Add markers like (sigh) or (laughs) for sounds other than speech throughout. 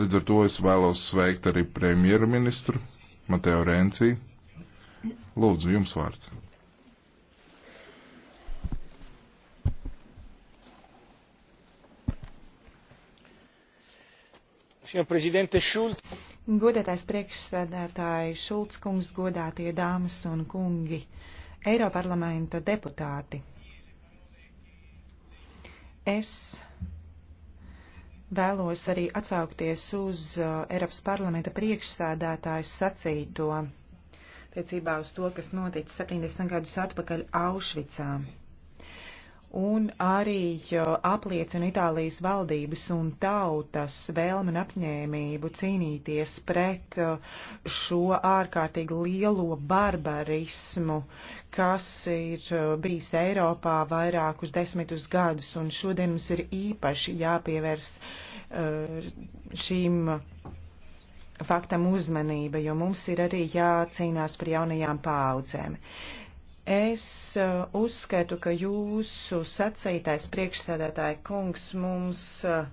Līdz ar to es vēlos sveikt arī premjerministru Mateo Renci. Lūdzu, jums vārds. Godātais priekšsēdētāji Šulc kungs, godātie dāmas un kungi, Eiroparlamenta deputāti. Es Vēlos arī atsaukties uz uh, Eiropas parlamenta priekšsēdētājs sacīto, tiecībā uz to, kas noticis 70 gadus atpakaļ Aušvicā un arī apliecina Itālijas valdības un tautas vēlmi un apņēmību cīnīties pret uh, šo ārkārtīgi lielo barbarismu, kas ir uh, bijis Eiropā vairākus desmitus gadus, un šodien mums ir īpaši jāpievērs uh, šīm faktam uzmanība, jo mums ir arī jācīnās par jaunajām paudzēm. Uh, Es uh, uzskatu, ka jūsu sacītais priekšsēdētāja kungs mums uh,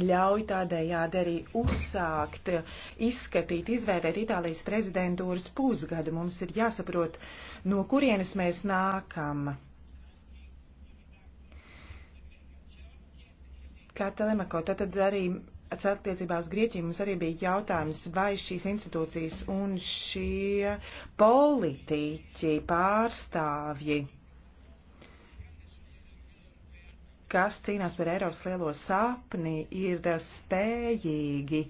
ļauj tādējādi arī uzsākt, uh, izskatīt, izvērtēt Itālijas prezidentūras pusgadu. Mums ir jāsaprot, no kurienes mēs nākam. Kā telemako, tad arī attiecībā uz Grieķiju mums arī bija jautājums, vai šīs institūcijas un šie politiķi pārstāvji, kas cīnās par Eiropas lielo sapni, ir spējīgi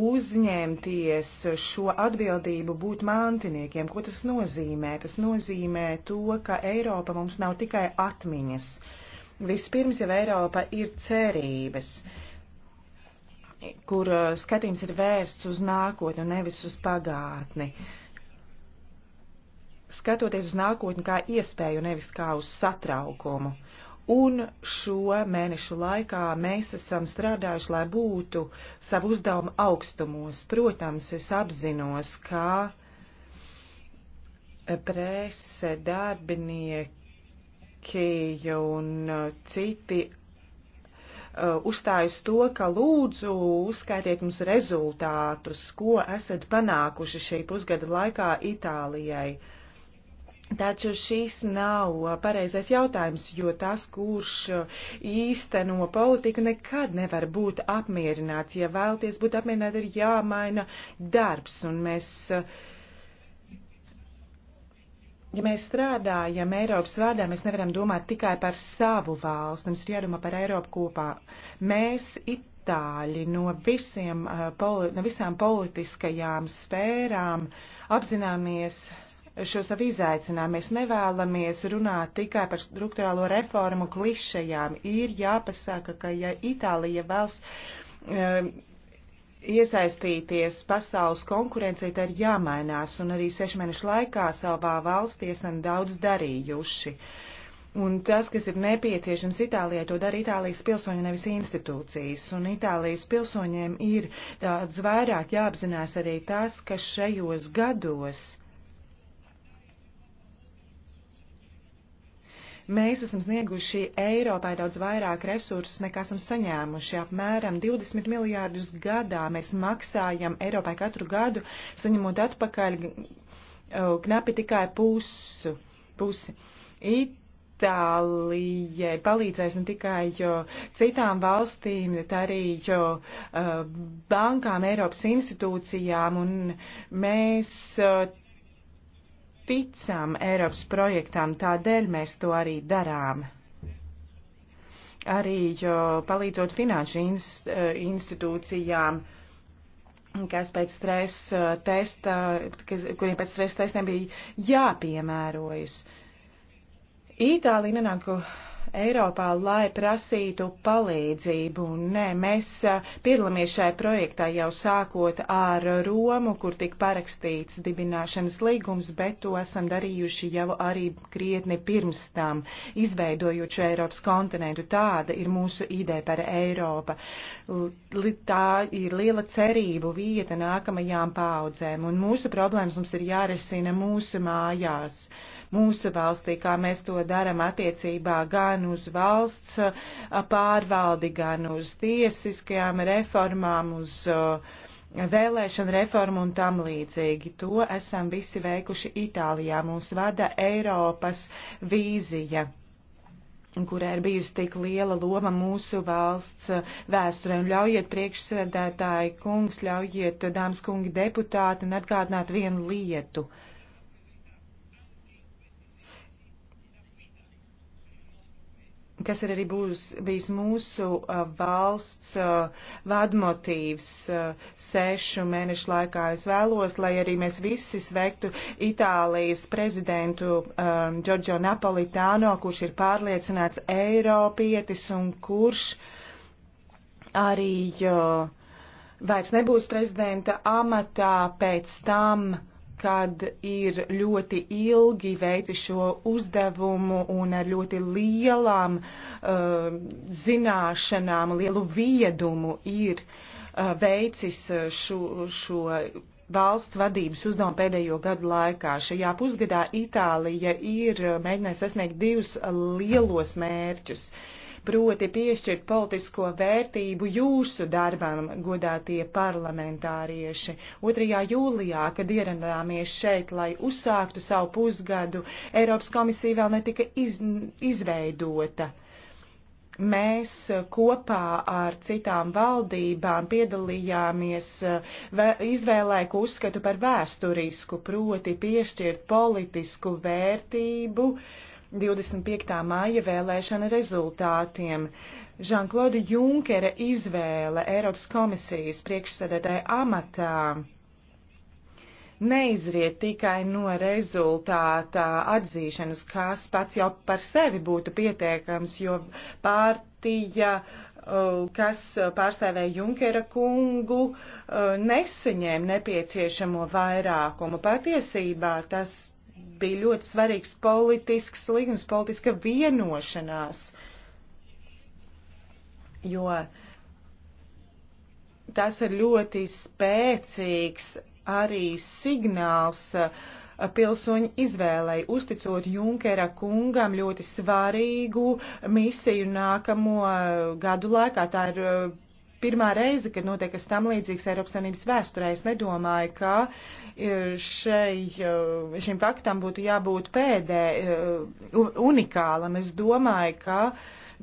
uzņemties šo atbildību būt mantiniekiem. Ko tas nozīmē? Tas nozīmē to, ka Eiropa mums nav tikai atmiņas. Uh, Vispirms jau Eiropa ir cerības kur uh, skatījums ir vērsts uz nākotni un nevis uz pagātni. Skatoties uz nākotni kā iespēju, nevis kā uz satraukumu. Un šo mēnešu laikā mēs esam strādājuši, lai būtu savu uzdevumu augstumos. Protams, es apzinos, kā prese darbinieki Čehija un uh, citi uh, uzstājas to, ka lūdzu uzskaitiet mums rezultātus, ko esat panākuši šī pusgada laikā Itālijai. Taču šis nav uh, pareizais jautājums, jo tas, kurš uh, īsteno politiku, nekad nevar būt apmierināts. Ja vēlties būt apmierināts, ir jāmaina darbs, un mēs uh, ja mēs strādājam Eiropas vārdā, mēs nevaram domāt tikai par savu valsti, mums ir jādomā par Eiropu kopā. Mēs itāļi no, visiem, uh, poli, no visām politiskajām sfērām apzināmies šo savu izaicinājumu. Mēs nevēlamies runāt tikai par struktūrālo reformu klišajām. Ir jāpasaka, ka ja Itālija vēlas. Um, iesaistīties pasaules konkurencei, tad ir jāmainās, un arī sešu mēnešu laikā savā valstī esam daudz darījuši. Un tas, kas ir nepieciešams Itālijai, to dara Itālijas pilsoņi, nevis institūcijas. Un Itālijas pilsoņiem ir daudz vairāk jāapzinās arī tas, ka šajos gados Mēs esam snieguši Eiropai daudz vairāk resursus, nekā esam saņēmuši. Apmēram 20 miljārdus gadā mēs maksājam Eiropai katru gadu, saņemot atpakaļ uh, knapi tikai pusu, pusi. Itālijai palīdzēs ne tikai jo, citām valstīm, bet arī jo, uh, bankām, Eiropas institūcijām, un mēs uh, ticam Eiropas projektām, tādēļ mēs to arī darām. Arī palīdzot finanšu inst, eh, institūcijām, kas pēc stresa eh, testa, kas, kuriem pēc stresa testiem bija jāpiemērojas. Itālija nenāku Eiropā, lai prasītu palīdzību. Nē, mēs piedalāmies šajā projektā jau sākot ar Romu, kur tika parakstīts dibināšanas līgums, bet to esam darījuši jau arī krietni pirms tam, izveidojot šo Eiropas kontinentu. Tāda ir mūsu ideja par Eiropu. Tā ir liela cerību vieta nākamajām paudzēm, un mūsu problēmas mums ir jārisina mūsu mājās. Yeah mūsu valstī, kā mēs to daram attiecībā gan uz valsts pārvaldi, gan uz tiesiskajām reformām, uz vēlēšanu reformu un tam līdzīgi. To esam visi veikuši Itālijā. Mūs vada Eiropas vīzija kurai ir bijusi tik liela loma mūsu valsts vēsturē. Un ļaujiet priekšsēdētāji kungs, ļaujiet dāmas kungi deputāti un atgādināt vienu lietu. Uh, kas ir arī būs, bijis mūsu uh, valsts uh, vadmotīvs uh, sešu mēnešu laikā. Es vēlos, lai arī mēs visi sveiktu Itālijas prezidentu um, Giorgio Napolitāno, kurš ir pārliecināts Eiropietis un kurš arī uh, vairs nebūs prezidenta amatā pēc tam. Uh, kad ir ļoti ilgi veici šo uzdevumu un ar ļoti lielām uh, zināšanām, lielu viedumu ir uh, veicis uh, šo, šo valsts vadības uzdevumu pēdējo gadu laikā. Šajā pusgadā Itālija ir uh, mēģinājusi sasniegt divus lielos mērķus. Uh, proti piešķirt politisko vērtību jūsu darbam, godātie parlamentārieši. 2. jūlijā, kad ieradāmies šeit, lai uzsāktu savu pusgadu, Eiropas komisija vēl netika iz, izveidota mēs kopā ar citām valdībām piedalījāmies uh, izvēlē, ko uzskatu par vēsturisku, proti piešķirt politisku vērtību uh, 25. māja vēlēšana rezultātiem. Žanklauda Junkera izvēle Eiropas komisijas priekšsēdētāja amatā neizriet tikai no rezultāta atzīšanas, kas pats jau par sevi būtu pietiekams, jo pārtija uh, kas pārstāvēja Junkera kungu, uh, nesaņēma nepieciešamo vairākumu. Patiesībā tas bija ļoti svarīgs politisks līgums, politiska vienošanās, jo tas ir ļoti spēcīgs arī signāls uh, pilsoņu izvēlei, uzticot Junkera kungam ļoti svarīgu misiju nākamo uh, gadu laikā. Tā ir uh, pirmā reize, kad notiek kas tam līdzīgs Eiropas Savienības vēsturē. Es nedomāju, ka e, šai, e, šim faktam būtu jābūt pēdē e, unikālam. Es domāju, ka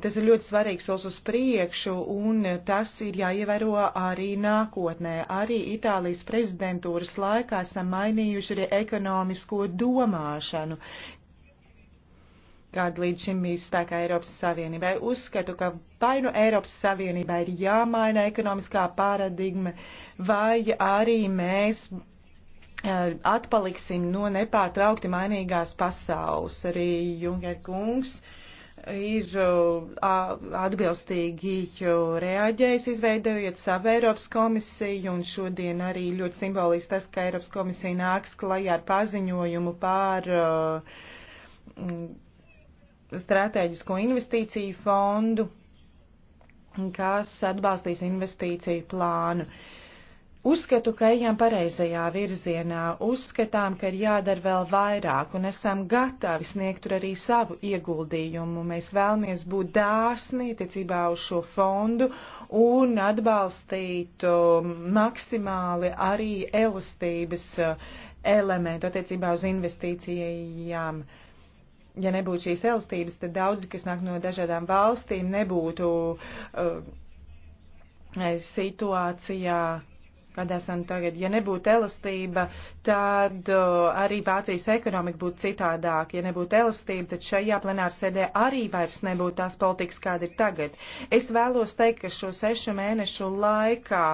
tas ir ļoti svarīgs solis uz priekšu, un tas ir jāievēro arī nākotnē. Arī Itālijas prezidentūras laikā esam mainījuši arī ekonomisko domāšanu, kāda līdz šim ir spēkā Eiropas Savienībai. Uzskatu, ka vai nu Eiropas Savienībai ir jāmaina ekonomiskā paradigma, vai arī mēs eh, atpaliksim no nepārtraukti mainīgās pasaules. Arī Junker kungs ir eh, atbilstīgi reaģējis, izveidojot savu Eiropas komisiju, un šodien arī ļoti simbolisks tas, ka Eiropas komisija nāks klajā ar paziņojumu pār eh, stratēģisko investīciju fondu, kas atbalstīs investīciju plānu. Uzskatu, ka ejam pareizajā virzienā, uzskatām, ka ir jādara vēl vairāk un esam gatavi sniegt tur arī savu ieguldījumu. Mēs vēlamies būt dāsni attiecībā uz šo fondu un atbalstīt um, maksimāli arī elastības uh, elementu attiecībā uz investīcijām. Uh, ja nebūtu šīs elastības, tad daudzi, kas nāk no dažādām valstīm, nebūtu uh, eh, situācijā, kādā esam tagad. Ja nebūtu elastība, tad uh, arī Vācijas ekonomika būtu citādāk. Ja nebūtu elastība, tad šajā plenāra sēdē arī vairs nebūtu tās politikas, kāda ir tagad. Es vēlos teikt, ka šo sešu mēnešu laikā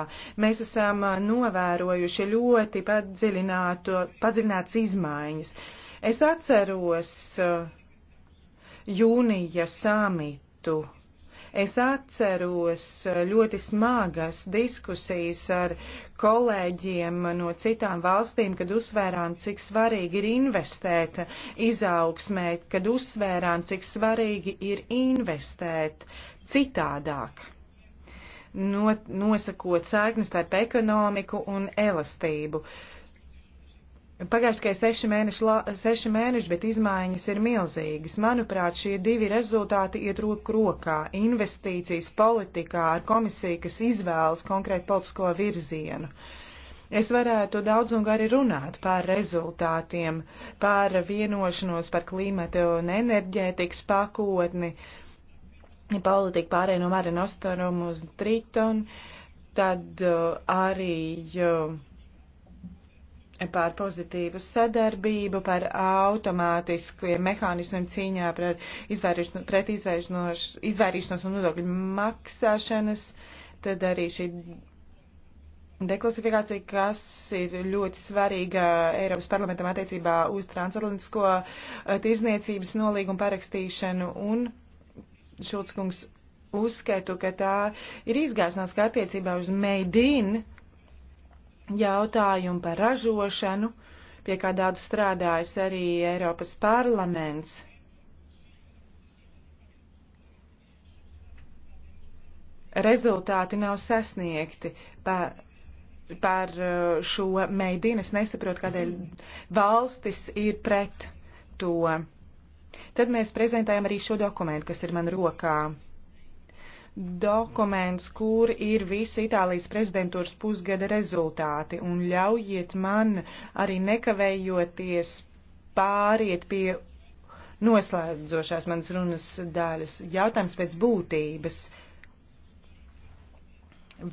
mēs esam uh, novērojuši ļoti padziļinātas izmaiņas. Uh, Es atceros uh, jūnija samitu. Es atceros uh, ļoti smagas diskusijas ar kolēģiem no citām valstīm, kad uzsvērām, cik svarīgi ir investēt izaugsmē, kad uzsvērām, cik svarīgi ir investēt citādāk, no, nosakot saiknes starp ekonomiku un elastību. Uh, Pagājuši tikai seši mēneši, la, seši mēneši, bet izmaiņas ir milzīgas. Manuprāt, šie divi rezultāti iet roku rokā - investīcijas politikā ar komisiju, kas izvēlas konkrētu politisko virzienu. Es varētu daudz un gari runāt par rezultātiem, par vienošanos par klimatu un enerģētikas pakotni, politiku pārēj no Marina Ostorumu uz Tritonu, tad uh, arī. Uh, par pozitīvu sadarbību, par automātiskiem mehānismiem cīņā par izvairīšanu, pret izvairīšanos un nodokļu maksāšanas, tad arī šī deklasifikācija, kas ir ļoti svarīga Eiropas parlamentam attiecībā uz transatlantisko eh, tirzniecības nolīgumu parakstīšanu un Šulckungs uzskatu, ka tā ir izgāšanās, ka attiecībā uz Meidīnu jautājumu par ražošanu, pie kā daudz strādājas arī Eiropas parlaments. Rezultāti nav sasniegti par, par uh, šo meidīnu. Es nesaprotu, kādēļ valstis ir pret to. Tad mēs prezentējam arī šo dokumentu, kas ir man rokā dokuments, kur ir visi Itālijas prezidentūras pusgada rezultāti, un ļaujiet man arī nekavējoties pāriet pie noslēdzošās manas runas daļas. Jautājums pēc būtības.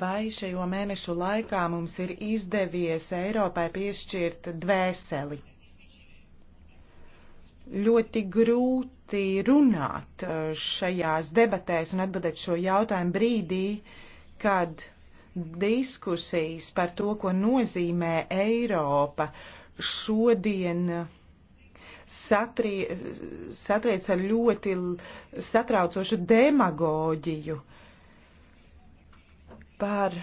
Vai šajo mēnešu laikā mums ir izdevies Eiropai piešķirt dvēseli? ļoti grūti runāt uh, šajās debatēs un atbildēt šo jautājumu brīdī, kad diskusijas par to, ko nozīmē Eiropa, šodien satrie, satriec ar ļoti satraucošu demagoģiju par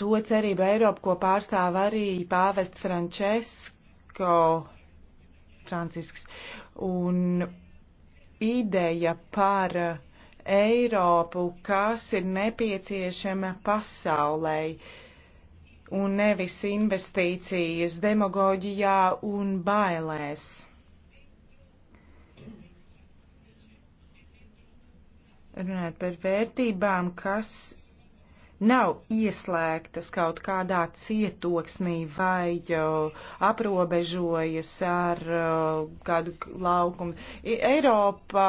to cerību Eiropu, ko pārstāv arī pāvests Frančesko Francisko Francisks. Un ideja par Eiropu, kas ir nepieciešama pasaulei un nevis investīcijas demagoģijā un bailēs. Runājot par vērtībām, kas nav ieslēgtas kaut kādā cietoksnī vai uh, aprobežojas ar uh, kādu laukumu. Eiropa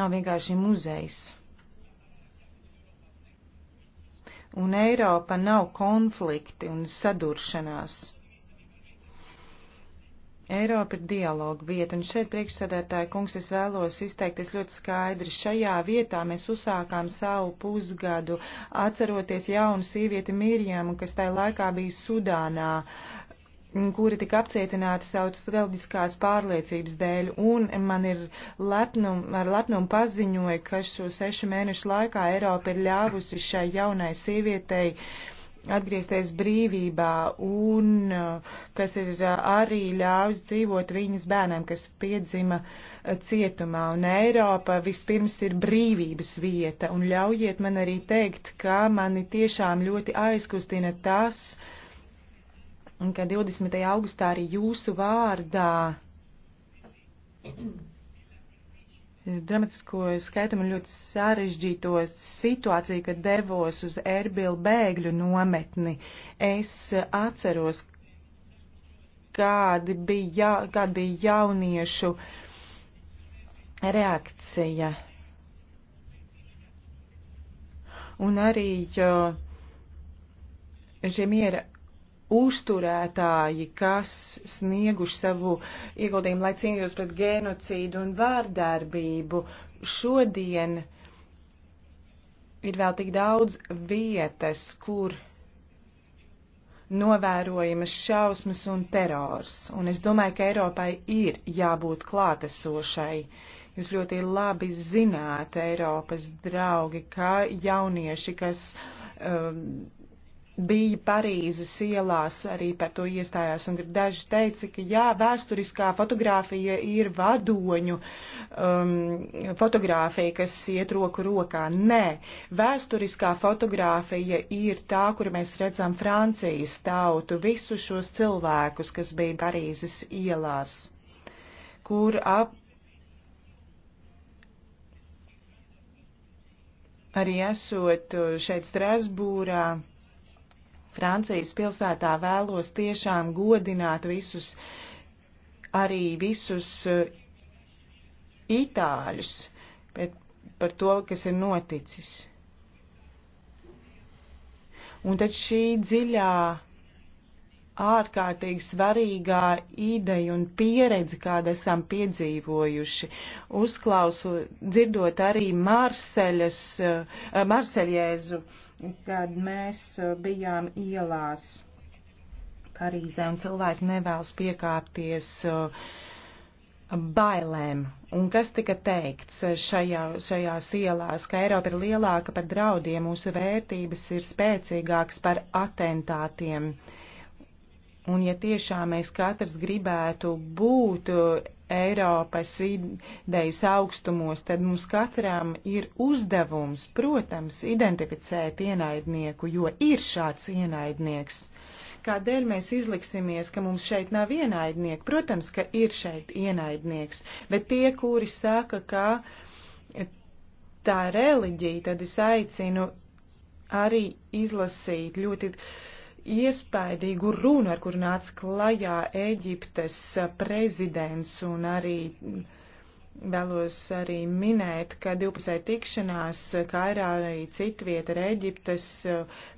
nav vienkārši muzejs. Un Eiropa nav konflikti un saduršanās. Eiropa ir dialoga vieta, un šeit priekšsēdētāji kungs es vēlos izteikties ļoti skaidri. Šajā vietā mēs uzsākām savu pusgadu, atceroties jaunu sievieti Mirjamu, kas tajā laikā bija Sudānā, kura tika apcietināta savas reliģiskās pārliecības dēļ, un man ir lepnum, ar lepnumu paziņoja, ka šo sešu mēnešu laikā Eiropa ir ļāvusi šai jaunai sievietei uh, atgriezties brīvībā un eh, kas ir eh, arī ļaus dzīvot viņas bērniem, kas piedzima eh, cietumā. Un Eiropa vispirms ir brīvības vieta. Un ļaujiet man arī teikt, ka mani tiešām ļoti aizkustina tas, ka 20. augustā arī jūsu vārdā dramatisko skaitumu un ļoti sarežģīto situāciju, kad devos uz Erbilu bēgļu nometni. Es atceros, kādi bija, kāda bija jauniešu reakcija. Un arī šie miera uzturētāji, kas snieguši savu ieguldījumu, lai cīnījos pret genocīdu un vārdarbību, šodien ir vēl tik daudz vietas, kur novērojamas šausmas un terors. Un es domāju, ka Eiropai ir jābūt klātesošai. Jūs ļoti labi zināt, Eiropas draugi, ka jaunieši, kas um, bija Parīzes ielās, arī par to iestājās, un daži teica, ka jā, vēsturiskā fotografija ir vadoņu um, fotografija, kas iet roku rokā. Nē, vēsturiskā fotografija ir tā, kur mēs redzam Francijas tautu, visus šos cilvēkus, kas bija Parīzes ielās, kur ap. Arī esot šeit Strasbūrā, Francijas pilsētā vēlos tiešām godināt visus, arī visus eh, itāļus bet par to, kas ir noticis. Un tad šī dziļā, ārkārtīgi svarīgā ideja un pieredze, kāda esam piedzīvojuši, uzklausu, dzirdot arī Marseļas, eh, Marseļjēzu. Uh, kad mēs uh, bijām ielās Parīzē un cilvēki nevēlas piekāpties uh, bailēm. Un kas tika teikts uh, šajā, šajās ielās, ka Eiropa ir lielāka par draudiem, mūsu vērtības ir spēcīgākas par atentātiem. Uh, Un ja tiešām mēs katrs gribētu būt uh, Eiropas idejas augstumos, tad mums katram ir uzdevums, protams, identificēt ienaidnieku, jo ir šāds ienaidnieks. Kādēļ mēs izliksimies, ka mums šeit nav ienaidnieku? Protams, ka ir šeit ienaidnieks, bet tie, kuri saka, ka tā reliģija, tad es aicinu arī izlasīt ļoti iespaidīgu runu, ar kuru nāca klajā Eģiptes prezidents un arī vēlos arī minēt, ka divpusēji tikšanās Kairā arī citvieta ar Eģiptes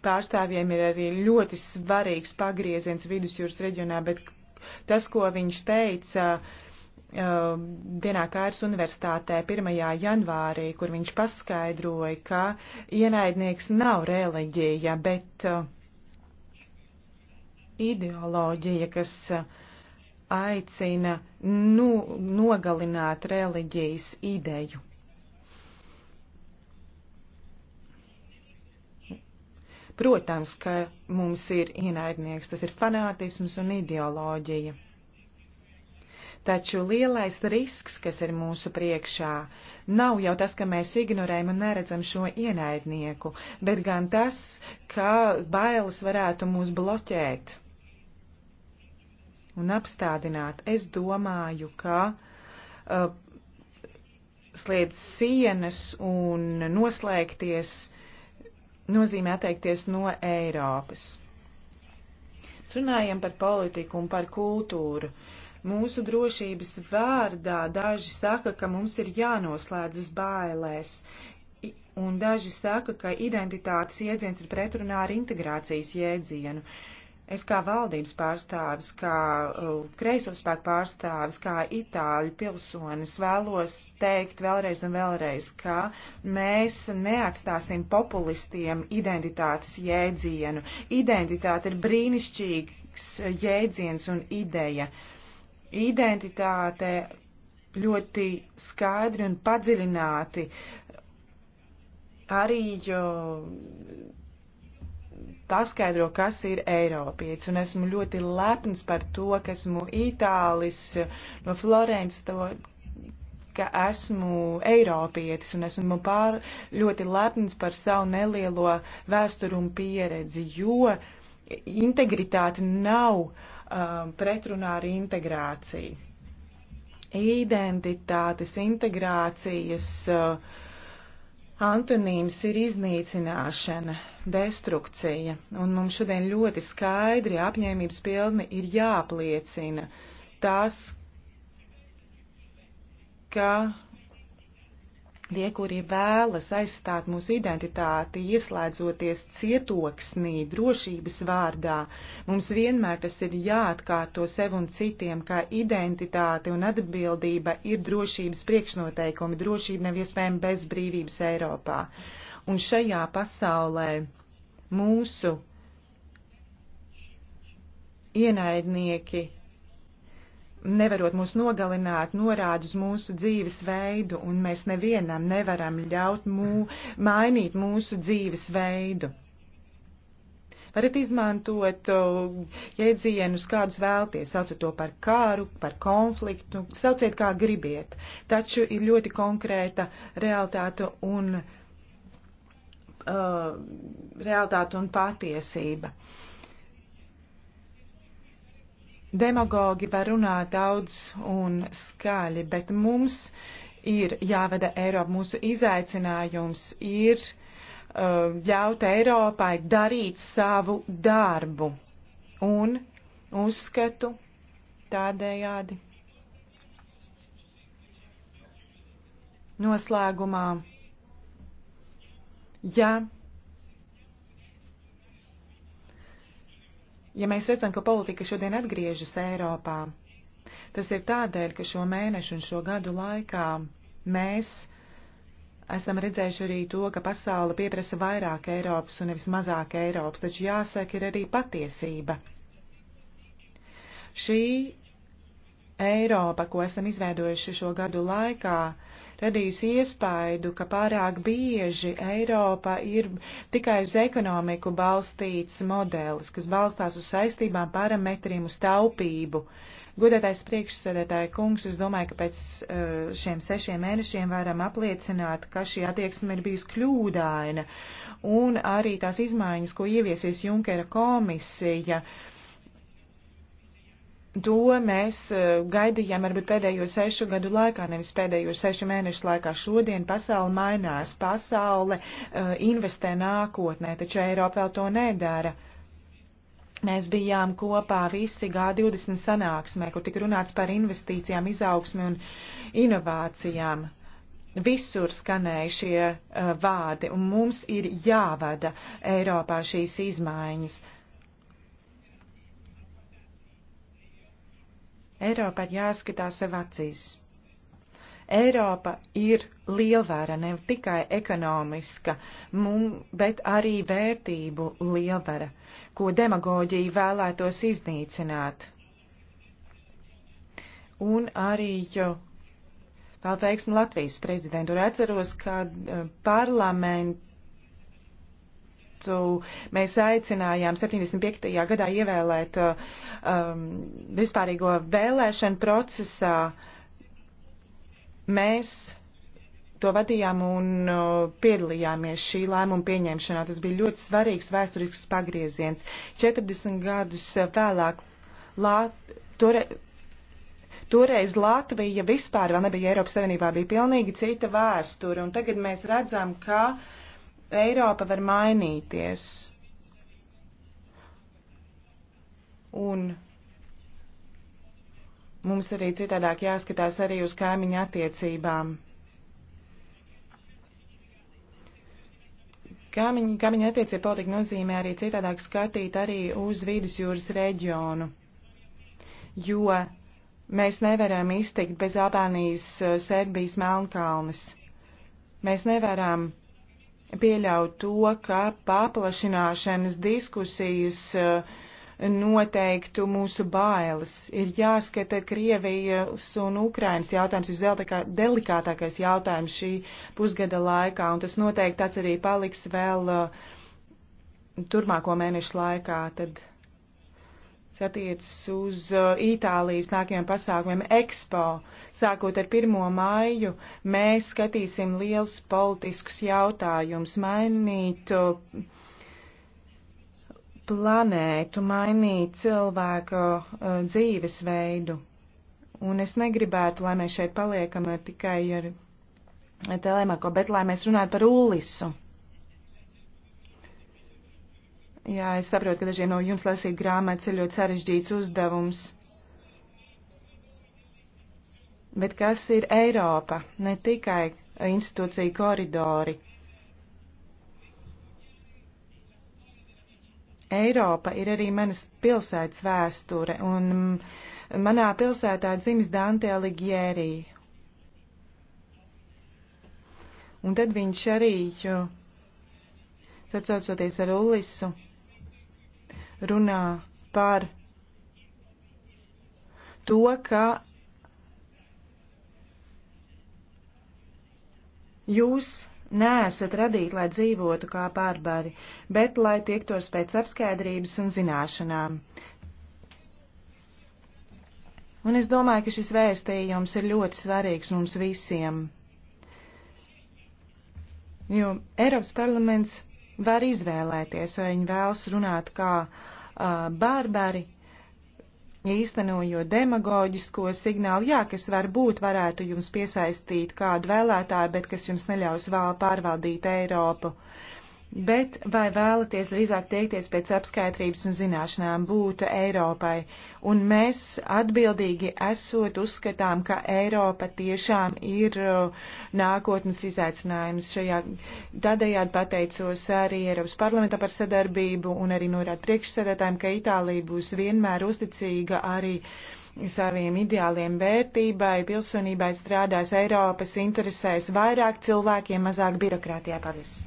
pārstāvjiem ir arī ļoti svarīgs pagrieziens vidusjūras reģionā, bet tas, ko viņš teica uh, vienā Kairas universitātē 1. janvārī, kur viņš paskaidroja, ka ienaidnieks nav reliģija, bet uh, ideoloģija, kas aicina nu, nogalināt reliģijas ideju. Protams, ka mums ir ienaidnieks, tas ir fanātisms un ideoloģija. Taču lielais risks, kas ir mūsu priekšā, nav jau tas, ka mēs ignorējam un neredzam šo ienaidnieku, bet gan tas, ka bailes varētu mūs bloķēt un apstādināt. Es domāju, ka uh, slēdz sienas un noslēgties nozīmē atteikties no Eiropas. Runājam par politiku un par kultūru. Mūsu drošības vārdā daži saka, ka mums ir jānoslēdzas bailēs, un daži saka, ka identitātes jēdziens ir pretrunā ar integrācijas jēdzienu. Uh, Es kā valdības pārstāvis, kā uh, kreiso spēku pārstāvis, kā itāļu pilsonis vēlos teikt vēlreiz un vēlreiz, ka mēs neatstāsim populistiem identitātes jēdzienu. Identitāte ir brīnišķīgs jēdziens un ideja. Identitāte ļoti skaidri un padziļināti arī. Jo, paskaidro, kas ir Eiropietis. Un esmu ļoti lepns par to, ka esmu Itālis no Florences, to, ka esmu Eiropietis un esmu pār ļoti lepns par savu nelielo vēsturu un pieredzi, jo integritāte nav um, pretrunā ar integrāciju. Identitātes, integrācijas. Uh, Antonīms ir iznīcināšana, destrukcija, un mums šodien ļoti skaidri apņēmības pilni ir jāpliecina tas, ka Tie, kuri vēlas aizstāt mūsu identitāti, ieslēdzoties cietoksnī, drošības vārdā, mums vienmēr tas ir jāatkārto sev un citiem, ka identitāte un atbildība ir drošības priekšnoteikumi. Drošība nav iespējama bez brīvības Eiropā. Un šajā pasaulē mūsu ienaidnieki nevarot mūs nogalināt, norāda uz mūsu dzīves veidu, un mēs nevienam nevaram ļaut mū, mainīt mūsu dzīves veidu. Varat izmantot uh, jēdzienus, kādus vēlties, sauciet to par kāru, par konfliktu, sauciet kā gribiet, taču ir ļoti konkrēta realitāte un, uh, realitāte un patiesība. Uh, Demagogi var runāt daudz un skaļi, bet mums ir jāvada Eiropa. Mūsu izaicinājums ir uh, ļaut Eiropai darīt savu darbu. Un uzskatu tādējādi. Noslēgumā, ja Ja mēs redzam, ka politika šodien atgriežas Eiropā, tas ir tādēļ, ka šo mēnešu un šo gadu laikā mēs esam redzējuši arī to, ka pasaule pieprasa vairāk Eiropas un nevis mazāk Eiropas, taču jāsaka ir arī patiesība. Šī Eiropa, ko esam izveidojuši šo gadu laikā, radījusi iespaidu, ka pārāk bieži Eiropa ir tikai uz ekonomiku balstīts modelis, kas balstās uz saistībām, parametriem, uz taupību. Godētais priekšsēdētāja kungs, es domāju, ka pēc eh, šiem sešiem mēnešiem varam apliecināt, ka šī attieksme ir bijusi kļūdaina, un arī tās izmaiņas, ko ieviesīs Junkera komisija, uh, To mēs eh, gaidījām varbūt pēdējo sešu gadu laikā, nevis pēdējo sešu mēnešu laikā. Šodien pasauli mainās, pasaule uh, investē nākotnē, taču Eiropa vēl to nedara. Mēs bijām kopā visi G20 sanāksmē, kur tik runāts par investīcijām, izaugsmi un inovācijām. Visur skanēja šie uh, vārdi, un mums ir jāvada Eiropā šīs izmaiņas. Uh, Eiropa jāskatās sev acīs. Eiropa ir lielvēra ne tikai ekonomiska, mum, bet arī vērtību lielvara, ko demagoģija vēlētos iznīcināt. Un arī vēl teiksmi Latvijas prezidentu. Atceros, ka eh, parlament budžetu mēs aicinājām 75. gadā ievēlēt uh, um, vispārīgo vēlēšanu procesā. Mēs to vadījām un uh, piedalījāmies šī lēmuma pieņemšanā. Tas bija ļoti svarīgs vēsturisks pagrieziens. 40 gadus vēlāk Lāt, tore, toreiz Latvija vispār vēl nebija Eiropas Savienībā, bija pilnīgi cita vēsture. Un tagad mēs redzam, ka uh, Eiropa var mainīties. Un mums arī citādāk jāskatās arī uz kaimiņu attiecībām. Kaimiņu, kaimiņu attiecība politika nozīmē arī citādāk skatīt arī uz vidusjūras reģionu, jo mēs nevaram iztikt bez Albānijas, Serbijas, Melnkalnes. Mēs nevaram pieļaut to, ka paplašināšanas diskusijas eh, noteiktu mūsu bailes. Ir jāskata Krievijas un Ukrainas jautājums, visdelikātākais jautājums šī pusgada laikā, un tas noteikti tāds arī paliks vēl eh, turmāko mēnešu laikā. Tad kas attiecas uz uh, Itālijas nākamajiem pasākumiem Expo. Sākot ar 1. māju, mēs skatīsim liels politiskus jautājumus, mainīt uh, planētu, mainīt cilvēku uh, dzīvesveidu. Un es negribētu, lai mēs šeit paliekam ar tikai ar telemako, bet lai mēs runātu par ulisu. Jā, es saprotu, ka dažiem no jums lasīt grāmatas ir ļoti sarežģīts uzdevums. Bet kas ir Eiropa? Ne tikai institūcija koridori. Eiropa ir arī manas pilsētas vēsture, un manā pilsētā dzimis Dante Alighieri. Un tad viņš arī, sacaucoties ar Ulisu, runā par to, ka jūs neesat radīti, lai dzīvotu kā pārbari, bet lai tiektos pēc apskaidrības un zināšanām. Un es domāju, ka šis vēstījums ir ļoti svarīgs mums visiem. Jo Eiropas parlaments var izvēlēties, vai viņi vēlas runāt kā uh, barbari, īstenojot demagoģisko signālu, jā, kas varbūt varētu jums piesaistīt kādu vēlētāju, bet kas jums neļaus vēl pārvaldīt Eiropu. Uh, Bet vai vēlaties drīzāk tiekties pēc apskaitrības un zināšanām būtu Eiropai? Un mēs atbildīgi esot uzskatām, ka Eiropa tiešām ir uh, nākotnes izaicinājums. Šajā tādējādi pateicos arī Eiropas parlamenta par sadarbību un arī norādu priekšsēdētājiem, ka Itālija būs vienmēr uzticīga arī saviem ideāliem vērtībai, pilsonībai strādās Eiropas interesēs vairāk cilvēkiem, mazāk birokrātijā. Paldies!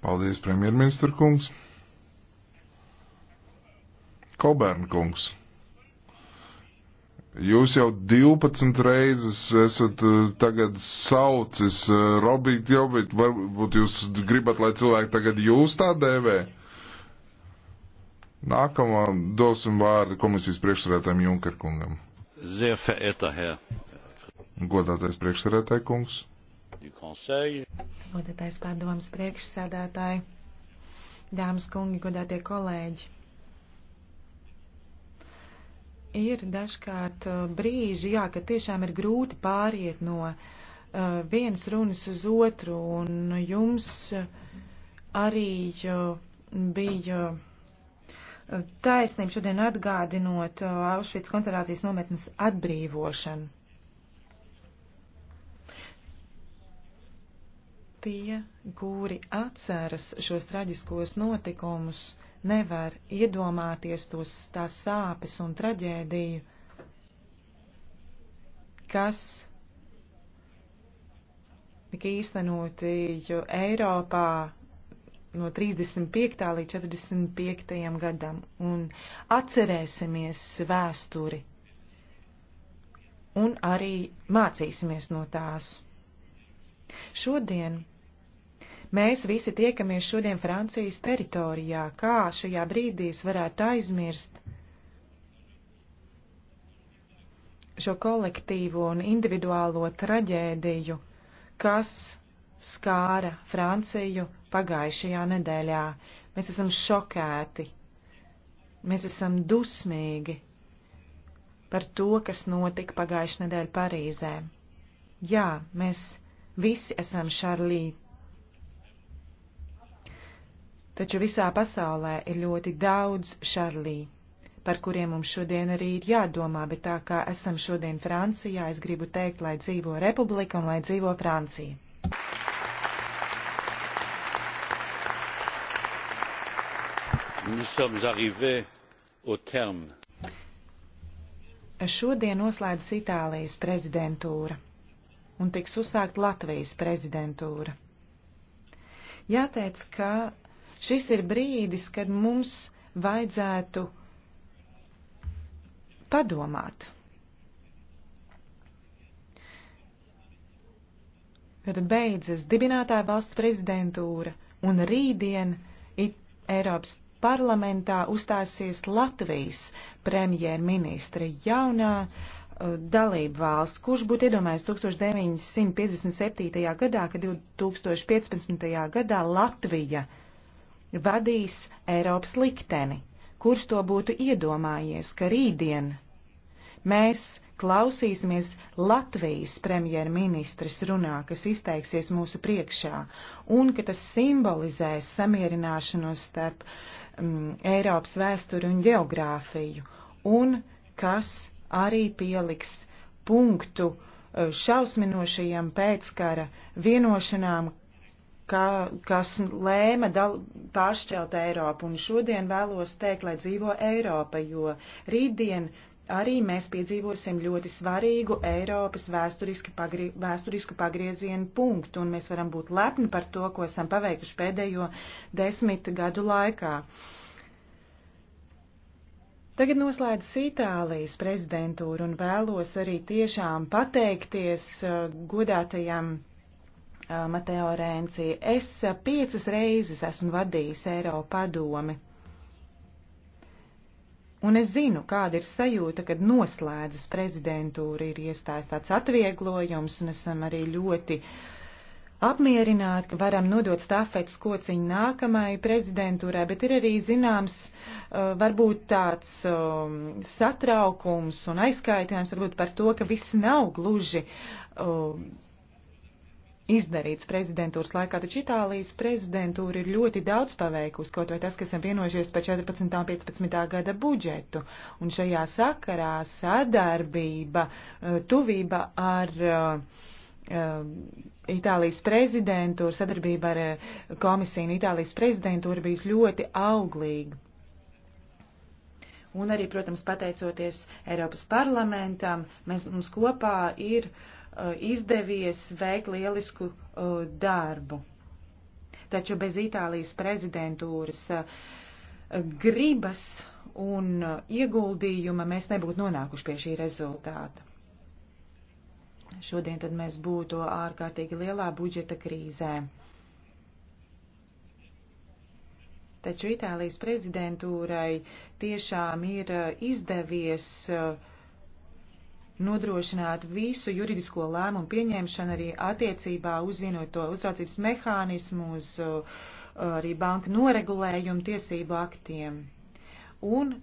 Paldies, premjerministra kungs. Kolbērn kungs. Jūs jau 12 reizes esat eh, tagad saucis eh, Robīt Jobīt, varbūt jūs gribat, lai cilvēki tagad jūs tā dēvē. Nākamā dosim vārdu komisijas priekšsarētājiem Junkerkungam. Godātais priekšsarētāj kungs. Godātais padomas priekšsēdētāji, dāmas kungi, godātie kolēģi. Ir dažkārt uh, brīži, jā, ka tiešām ir grūti pāriet no uh, vienas runas uz otru, un jums arī uh, bija uh, taisnība šodien atgādinot uh, Auschwitz koncentrācijas nometnes atbrīvošanu. Tie, kuri atceras šos traģiskos notikumus, nevar iedomāties tos tās sāpes un traģēdiju, kas tika īstenoti Eiropā no 35. līdz 45. gadam, un atcerēsimies vēsturi, un arī mācīsimies no tās. Šodien mēs visi tiekamies šodien Francijas teritorijā. Kā šajā brīdī es varētu aizmirst šo kolektīvo un individuālo traģēdiju, kas skāra Franciju pagājušajā nedēļā. Mēs esam šokēti, mēs esam dusmīgi par to, kas notika pagājušajā nedēļā Parīzē. Jā, mēs Visi esam Šarlī. Taču visā pasaulē ir ļoti daudz Šarlī, par kuriem mums šodien arī ir jādomā, bet tā kā esam šodien Francijā, es gribu teikt, lai dzīvo republika un lai dzīvo Francija. Nous sommes arrivés au terme. Šodien noslēdzas Itālijas prezidentūra un tiks uzsākt Latvijas prezidentūra. Jāteic, ka šis ir brīdis, kad mums vajadzētu padomāt. Kad beidzas dibinātāja valsts prezidentūra un rītdien Eiropas parlamentā uzstāsies Latvijas premjerministra jaunā uh, Uh, dalību valsts. Kurš būtu iedomājies 1957. gadā, ka 2015. gadā Latvija vadīs Eiropas likteni? Kurš to būtu iedomājies, ka rītdien mēs klausīsimies Latvijas premjerministres runā, kas izteiksies mūsu priekšā, un ka tas simbolizēs samierināšanos starp mm, Eiropas vēsturi un geogrāfiju, un kas arī pieliks punktu e, šausminošajām pēckara vienošanām, ka, kas lēma dal, pāršķelt Eiropu. Un šodien vēlos teikt, lai dzīvo Eiropa, jo rītdien arī mēs piedzīvosim ļoti svarīgu Eiropas vēsturiski pagri, vēsturisku pagriezienu punktu, un mēs varam būt lepni par to, ko esam paveikuši pēdējo desmit gadu laikā. Uh, Tagad noslēdzas Itālijas prezidentūra un vēlos arī tiešām pateikties uh, godātajam uh, Mateo Rēnci. Es uh, piecas reizes esmu vadījis Eiropa padomi. Un es zinu, kāda ir sajūta, kad noslēdzas prezidentūra, ir iestājas tāds atvieglojums, un esam arī ļoti uh, apmierināti, ka varam nodot stafetes kociņu nākamajai prezidentūrai, bet ir arī zināms uh, varbūt tāds um, satraukums un aizskaitinājums varbūt par to, ka viss nav gluži um, izdarīts prezidentūras laikā, taču Itālijas prezidentūra ir ļoti daudz paveikusi, kaut vai tas, ka esam vienojušies par 14. un 15. gada budžetu. Un šajā sakarā sadarbība, uh, tuvība ar uh, Um, Itālijas prezidentūra, sadarbība ar uh, komisiju un Itālijas prezidentūra bijusi ļoti auglīga. Un arī, protams, pateicoties Eiropas parlamentam, mēs, mums kopā ir uh, izdevies veikt lielisku uh, darbu. Taču bez Itālijas prezidentūras uh, gribas un uh, ieguldījuma mēs nebūtu nonākuši pie šī rezultāta. Šodien tad mēs būtu ārkārtīgi lielā budžeta krīzē. Taču Itālijas prezidentūrai tiešām ir uh, izdevies uh, nodrošināt visu juridisko lēmumu pieņemšanu arī attiecībā uz vienoto uzraudzības mehānismu, uz uh, arī banku noregulējumu tiesību aktiem. Un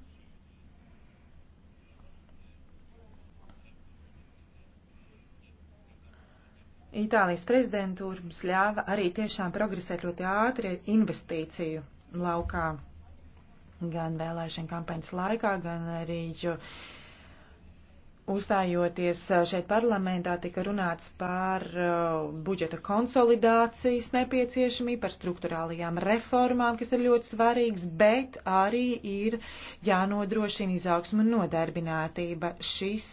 Itālijas prezidentūra mums ļāva arī tiešām progresēt ļoti ātri investīciju laukā, gan vēlēšana kampaņas laikā, gan arī Uzstājoties šeit parlamentā, tika runāts par budžeta konsolidācijas nepieciešamību, par struktūrālajām reformām, kas ir ļoti svarīgs, bet arī ir jānodrošina izaugsma un nodarbinātība. Šis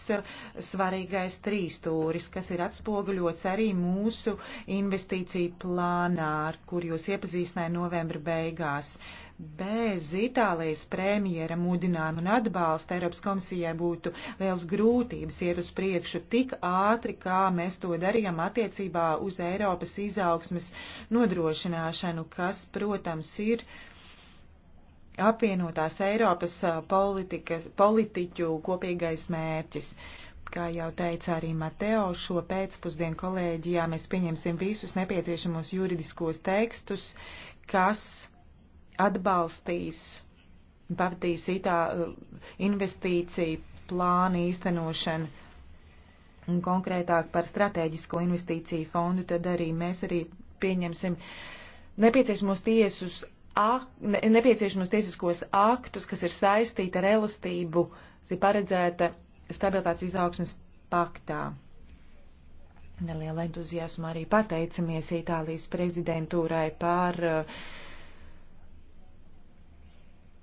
svarīgais trīstūris, kas ir atspoguļots arī mūsu investīciju plānā, ar kur jūs iepazīstināja novembra beigās. Uh, bez Itālijas premjera mudinājuma un atbalsta Eiropas komisijai būtu liels grūtības iet uz priekšu tik ātri, kā mēs to darījām attiecībā uz Eiropas izaugsmes nodrošināšanu, kas, protams, ir apvienotās Eiropas politikas, politiķu kopīgais mērķis. Kā jau teica arī Mateo, šo pēcpusdienu kolēģijā mēs pieņemsim visus nepieciešamos juridiskos tekstus, kas atbalstīs, pavadīs itā eh, investīciju plānu īstenošanu un konkrētāk par strateģisko investīciju fondu, tad arī mēs arī pieņemsim nepieciešamos tiesus, ak, ne, nepieciešamos tiesiskos aktus, kas ir saistīti ar elastību, kas ir paredzēta stabilitātes izaugsmes paktā. Neliela entuziasma arī pateicamies Itālijas prezidentūrai par uh,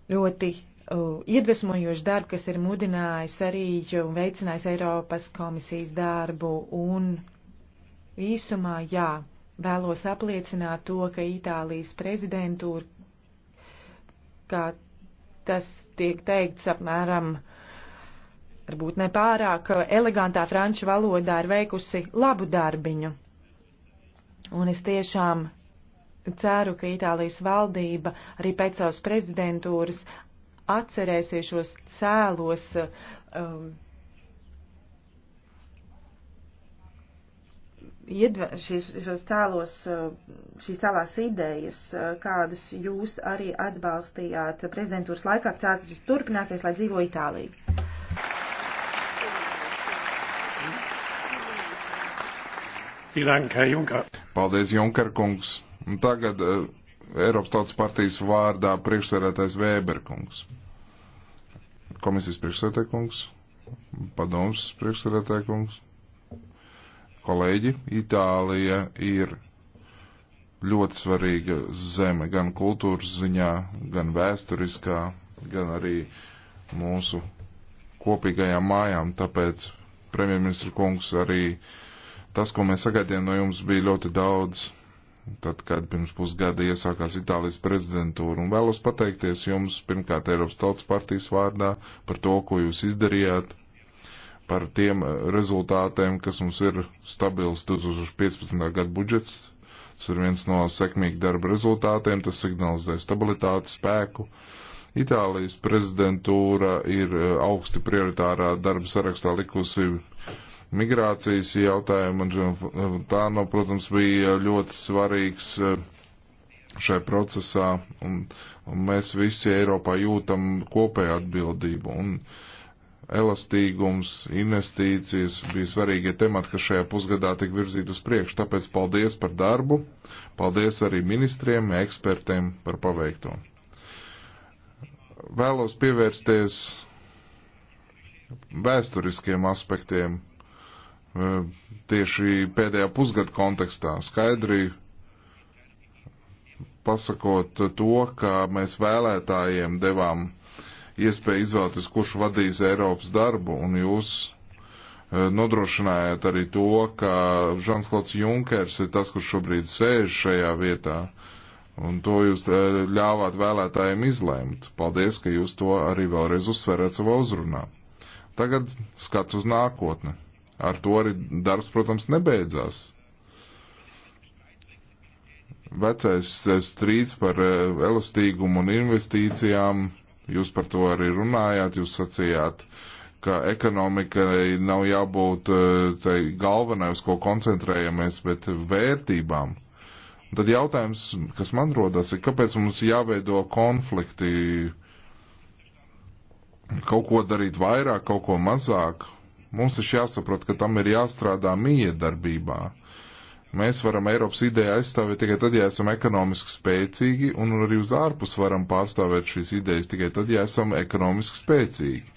ļoti uh, iedvesmojošs darbs, kas ir mudinājis arī un uh, veicinājis Eiropas komisijas darbu. Un īsumā, jā, vēlos apliecināt to, ka Itālijas prezidentūra, kā tas tiek teikts apmēram, varbūt nepārāk elegantā franču valodā, ir veikusi labu darbiņu. Un es tiešām Ceru, ka Itālijas valdība arī pēc savas prezidentūras atcerēsies šos cēlos. Um, iedve, šis, šos tēlos, uh, šīs tēlās idejas, uh, kādas jūs arī atbalstījāt prezidentūras laikā, kāds tas turpināsies, lai dzīvo Itālija. Paldies, Junker kungs. Un tagad uh, Eiropas Tautas partijas vārdā priekšsēdētājs Vēberkungs. Komisijas priekšsēdētājs, padoms priekšsēdētājs, kolēģi, Itālija ir ļoti svarīga zeme gan kultūras ziņā, gan vēsturiskā, gan arī mūsu kopīgajām mājām, tāpēc premjerministra kungs arī uh, Tas, ko mēs sagaidījām no jums, bija ļoti daudz, tad, kad pirms pusgada iesākās Itālijas prezidentūra. Un vēlos pateikties jums, pirmkārt, Eiropas Tautas partijas vārdā par to, ko jūs izdarījāt, par tiem eh, rezultātiem, kas mums ir stabils 2015. gada budžets. Tas ir viens no sekmīgu darba rezultātiem, tas signalizē stabilitāti, spēku. Itālijas prezidentūra ir eh, augsti prioritārā darba sarakstā likusi uh, migrācijas jautājumu, un tā, no, nu, protams, bija ļoti svarīgs eh, šajā procesā, un, un mēs visi Eiropā jūtam kopēju atbildību, un elastīgums, investīcijas bija svarīgie temati, kas šajā pusgadā tik virzīt uz priekšu, tāpēc paldies par darbu, paldies arī ministriem, ekspertiem par paveikto. Vēlos pievērsties vēsturiskiem aspektiem tieši pēdējā pusgada kontekstā. Skaidri pasakot to, ka mēs vēlētājiem devām iespēju izvēlēties, kurš vadīs Eiropas darbu, un jūs nodrošinājāt arī to, ka Žansklāts Junkers ir tas, kurš šobrīd sēž šajā vietā, un to jūs ļāvāt vēlētājiem izlēmt. Paldies, ka jūs to arī vēlreiz uzsverat savā uzrunā. Tagad skats uz nākotni. Ar to arī darbs, protams, nebeidzās. Vecais eh, strīds par eh, elastīgumu un investīcijām, jūs par to arī runājāt, jūs sacījāt, ka ekonomikai nav jābūt eh, tai galvenai, uz ko koncentrējamies, bet vērtībām. Un tad jautājums, kas man rodas, ir, kāpēc mums jāveido konflikti, kaut ko darīt vairāk, kaut ko mazāk, Mums taču jāsaprot, ka tam ir jāstrādā miedarbībā. Mēs varam Eiropas ideju aizstāvēt tikai tad, ja esam ekonomiski spēcīgi, un arī uz ārpus varam pārstāvēt šīs idejas tikai tad, ja esam ekonomiski spēcīgi.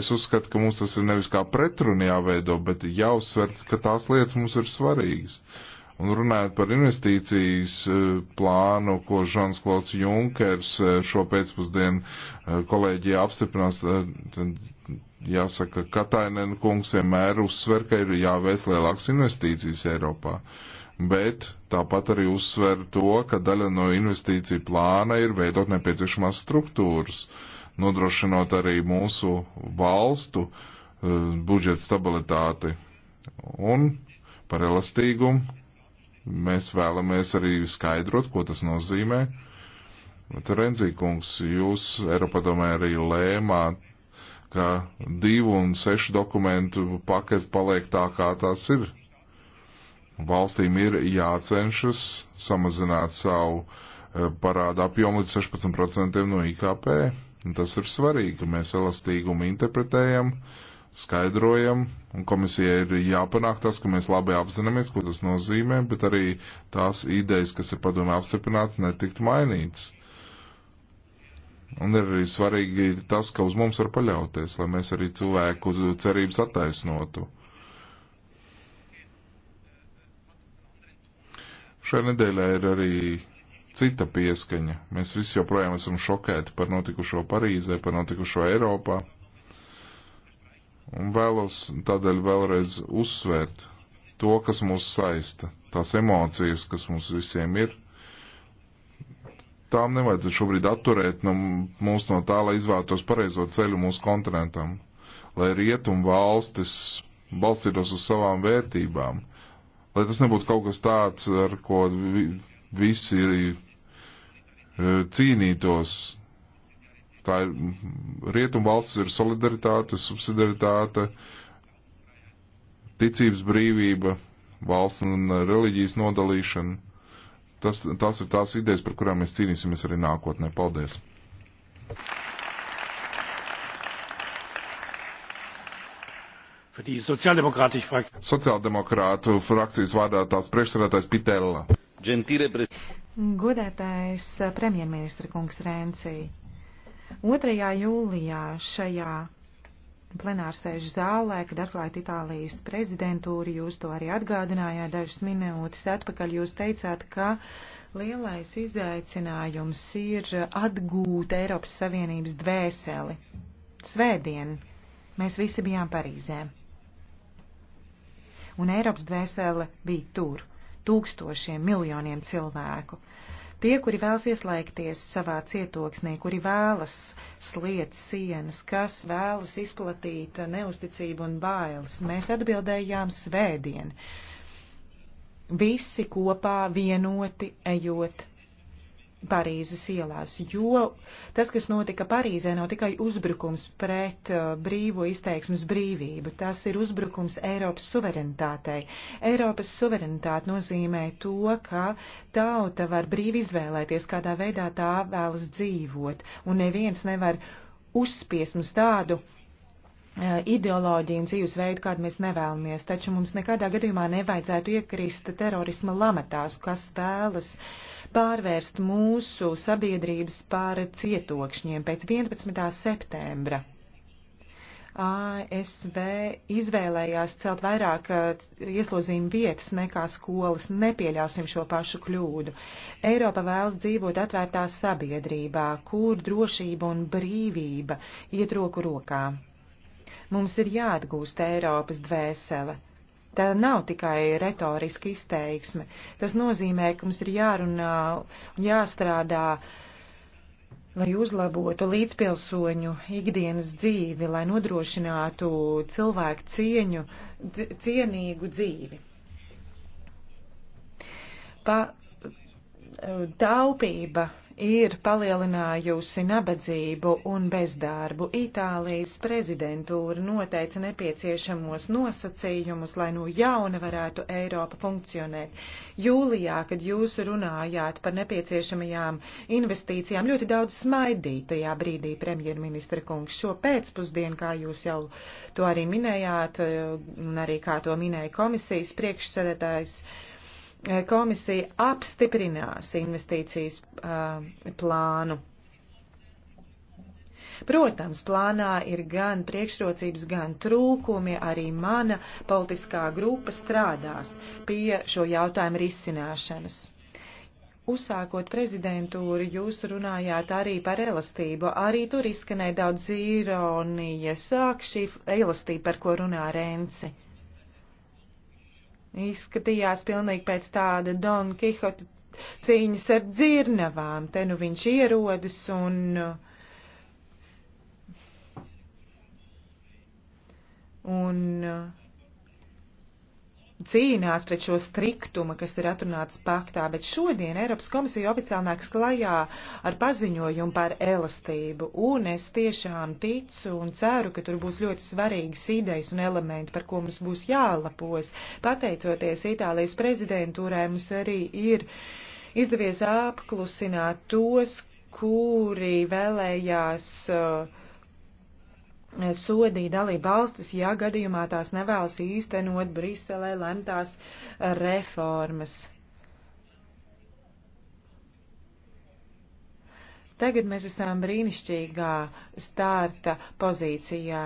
Es uzskatu, ka mums tas ir nevis kā pretruni jāveido, bet jāuzsver, ka tās lietas mums ir svarīgas. Un runājot par investīcijas eh, plānu, ko Žans Klauds Junkers eh, šo pēcpusdienu eh, kolēģijā apstiprinās, jāsaka, Katainen kungs vienmēr uzsver, ka ir jāveic lielākas investīcijas Eiropā. Bet tāpat arī uzsver to, ka daļa no investīciju plāna ir veidot nepieciešamās struktūras, nodrošinot arī mūsu valstu uh, budžeta stabilitāti. Un par elastīgumu mēs vēlamies arī skaidrot, ko tas nozīmē. Terenzī kungs, jūs Eiropadomē arī lēmāt ka divu un sešu dokumentu pakas paliek tā, kā tās ir. Valstīm ir jācenšas samazināt savu eh, parādu apjomu līdz 16% no IKP. Un tas ir svarīgi, ka mēs elastīgumu interpretējam, skaidrojam, un komisijai ir jāpanāk tas, ka mēs labi apzināmies, ko tas nozīmē, bet arī tās idejas, kas ir padomē apstiprināts, netiktu mainītas. Un ir arī svarīgi tas, ka uz mums var paļauties, lai mēs arī cilvēku cerības attaisnotu. Šajā nedēļā ir arī cita pieskaņa. Mēs visi joprojām esam šokēti par notikušo Parīzē, par notikušo Eiropā. Un vēlos tādēļ vēlreiz uzsvērt to, kas mūs saista, tās emocijas, kas mums visiem ir tām nevajadzētu šobrīd atturēt no, nu, mūs no tā, lai izvēlētos pareizo ceļu mūsu kontinentam, lai rietumu valstis balstītos uz savām vērtībām, lai tas nebūtu kaut kas tāds, ar ko visi e, cīnītos. Tā ir rietumu valstis ir solidaritāte, subsidiaritāte, ticības brīvība, valsts un reliģijas nodalīšana. Tas, tās ir tās idejas, par kurām mēs cīnīsimies arī nākotnē. Paldies! Sociāldemokrātu frakcijas vārdā tās priekšsēdētājs Pitella. Pre... Godētais eh, premjerministra kungs Renci. 2. jūlijā šajā plenārsēžu zālē, kad atklājat Itālijas prezidentūru, jūs to arī atgādinājāt dažas minūtes atpakaļ. Jūs teicāt, ka lielais izaicinājums ir atgūt Eiropas Savienības dvēseli. Svētdien mēs visi bijām Parīzē. Un Eiropas dvēsele bija tur, tūkstošiem, miljoniem cilvēku. Uh, Tie, kuri vēlas ieslēgties savā cietoksnī, kuri vēlas sliet sienas, kas vēlas izplatīt neusticību un bailes, mēs atbildējām svētdien. Visi kopā vienoti ejot Parīzes ielās, jo tas, kas notika Parīzē, nav tikai uzbrukums pret uh, brīvo izteiksmes brīvību, tas ir uzbrukums Eiropas suverenitātei. Eiropas suverenitāte nozīmē to, ka tauta var brīvi izvēlēties, kādā veidā tā vēlas dzīvot, un neviens nevar uzspies mums tādu uh, ideoloģiju un dzīvesveidu, kādu mēs nevēlamies, taču mums nekādā gadījumā nevajadzētu iekrist terorisma lamatās, kas vēlas uh, pārvērst mūsu sabiedrības par cietokšņiem pēc 11. septembra. ASV izvēlējās celt vairāk uh, ieslodzījumu vietas nekā skolas. Nepieļausim šo pašu kļūdu. Eiropa vēlas dzīvot atvērtā sabiedrībā, kur drošība un brīvība iet roku rokā. Mums ir jāatgūst Eiropas dvēsele Tā nav tikai retoriska izteiksme. Tas nozīmē, ka mums ir jārunā un jāstrādā, lai uzlabotu līdzpilsoņu ikdienas dzīvi, lai nodrošinātu cilvēku cieņu, cienīgu dzīvi. Pa, taupība ir palielinājusi nabadzību un bezdarbu. Itālijas prezidentūra noteica nepieciešamos nosacījumus, lai no jauna varētu Eiropa funkcionēt. Jūlijā, kad jūs runājāt par nepieciešamajām investīcijām, ļoti daudz smaidīja tajā brīdī premjerministra kungs. Šo pēcpusdienu, kā jūs jau to arī minējāt, un arī kā to minēja komisijas priekšsēdētājs, Eh, komisija apstiprinās investīcijas uh, plānu. Protams, plānā ir gan priekšrocības, gan trūkumi. Arī mana politiskā grupa strādās pie šo jautājumu risināšanas. Uzsākot prezidentūru, jūs runājāt arī par elastību. Arī tur izskanēja daudz ironijas. Sāk šī elastība, par ko runā Renci. Izskatījās pilnīgi pēc tāda Don Kihota cīņas ar dzirnavām. Te nu viņš ierodas un. Un. Uh, cīnās pret šo striktumu, kas ir atrunāts paktā, bet šodien Eiropas komisija oficiāli nāks klajā ar paziņojumu par elastību, un es tiešām ticu un ceru, ka tur būs ļoti svarīgas idejas un elementi, par ko mums būs jālapos. Pateicoties Itālijas prezidentūrai, mums arī ir izdevies apklusināt tos, kuri vēlējās uh, sodīja dalību valstis, ja gadījumā tās nevēlas īstenot Briselē lemtās eh, reformas. Tagad mēs esam brīnišķīgā starta pozīcijā.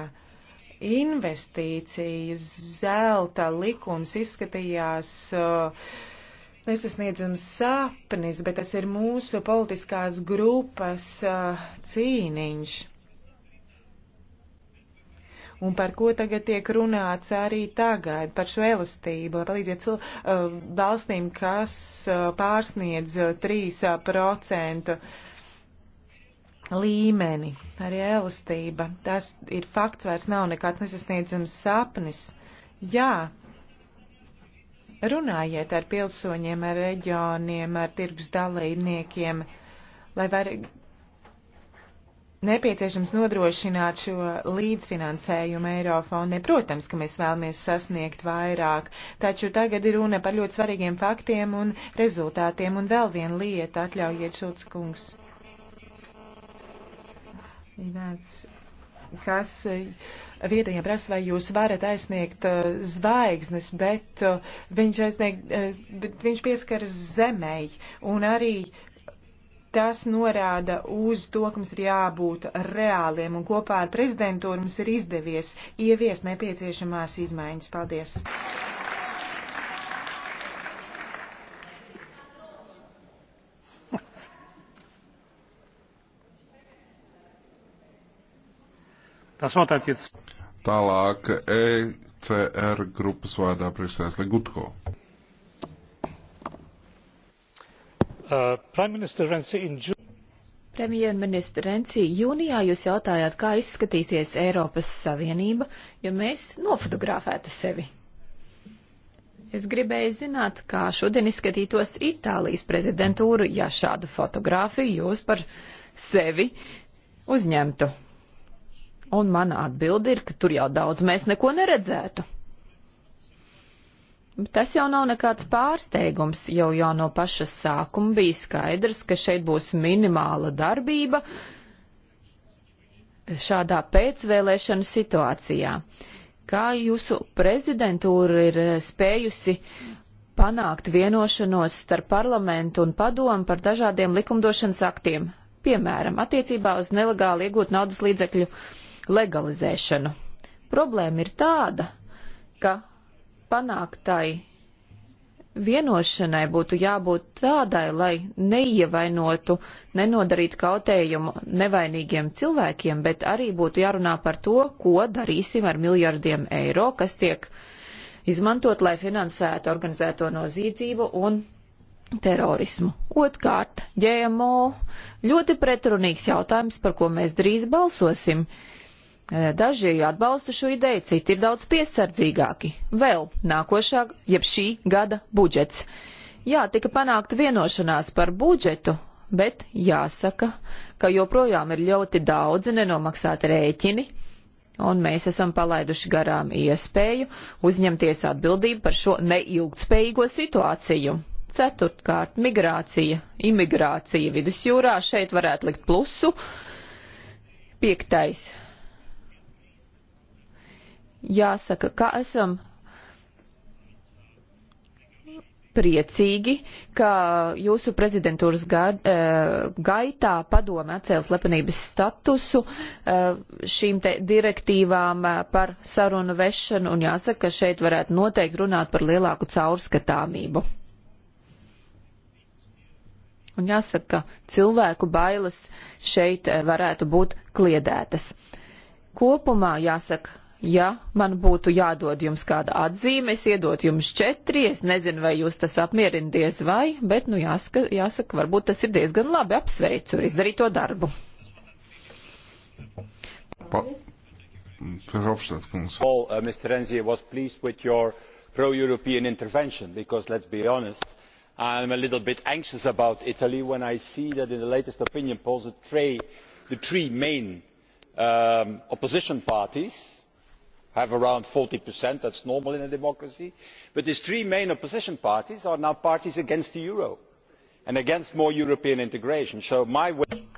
Investīcijas zelta likums izskatījās uh, eh, nesasniedzams sapnis, bet tas ir mūsu politiskās grupas uh, cīniņš un par ko tagad tiek runāts arī tagad, par šo elastību, lai palīdzētu uh, valstīm, kas uh, pārsniedz 3% uh, uh, līmeni, arī elastība. Tas ir fakts, vairs nav nekāds nesasniedzams sapnis. Jā, runājiet ar pilsoņiem, ar reģioniem, ar tirgus dalībniekiem, lai var nepieciešams nodrošināt šo līdzfinansējumu Eirofondē. Protams, ka mēs vēlamies sasniegt vairāk, taču tagad ir runa par ļoti svarīgiem faktiem un rezultātiem. Un vēl viena lieta, atļaujiet, Šulc kungs. Kas vietējiem prasa, vai jūs varat aizsniegt uh, zvaigznes, bet uh, viņš, aizsniegt, uh, bet viņš pieskaras zemēji un arī uh, Tas norāda uz to, ka mums ir jābūt reāliem un kopā ar prezidentūru mums ir izdevies ievies nepieciešamās izmaiņas. Paldies! Tas vēl tāds ir. Tālāk ECR grupas vārdā priekšsēdētājs Legutko. Uh, Premjerministra Renci, jūnijā jūs jautājāt, kā izskatīsies Eiropas Savienība, ja mēs nofotografētu sevi. Es gribēju zināt, kā šodien izskatītos Itālijas prezidentūru, ja šādu fotografiju jūs par sevi uzņemtu. Un mana atbilde ir, ka tur jau daudz mēs neko neredzētu. Tas jau nav nekāds pārsteigums, jau, jau no paša sākuma bija skaidrs, ka šeit būs minimāla darbība šādā pēcvēlēšanu situācijā. Kā jūsu prezidentūra ir eh, spējusi panākt vienošanos starp parlamentu un padomu par dažādiem likumdošanas aktiem, piemēram, attiecībā uz nelegāli iegūt naudas līdzekļu legalizēšanu? Problēma ir tāda, ka panāktai vienošanai būtu jābūt tādai, lai neievainotu, nenodarītu kautējumu nevainīgiem cilvēkiem, bet arī būtu jārunā par to, ko darīsim ar miljardiem eiro, kas tiek izmantot, lai finansētu organizēto noziedzību un terorismu. Otkārt, GMO ļoti pretrunīgs jautājums, par ko mēs drīz balsosim. Uh, Eh, daži atbalsta šo ideju, citi ir daudz piesardzīgāki. Vēl nākošā, jeb šī gada budžets. Jā, tika panākta vienošanās par budžetu, bet jāsaka, ka joprojām ir ļoti daudzi nenomaksāti rēķini, un mēs esam palaiduši garām iespēju uzņemties atbildību par šo neilgtspējīgo situāciju. Ceturtkārt, migrācija, imigrācija vidusjūrā, šeit varētu likt plusu. Piektais jāsaka, ka esam priecīgi, ka jūsu prezidentūras e, gaitā padome atcēla slepenības statusu e, šīm te direktīvām e, par sarunu vešanu, un jāsaka, ka šeit varētu noteikti runāt par lielāku caurskatāmību. Un jāsaka, ka cilvēku bailes šeit varētu būt kliedētas. Kopumā jāsaka, ja man būtu jādod jums kāda atzīme, es iedot jums četri, es nezinu, vai jūs tas apmierinties vai, bet, nu, jāsaka, jāsaka, varbūt tas ir diezgan labi, apsveicu ar izdarīto darbu. Pa... Hofstadt kungs. All, uh, Mr. Enzie was pleased with your pro-European intervention because, let's be honest, I'm a little bit anxious about Italy when I see that in the latest opinion polls the three, the three main um, opposition parties have around forty that is normal in a democracy but his three main opposition parties are now parties against the euro and against more european integration so my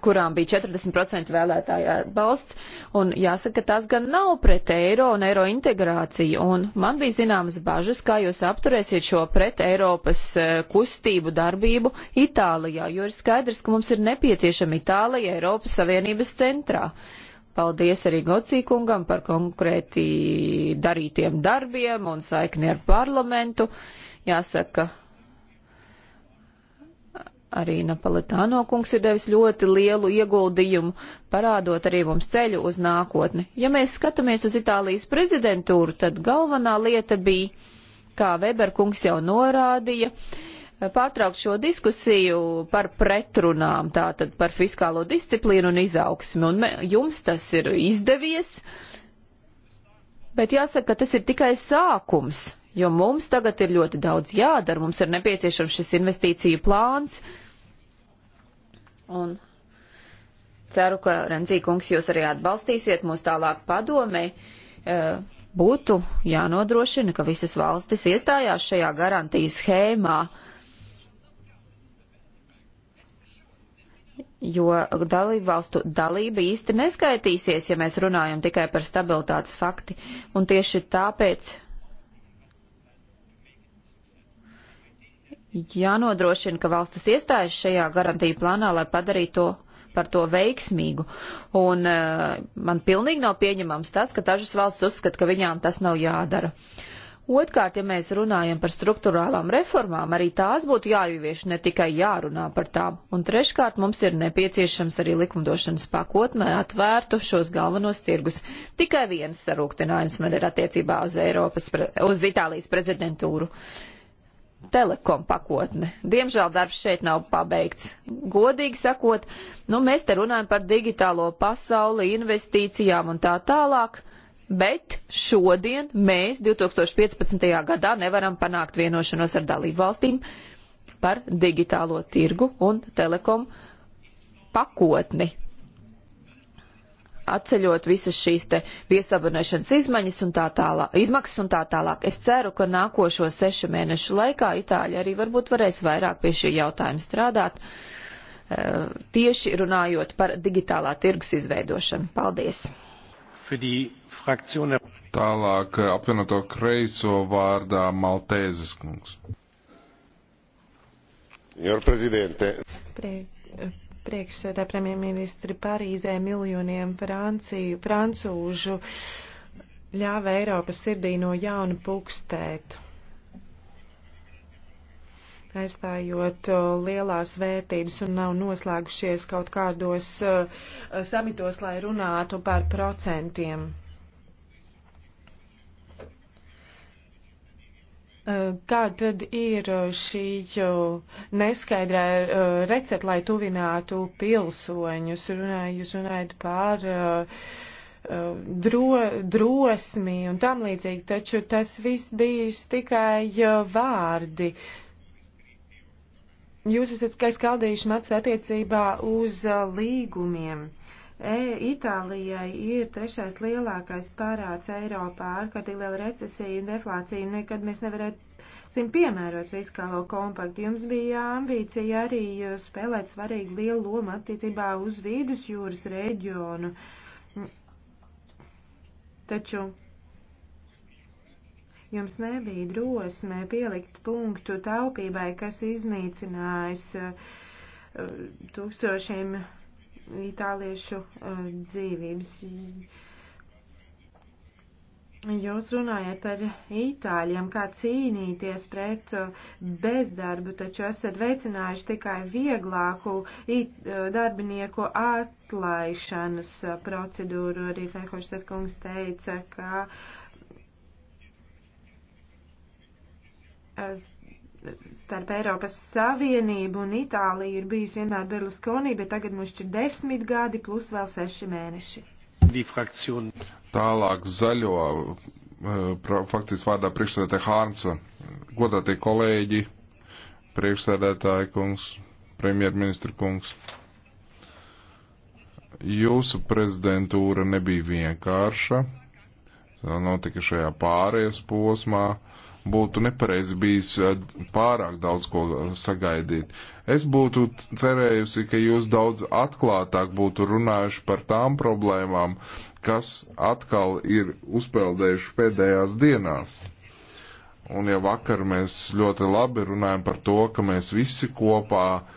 kurām bija 40% vēlētāju atbalsts, un jāsaka, tas gan nav pret eiro un eiro integrāciju, un man bija zināmas bažas, kā jūs apturēsiet šo pret Eiropas eh, kustību darbību Itālijā, jo ir skaidrs, ka mums ir nepieciešama Itālija Eiropas Savienības centrā. Uh, Paldies arī Gocīkungam par konkrēti darītiem darbiem un saikni ar parlamentu. Jāsaka, arī Napolitāno kungs ir devis ļoti lielu ieguldījumu, parādot arī mums ceļu uz nākotni. Ja mēs skatāmies uz Itālijas prezidentūru, tad galvenā lieta bija, kā Weber kungs jau norādīja, uh, pārtraukt šo diskusiju par pretrunām, tātad par fiskālo disciplīnu un izaugsmi. Un me, jums tas ir izdevies, bet jāsaka, ka tas ir tikai sākums, jo mums tagad ir ļoti daudz jādara, mums ir nepieciešams šis investīciju plāns. Un ceru, ka Renzī kungs jūs arī atbalstīsiet mūs tālāk padomē. E, būtu jānodrošina, ka visas valstis iestājās šajā garantiju schēmā jo dalību valstu dalība īsti neskaitīsies, ja mēs runājam tikai par stabilitātes fakti. Un tieši tāpēc jānodrošina, ka valstis iestājas šajā garantiju plānā, lai padarītu to par to veiksmīgu. Un uh, man pilnīgi nav pieņemams tas, ka dažas valsts uzskata, ka viņām tas nav jādara. Uh, Otkārt, ja mēs runājam par struktūrālām reformām, arī tās būtu jāievieš, ne tikai jārunā par tām. Un treškārt, mums ir nepieciešams arī likumdošanas pakotnē atvērtu šos galvenos tirgus. Tikai viens sarūktinājums man ir attiecībā uz, Eiropas, uz Itālijas prezidentūru. Telekom pakotne. Diemžēl darbs šeit nav pabeigts. Godīgi sakot, nu mēs te runājam par digitālo pasauli, investīcijām un tā tālāk. Uh, bet šodien mēs 2015. gadā nevaram panākt vienošanos ar dalību valstīm par digitālo tirgu un telekom pakotni. Atceļot visas šīs te viesabonēšanas izmaņas un tā tālāk, izmaksas un tā tālāk, es ceru, ka nākošo sešu mēnešu laikā Itāļa arī varbūt varēs vairāk pie šī jautājuma strādāt, eh, tieši runājot par digitālā tirgus izveidošanu. Paldies! Für die fraktion. Tālāk eh, apvienoto kreiso vārdā Maltēzes kungs. Jor prezidente. Prie, priekšsēdā premjerministri Parīzē miljoniem Franciju, francūžu ļāva Eiropas sirdī no jauna pukstēt aizstājot eh, lielās vērtības un nav noslēgušies kaut kādos eh, samitos, lai runātu par procentiem. Kā tad ir uh, šī uh, neskaidrā uh, recepte, lai tuvinātu pilsoņus? Runāju, jūs runājat par dro, drosmi un tam līdzīgi, taču tas viss bija tikai vārdi. Jūs esat kā skaldījuši mats attiecībā uz līgumiem. E, Itālijai ir trešais lielākais parāds Eiropā, ārkārtīgi liela recesija un deflācija, nekad mēs nevarēsim piemērot fiskālo kompaktu. Jums bija ambīcija arī e, spēlēt svarīgu lielu lomu attiecībā uz vidusjūras reģionu. Taču jums nebija drosme pielikt punktu taupībai, kas iznīcinājis e, tūkstošiem. Uh, itāliešu eh, dzīvības. Jūs runājat par Itāļiem, kā cīnīties pret eh, bezdarbu, taču esat veicinājuši tikai vieglāku eh, darbinieku atlaišanas procedūru. Arī Fehoštad kungs teica, ka starp Eiropas Savienību un Itāliju ir bijis vienmēr Berlusconi, bet tagad mums ir desmit gadi plus vēl seši mēneši. Tālāk zaļo, eh, faktiski vārdā priekšsēdētāja Hārmsa, godātie kolēģi, priekšsēdētāja kungs, premjerministra kungs. Jūsu prezidentūra nebija vienkārša, tā notika šajā pārējais posmā būtu nepareizi bijis eh, pārāk daudz ko eh, sagaidīt. Es būtu cerējusi, ka jūs daudz atklātāk būtu runājuši par tām problēmām, kas atkal ir uzpeldējuši pēdējās dienās. Un ja vakar mēs ļoti labi runājam par to, ka mēs visi kopā uh,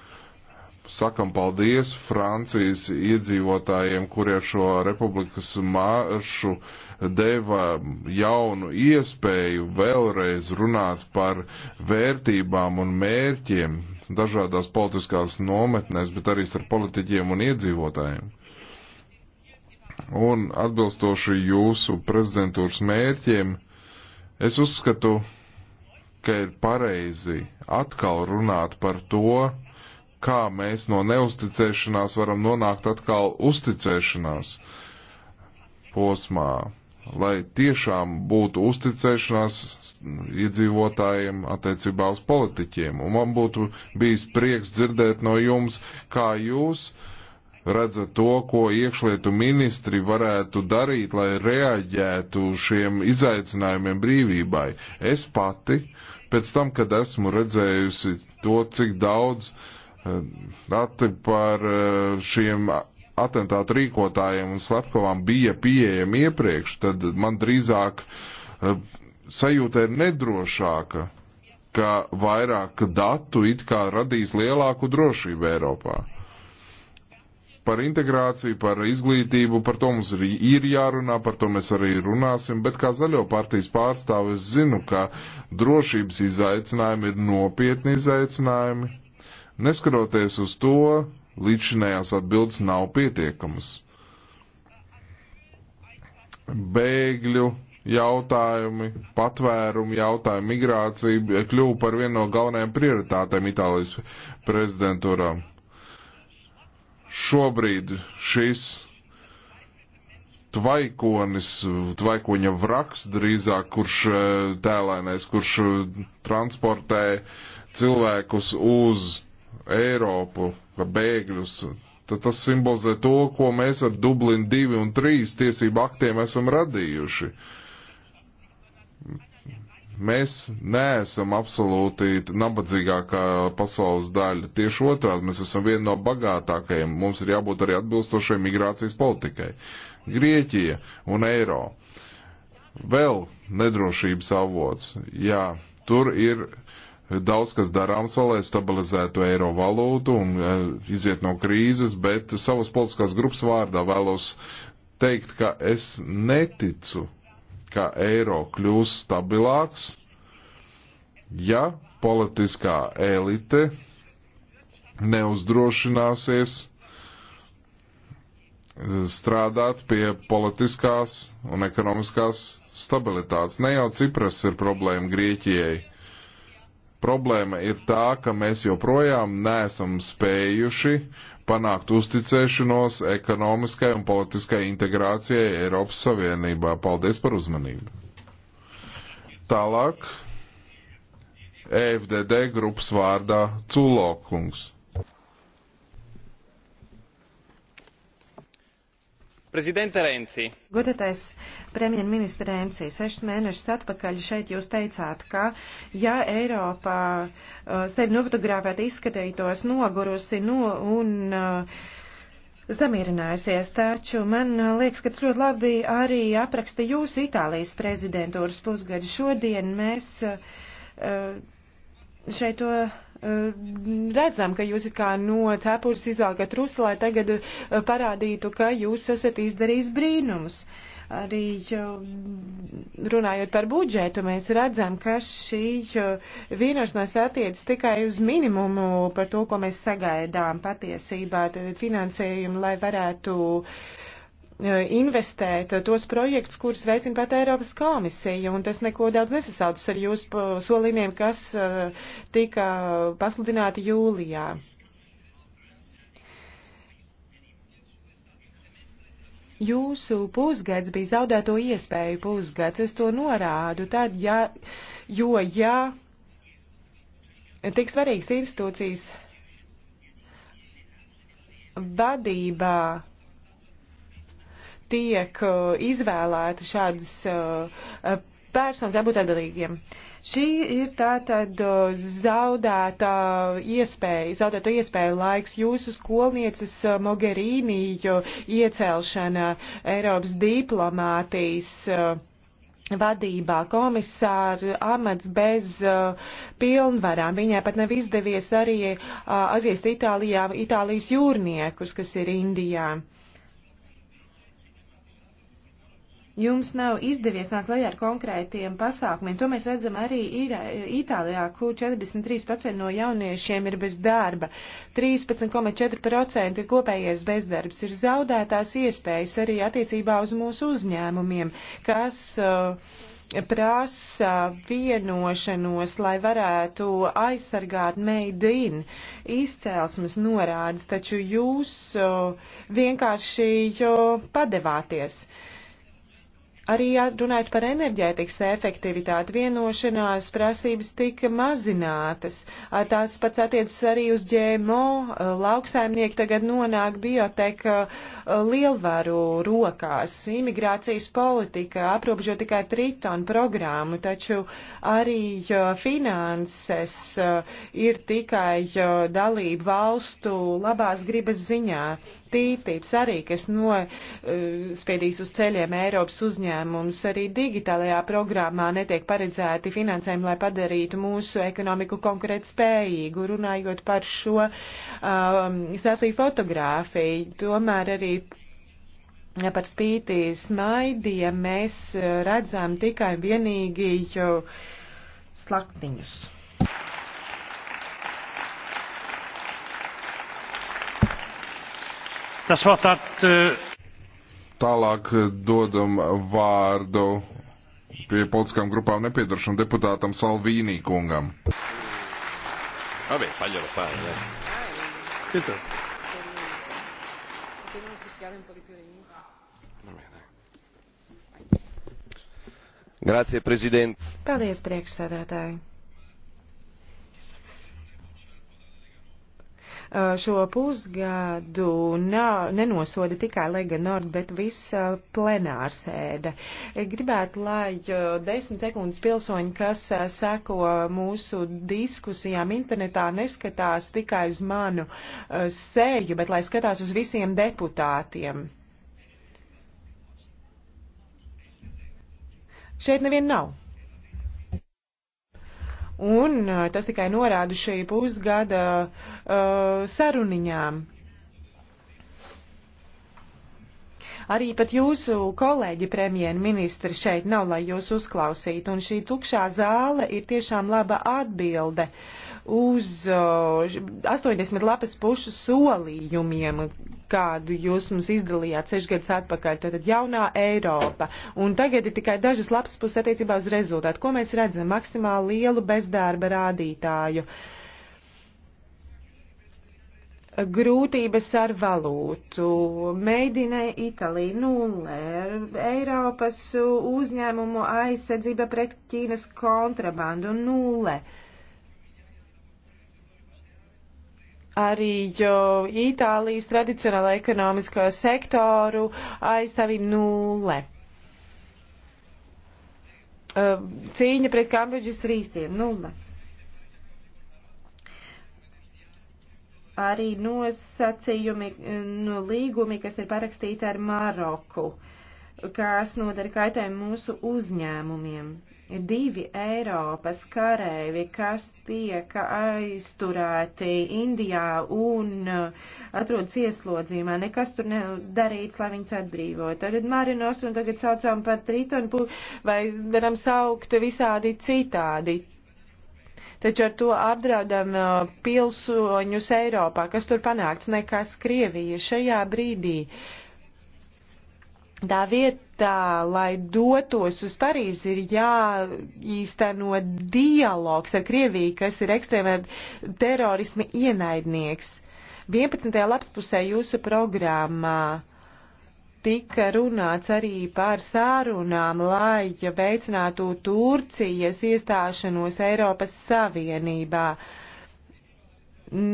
sakam paldies Francijas iedzīvotājiem, kurie šo republikas maršu deva jaunu iespēju vēlreiz runāt par vērtībām un mērķiem dažādās politiskās nometnēs, bet arī starp politiķiem un iedzīvotājiem. Un atbilstoši jūsu prezidentūras mērķiem, es uzskatu, ka ir pareizi atkal runāt par to, kā mēs no neusticēšanās varam nonākt atkal uzticēšanās posmā, lai tiešām būtu uzticēšanās iedzīvotājiem attiecībā uz politiķiem. Un man būtu bijis prieks dzirdēt no jums, kā jūs redzat to, ko iekšlietu ministri varētu darīt, lai reaģētu šiem izaicinājumiem brīvībai. Es pati, pēc tam, kad esmu redzējusi to, cik daudz uh, Dati par eh, šiem atentātu rīkotājiem un slepkavām bija pieejami iepriekš, tad man drīzāk eh, sajūta ir nedrošāka, ka vairāk datu it kā radīs lielāku drošību Eiropā par integrāciju, par izglītību, par to mums arī ir jārunā, par to mēs arī runāsim, bet kā zaļo partijas pārstāvis zinu, ka drošības izaicinājumi ir nopietni izaicinājumi. Neskaroties uz to, līdzinējās atbildes nav pietiekamas. Bēgļu jautājumi, patvērumu jautājumi, migrācija kļuva par vienu no galvenajām prioritātēm Itālijas prezidentūrā. Šobrīd šis tvaikonis, tvaikoņa vraks drīzāk, kurš eh, tēlēnais, kurš eh, transportē cilvēkus uz Eiropu, kā bēgļus, tad tas simbolizē to, ko mēs ar Dublin 2 un 3 tiesību aktiem esam radījuši. Mēs neesam absolūti nabadzīgākā pasaules daļa. Tieši otrādi, mēs esam viena no bagātākajiem. Mums ir jābūt arī atbilstošai migrācijas politikai. Grieķija un Eiro. Vēl nedrošības avots. Jā, tur ir Daudz kas darāms vēl, lai stabilizētu eiro valūtu un e, iziet no krīzes, bet savas politiskās grupas vārdā vēlos teikt, ka es neticu, ka eiro kļūs stabilāks, ja politiskā elite neuzdrošināsies e, strādāt pie politiskās un ekonomiskās stabilitātes. Ne jau Cipras ir problēma Grieķijai. Problēma ir tā, ka mēs joprojām neesam spējuši panākt uzticēšanos ekonomiskai un politiskai integrācijai Eiropas Savienībā. Paldies par uzmanību. Tālāk, EFDD grupas vārdā Culokungs. Godātais premjerministra Renci, sešas mēnešus atpakaļ šeit jūs teicāt, ka ja Eiropā uh, sevi nofotografēt izskatītos nogurusi no, un uh, samierinājusies, taču man uh, liekas, ka tas ļoti labi arī apraksta jūsu Itālijas prezidentūras pusgadu. Šodien mēs uh, uh šeit to. Uh, redzam, ka jūs kā no cepures izvēlgat rusi, lai tagad uh, parādītu, ka jūs esat izdarījis brīnumus. Arī uh, runājot par budžetu, mēs redzam, ka šī uh, vienošanās attiec tikai uz minimumu par to, ko mēs sagaidām patiesībā finansējumu, lai varētu uh, E, investēt tos projektus, kurus veicina pat Eiropas komisija, un tas neko daudz nesasaucas ar jūsu solījumiem, kas e, tika pasludināti jūlijā. Jūsu pusgads bija zaudēto iespēju pusgads, es to norādu, tad, ja, jo, ja tik svarīgas institūcijas vadībā tiek uh, izvēlēti šādas uh, personas jābūt atbildīgiem. Šī ir tātad uh, zaudēta iespēja, zaudēta iespēja laiks jūsu skolnieces uh, Mogherīnī iecelšana Eiropas diplomātijas uh, vadībā komisāra amats bez uh, pilnvarām. Viņai pat nav izdevies arī uh, atgriezt Itālijā, Itālijas jūrniekus, kas ir Indijā. Uh, jums nav izdevies nākt klajā ar konkrētiem pasākumiem. To mēs redzam arī ir, Itālijā, kur 43% no jauniešiem ir bez darba, 13,4% kopējais bezdarbs ir zaudētās iespējas arī attiecībā uz mūsu uzņēmumiem, kas uh, prasa vienošanos, lai varētu aizsargāt meidin izcēlesmes norādes, taču jūs uh, vienkārši uh, padevāties. Uh, Arī runājot par enerģētikas efektivitāti, vienošanās prasības tika mazinātas. Tās pats attiecas arī uz ģēmo. Lauksaimnieki tagad nonāk bioteka lielvaru rokās. Imigrācijas politika aprobežo tikai tritonu programmu, taču arī finanses ir tikai dalību valstu labās gribas ziņā tīpības arī, kas nospiedīs e, uz ceļiem Eiropas uzņēmumus. Arī digitālajā programmā netiek paredzēti finansējumi, lai padarītu mūsu ekonomiku konkurēt spējīgu. Runājot par šo um, satelītu fotogrāfiju, tomēr arī par spīti smaidiem mēs e, redzam tikai vienīgi slaktiņus. Tas vēl tād. Eh, Tālāk eh, dodam vārdu pie politiskām grupām nepiedarošam deputātam Salvīnī kungam. Vabbè, faglielo fare. Eh. Che tu? Grazie, Presidente. Paldies, priekšsēdētāji. Eh, šo pusgadu nav, nenosoda tikai Lega Nord, bet visa eh, plenārsēde. Eh, gribētu, lai desmit sekundes pilsoņi, kas seko mūsu diskusijām internetā, neskatās tikai uz manu seju, bet lai skatās uz visiem deputātiem. Šeit neviena nav. Un tas tikai norāda šī pusgada uh, saruniņām. Arī pat jūsu kolēģi premjerministri šeit nav, lai jūs uzklausītu, un šī tukšā zāle ir tiešām laba atbilde uh, uz 80 lapas pušu solījumiem, kādu jūs mums izdalījāt sešas gadus atpakaļ. Tātad jaunā Eiropa. Un tagad ir tikai dažas lapas puses attiecībā uz rezultātu. Ko mēs redzam? Maksimāli lielu bezdarba rādītāju. Grūtības ar valūtu, meidinē Itālija nulle, Eiropas uzņēmumu aizsardzība pret Ķīnas kontrabandu nulle. Uh, arī jo Itālijas tradicionāla ekonomisko sektoru aizstāvība nulle. Cīņa pret Kambodžas rīstiem nulle. Arī nosacījumi, no nu, līgumi, kas ir parakstīti ar Maroku, kas nodara kaitējumu mūsu uzņēmumiem ir divi Eiropas karēvi, kas tiek aizturēti Indijā un uh, atrodas ieslodzījumā. Nekas tur nedarīts, lai viņus atbrīvotu. Tagad Marinos un tagad saucām par Tritonu vai varam saukt visādi citādi. Taču ar to apdraudam uh, pilsoņus Eiropā, kas tur panākts, nekas Krievija šajā brīdī. Uh, Tā vietā, lai dotos uz Parīzi, ir jāīsteno dialogs ar Krieviju, kas ir ekstrēmē terorisma ienaidnieks. 11. lapspusē jūsu programmā tika runāts arī par sārunām, lai veicinātu Turcijas iestāšanos Eiropas Savienībā. N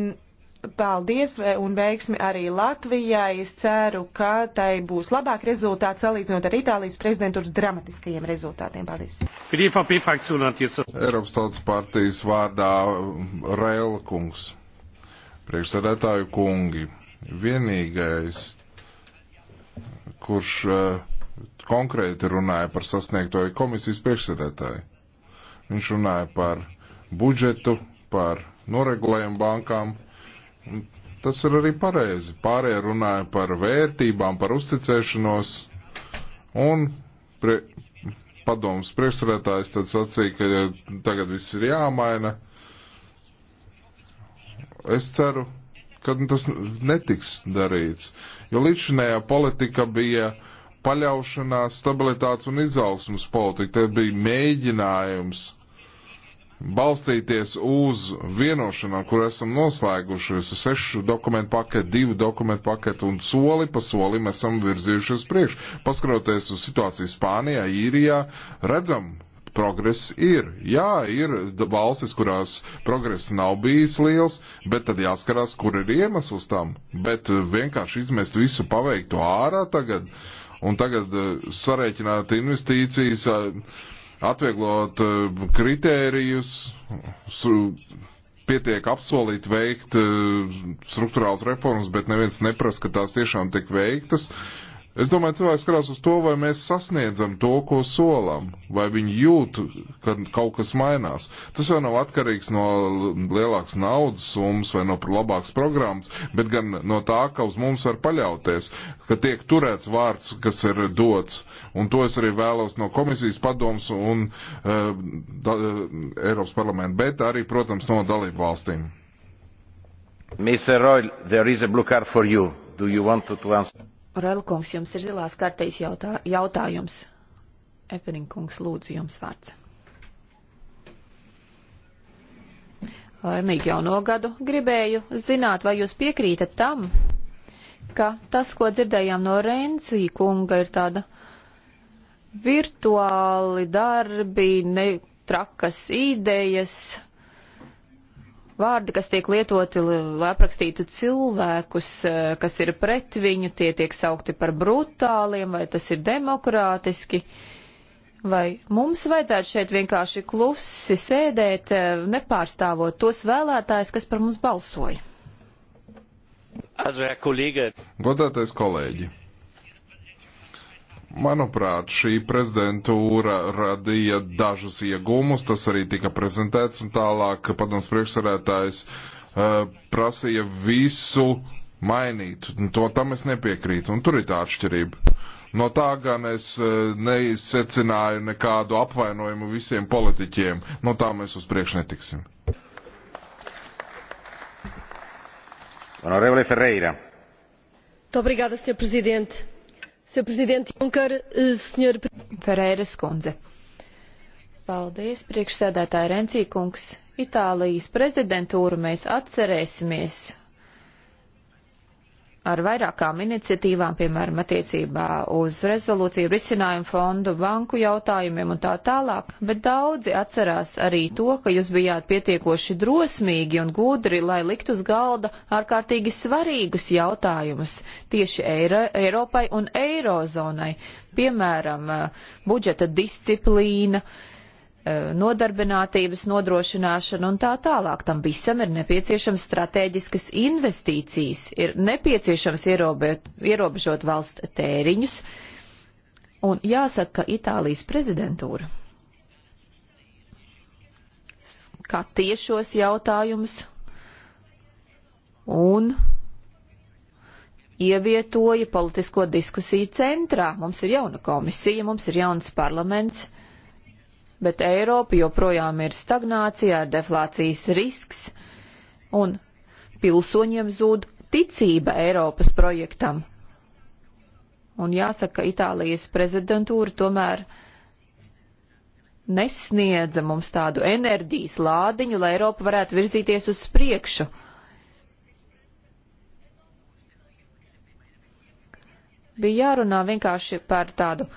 Paldies un veiksmi arī Latvijai. Es ceru, ka tai būs labāk rezultāti salīdzinot ar Itālijas prezidentūras dramatiskajiem rezultātiem. Paldies. Eiropas tautas partijas vārdā um, Rēla kungs. Priekšsēdētāju kungi. Vienīgais, kurš uh, konkrēti runāja par sasniegto komisijas priekšsēdētāju. Viņš runāja par budžetu, par noregulējumu bankām Tas ir arī pareizi. Pārējie runāja par vērtībām, par uzticēšanos, un pre, padomus priekšsarētājs tad sacīja, ka tagad viss ir jāmaina. Es ceru, ka tas netiks darīts, jo līdzinējā politika bija paļaušanās, stabilitātes un izaugsmas politika. Te bija mēģinājums balstīties uz vienošanām, kur esam noslēguši sešu dokumentu paketu, divu dokumentu paketu un soli pa solim esam virzījušies priekš. Paskatoties uz situāciju Spānijā, Īrijā, redzam, progress ir. Jā, ir valstis, kurās progress nav bijis liels, bet tad jāskarās, kur ir iemesls tam. Bet eh, vienkārši izmest visu paveikto ārā tagad un tagad eh, sarēķināt investīcijas. Uh, atvieglot e, kritērijus, pietiek apsolīt veikt e, struktūrāls reformas, bet neviens neprasa, ka tās tiešām tik veiktas. Uh, Es domāju, cilvēks skatās uz to, vai mēs sasniedzam to, ko solam, vai viņi jūt, ka kaut kas mainās. Tas jau nav atkarīgs no lielākas naudas summas vai no labākas programmas, bet gan no tā, ka uz mums var paļauties, ka tiek turēts vārds, kas ir dots. Un to es arī vēlos no komisijas padoms un uh, da, uh, Eiropas parlamenta, bet arī, protams, no dalību valstīm. Mr. Royal, there is a blue card for you. Do you want to, to answer? Relkungs, jums ir zilās kartīs jautā, jautājums. Eperinkungs, lūdzu, jums vārds. Laimīgi jau nogadu gribēju zināt, vai jūs piekrītat tam, ka tas, ko dzirdējām no Rencija kunga, ir tāda virtuāli darbi, ne trakas idejas, vārdi, kas tiek lietoti, lai aprakstītu cilvēkus, eh, kas ir pret viņu, tie tiek saukti par brutāliem, vai tas ir demokrātiski. Vai mums vajadzētu šeit vienkārši klusi sēdēt, eh, nepārstāvot tos vēlētājus, kas par mums balsoja? Godātais kolēģi, Manuprāt, šī prezidentūra radīja dažus iegūmus, tas arī tika prezentēts, un tālāk padoms priekšsarētājs uh, prasīja visu mainīt. To tam es nepiekrītu, un tur ir tā atšķirība. No tā gan es uh, neizsecināju nekādu apvainojumu visiem politiķiem, no tā mēs uz priekšu netiksim. Onorevole Ferreira. Obrigada, senhor presidente Sr. Prezidents Junker, eh, Sr. Ferēras kundze. Paldies, priekšsēdētāja Rencīkungs. Itālijas prezidentūru mēs atcerēsimies ar vairākām iniciatīvām, piemēram, attiecībā uz rezolūciju, risinājumu fondu, banku jautājumiem un tā tālāk, bet daudzi atcerās arī to, ka jūs bijāt pietiekoši drosmīgi un gudri, lai likt uz galda ārkārtīgi svarīgus jautājumus tieši Eiro, Eiropai un Eirozonai, piemēram, eh, budžeta disciplīna, uh, Eh, nodarbinātības nodrošināšana un tā tālāk. Tam visam ir nepieciešams strateģiskas investīcijas, ir nepieciešams ierobežot, ierobežot valsts tēriņus. Un jāsaka, ka Itālijas prezidentūra skatīja šos jautājumus un ievietoja politisko diskusiju centrā. Mums ir jauna komisija, mums ir jauns parlaments bet Eiropa joprojām ir stagnācijā, ir deflācijas risks, un pilsoņiem zūd ticība Eiropas projektam. Un jāsaka, Itālijas prezidentūra tomēr nesniedza mums tādu enerģijas lādiņu, lai Eiropa varētu virzīties uz priekšu. Bija jārunā vienkārši par tādu uh,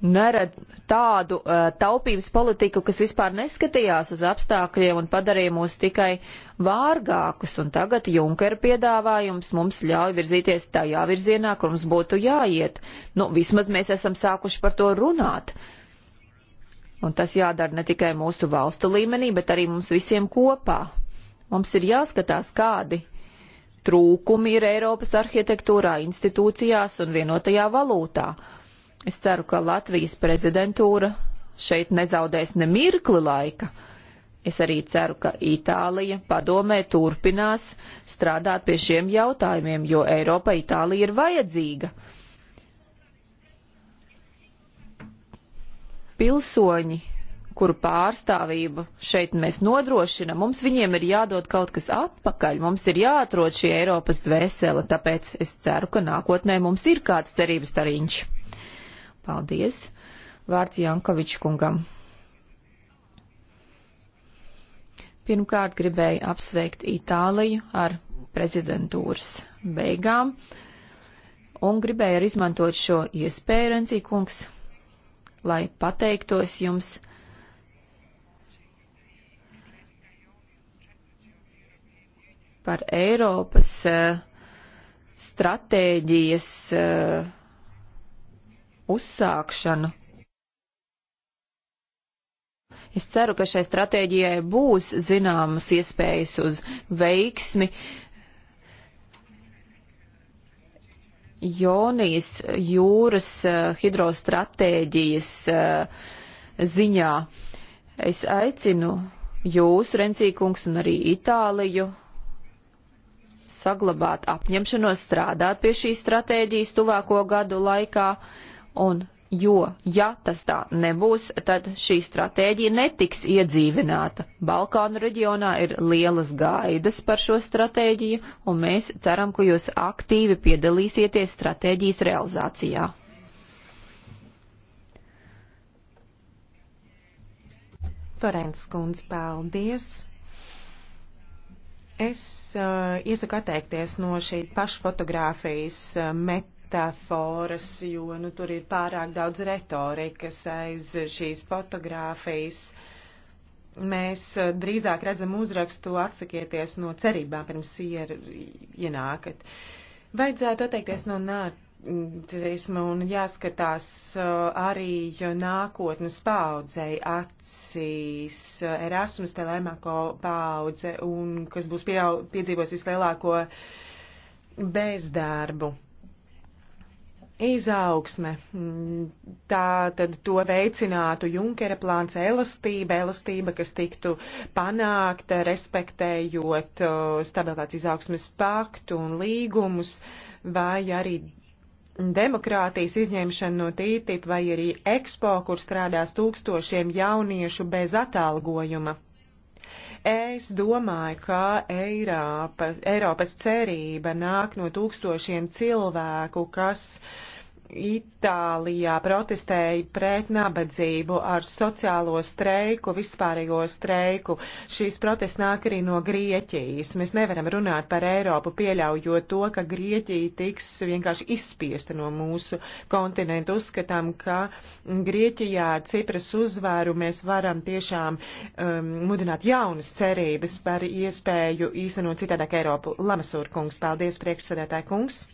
nerad tādu uh, taupības politiku, kas vispār neskatījās uz apstākļiem un padarīja mūs tikai vārgākus. Un tagad Junkera piedāvājums mums ļauj virzīties tajā virzienā, kur mums būtu jāiet. Nu, vismaz mēs esam sākuši par to runāt. Un tas jādara ne tikai mūsu valstu līmenī, bet arī mums visiem kopā. Mums ir jāskatās, kādi trūkumi ir Eiropas arhitektūrā, institūcijās un vienotajā valūtā Es ceru, ka Latvijas prezidentūra šeit nezaudēs ne mirkli laika. Es arī ceru, ka Itālija padomē turpinās strādāt pie šiem jautājumiem, jo Eiropa Itālija ir vajadzīga. Pilsoņi, kuru pārstāvību šeit mēs nodrošinam, mums viņiem ir jādod kaut kas atpakaļ, mums ir jāatrod šī Eiropas dvēsele, tāpēc es ceru, ka nākotnē mums ir kāds cerības tariņš. Paldies! Vārds Jankovičs kungam. Pirmkārt gribēju apsveikt Itāliju ar prezidentūras beigām un gribēju arī izmantot šo iespēju, Renzī kungs, lai pateiktos jums par Eiropas eh, stratēģijas uh, uzsākšanu. Es ceru, ka šai stratēģijai būs zināmas iespējas uz veiksmi. Jonijas jūras eh, hidrostratēģijas eh, ziņā es aicinu jūs, Rencīkungs, un arī Itāliju saglabāt apņemšanos strādāt pie šīs stratēģijas tuvāko gadu laikā. Uh, Un jo, ja tas tā nebūs, tad šī stratēģija netiks iedzīvināta. Balkānu reģionā ir lielas gaidas par šo stratēģiju, un mēs ceram, ka jūs aktīvi piedalīsieties stratēģijas realizācijā. Torēns kundze, paldies! Es uh, iesaku atteikties no šīs pašfotogrāfijas uh, met metaforas, jo nu, tur ir pārāk daudz retorikas aiz šīs fotogrāfijas. Mēs eh, drīzāk redzam uzrakstu atsakieties no cerībām pirms ier, ienākat. Vajadzētu atteikties no nācismu un jāskatās eh, arī nākotnes paudzei acīs Erasmus Telemako paudze un kas būs pieau, piedzīvos vislielāko bezdarbu izaugsme. Mm, tā tad to veicinātu Junkera plāns elastība, elastība, kas tiktu panākta, respektējot stabilitātes izaugsmes paktu un līgumus, vai arī demokrātijas izņemšana no TTIP, vai arī EXPO, kur strādās tūkstošiem jauniešu bez atalgojuma. Es domāju, ka Eiropa, Eiropas cerība nāk no tūkstošiem cilvēku, kas uh, Itālijā protestēja pret nabadzību ar sociālo streiku, vispārējo streiku. Šīs protests nāk arī no Grieķijas. Mēs nevaram runāt par Eiropu pieļaujot to, ka Grieķija tiks vienkārši izspiesta no mūsu kontinentu. Uzskatām, ka Grieķijā ar Cipras uzvaru mēs varam tiešām um, mudināt jaunas cerības par iespēju īstenot citādāk Eiropu. Lamasūra kungs, paldies priekšsēdētāji kungs!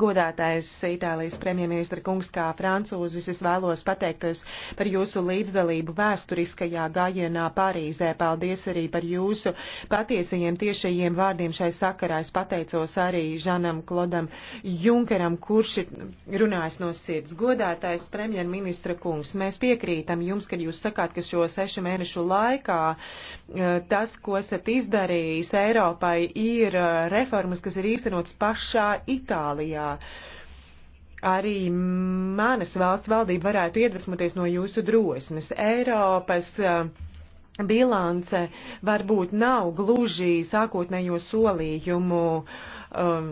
Godātais Itālijas premjerministra kungs, kā francūzis, es vēlos pateikties par jūsu līdzdalību vēsturiskajā gājienā Parīzē. Paldies arī par jūsu patiesajiem tiešajiem vārdiem šai sakarā. Es pateicos arī Žanam Klodam Junkeram, kurš ir runājis no sirds. Godātais premjerministra kungs, mēs piekrītam jums, kad jūs sakāt, ka šo sešu mēnešu laikā eh, tas, ko esat izdarījis Eiropai, ir eh, reformas, kas ir īstenotas pašā Itālijā. Vācijā. Arī manas valsts valdība varētu iedvesmoties no jūsu drosmes. Eiropas uh, bilance varbūt nav gluži sākotnējo solījumu um,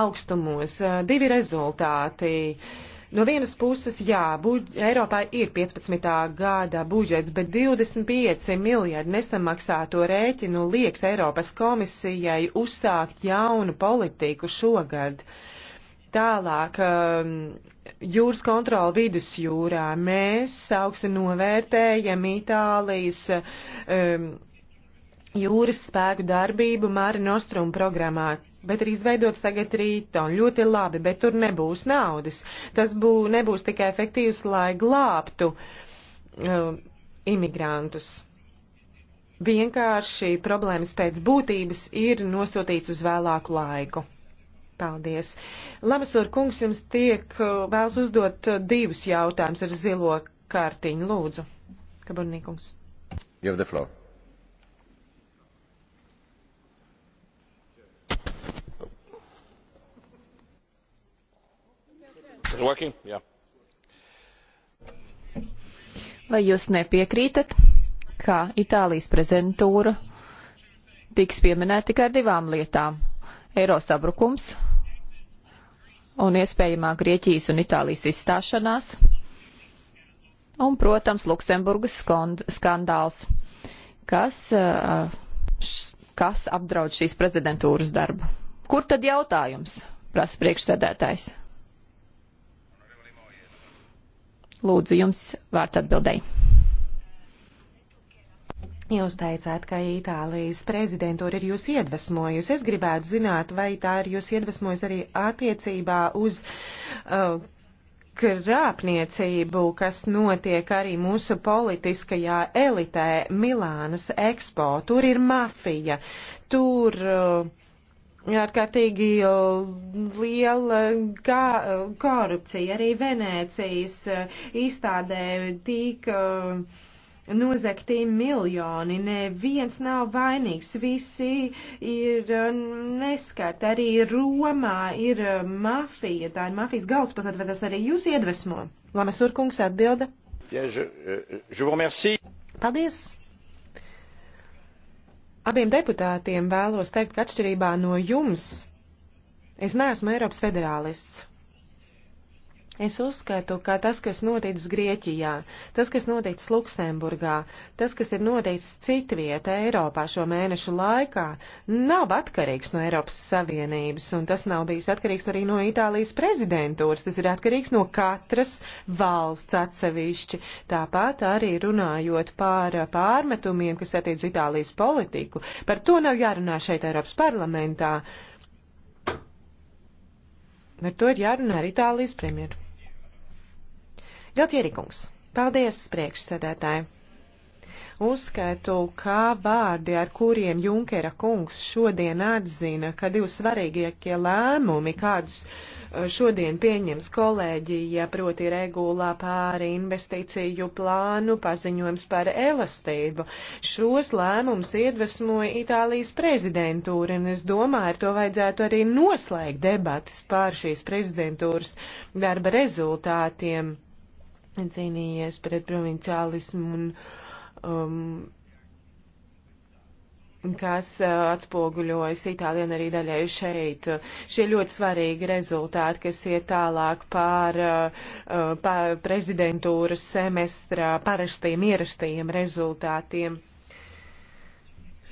augstumos. Eh, divi rezultāti. Uh, No vienas puses, jā, buģ, Eiropā ir 15. gada budžets, bet 25 miljardi nesamaksāto rēķinu nu, liekas Eiropas komisijai uzsākt jaunu politiku šogad. Tālāk, um, jūras kontrola vidusjūrā mēs augsti novērtējam Itālijas. Um, jūras spēku darbību Māra Nostrum programmā bet ir izveidots tagad rīta un ļoti labi, bet tur nebūs naudas. Tas bū, nebūs tikai efektīvs, lai glābtu uh, imigrantus. Vienkārši problēmas pēc būtības ir nosūtīts uz vēlāku laiku. Paldies. Lamasur kungs jums tiek uh, vēls uzdot uh, divus jautājumus ar zilo kārtiņu. Lūdzu, Kaburnīkums. You have the floor. Vai jūs nepiekrītat, ka Itālijas prezentūra tiks pieminēta tikai ar divām lietām - eiro sabrukums un iespējamā Grieķijas un Itālijas izstāšanās, un, protams, Luksemburgas skandāls, kas, uh, kas apdraud šīs prezidentūras darbu. Kur tad jautājums? prasa priekšsēdētājs. Lūdzu, jums vārds atbildēji. Jūs teicāt, ka Itālijas prezidentūra ir jūs iedvesmojusi. Es gribētu zināt, vai tā ir jūs iedvesmojusi arī attiecībā uz uh, krāpniecību, kas notiek arī mūsu politiskajā elitē Milānas ekspo. Tur ir mafija. Tur. Uh, ārkārtīgi uh, liela kā, uh, korupcija. Arī Venēcijas uh, izstādē tika nozakti miljoni, neviens nav vainīgs, visi ir neskart, arī Romā ir mafija, tā ir mafijas galvaspilsēta, vai tas arī jūs iedvesmo? Lamesurkungs atbilda. Bien, je, je vous remercie. Paldies! Abiem deputātiem vēlos teikt, ka atšķirībā no jums es neesmu Eiropas federālists. Es uzskatu, ka tas, kas noticis Grieķijā, tas, kas noticis Luksemburgā, tas, kas ir noticis citvieta Eiropā šo mēnešu laikā, nav atkarīgs no Eiropas Savienības, un tas nav bijis atkarīgs arī no Itālijas prezidentūras, tas ir atkarīgs no katras valsts atsevišķi. Tāpat arī runājot par pārmetumiem, kas attiec Itālijas politiku, par to nav jārunā šeit Eiropas parlamentā. Ar to ir jārunā ar Itālijas premjeru. Galtierikungs, paldies priekšsēdētāji! Uzskaitu, kā vārdi, ar kuriem Junkera kungs šodien atzina, ka divi svarīgākie lēmumi, kādus eh, šodien pieņems kolēģija, proti regulā pāri investīciju plānu paziņojums par elastību. Šos lēmumus iedvesmoja Itālijas prezidentūra, un es domāju, ar to vajadzētu arī noslēgt debatas pār šīs prezidentūras darba rezultātiem cīnījies pret provinciālismu un um, kas uh, atspoguļojas Itālijā un arī daļai šeit. Šie ļoti svarīgi rezultāti, kas iet tālāk pār, uh, pār prezidentūras semestra parastajiem ierastajiem rezultātiem.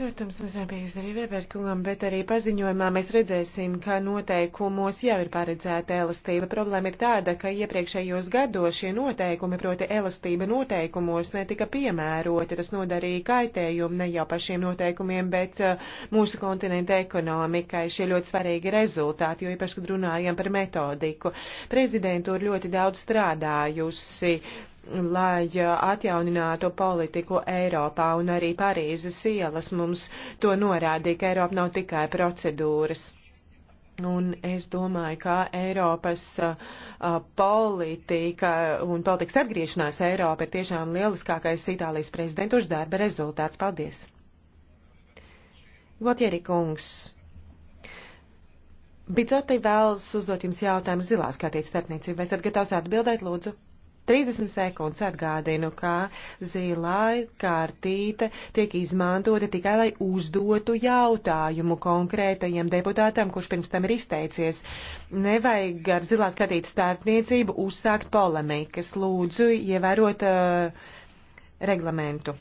Protams, mums jāpiekrist arī Weberkungam, bet arī paziņojumā mēs redzēsim, ka noteikumos jau ir paredzēta elastība. Problēma ir tāda, ka iepriekšējos gados šie noteikumi, proti elastība noteikumos, netika piemēroti. Tas nodarīja kaitējumu ne jau pašiem noteikumiem, bet eh, mūsu kontinenta ekonomikai. Šie ļoti svarīgi rezultāti, jo īpaši, kad runājam par metodiku. Prezidentūra ļoti daudz strādājusi lai atjauninātu politiku Eiropā un arī Parīzes ielas mums to norādīja, ka Eiropa nav tikai procedūras. Un es domāju, ka Eiropas a, politika un politikas atgriešanās Eiropa ir tiešām lieliskākais Itālijas prezidentūras darba rezultāts. Paldies! Gotieri kungs, Bidzoti vēlas uzdot jums jautājumu zilās kārtītas starpniecībai. Esat gatavs atbildēt, lūdzu? 30 sekundes atgādinu, ka zilā kārtīte tiek izmantota tikai, lai uzdotu jautājumu konkrētajam deputātam, kurš pirms tam ir izteicies. Nevajag ar zilās kārtītes starpniecību uzsākt polemikas. Lūdzu, ievērot uh, reglamentu.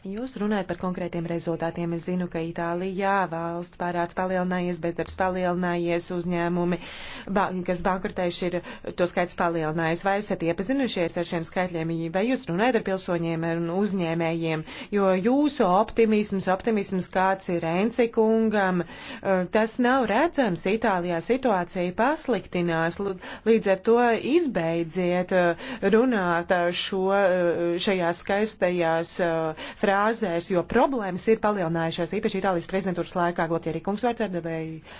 Jūs runājat par konkrētiem rezultātiem. Es zinu, ka Itālijā valsts pārāds palielinājies, bezdarbs palielinājies, uzņēmumi, bank, kas bankrotējuši ir, to skaits palielinājies. Vai esat iepazinušies ar šiem skaitļiem? Vai jūs runājat ar pilsoņiem un uzņēmējiem? Jo jūsu optimisms, optimisms kāds ir Encikungam, eh, tas nav redzams. Itālijā situācija pasliktinās. Līdz ar to izbeidziet eh, runāt eh, šo, šajās skaistajās frāzēs frāzēs, jo problēmas ir palielinājušās, īpaši Itālijas prezidentūras laikā, Gotieri kungs vārds atbildēja.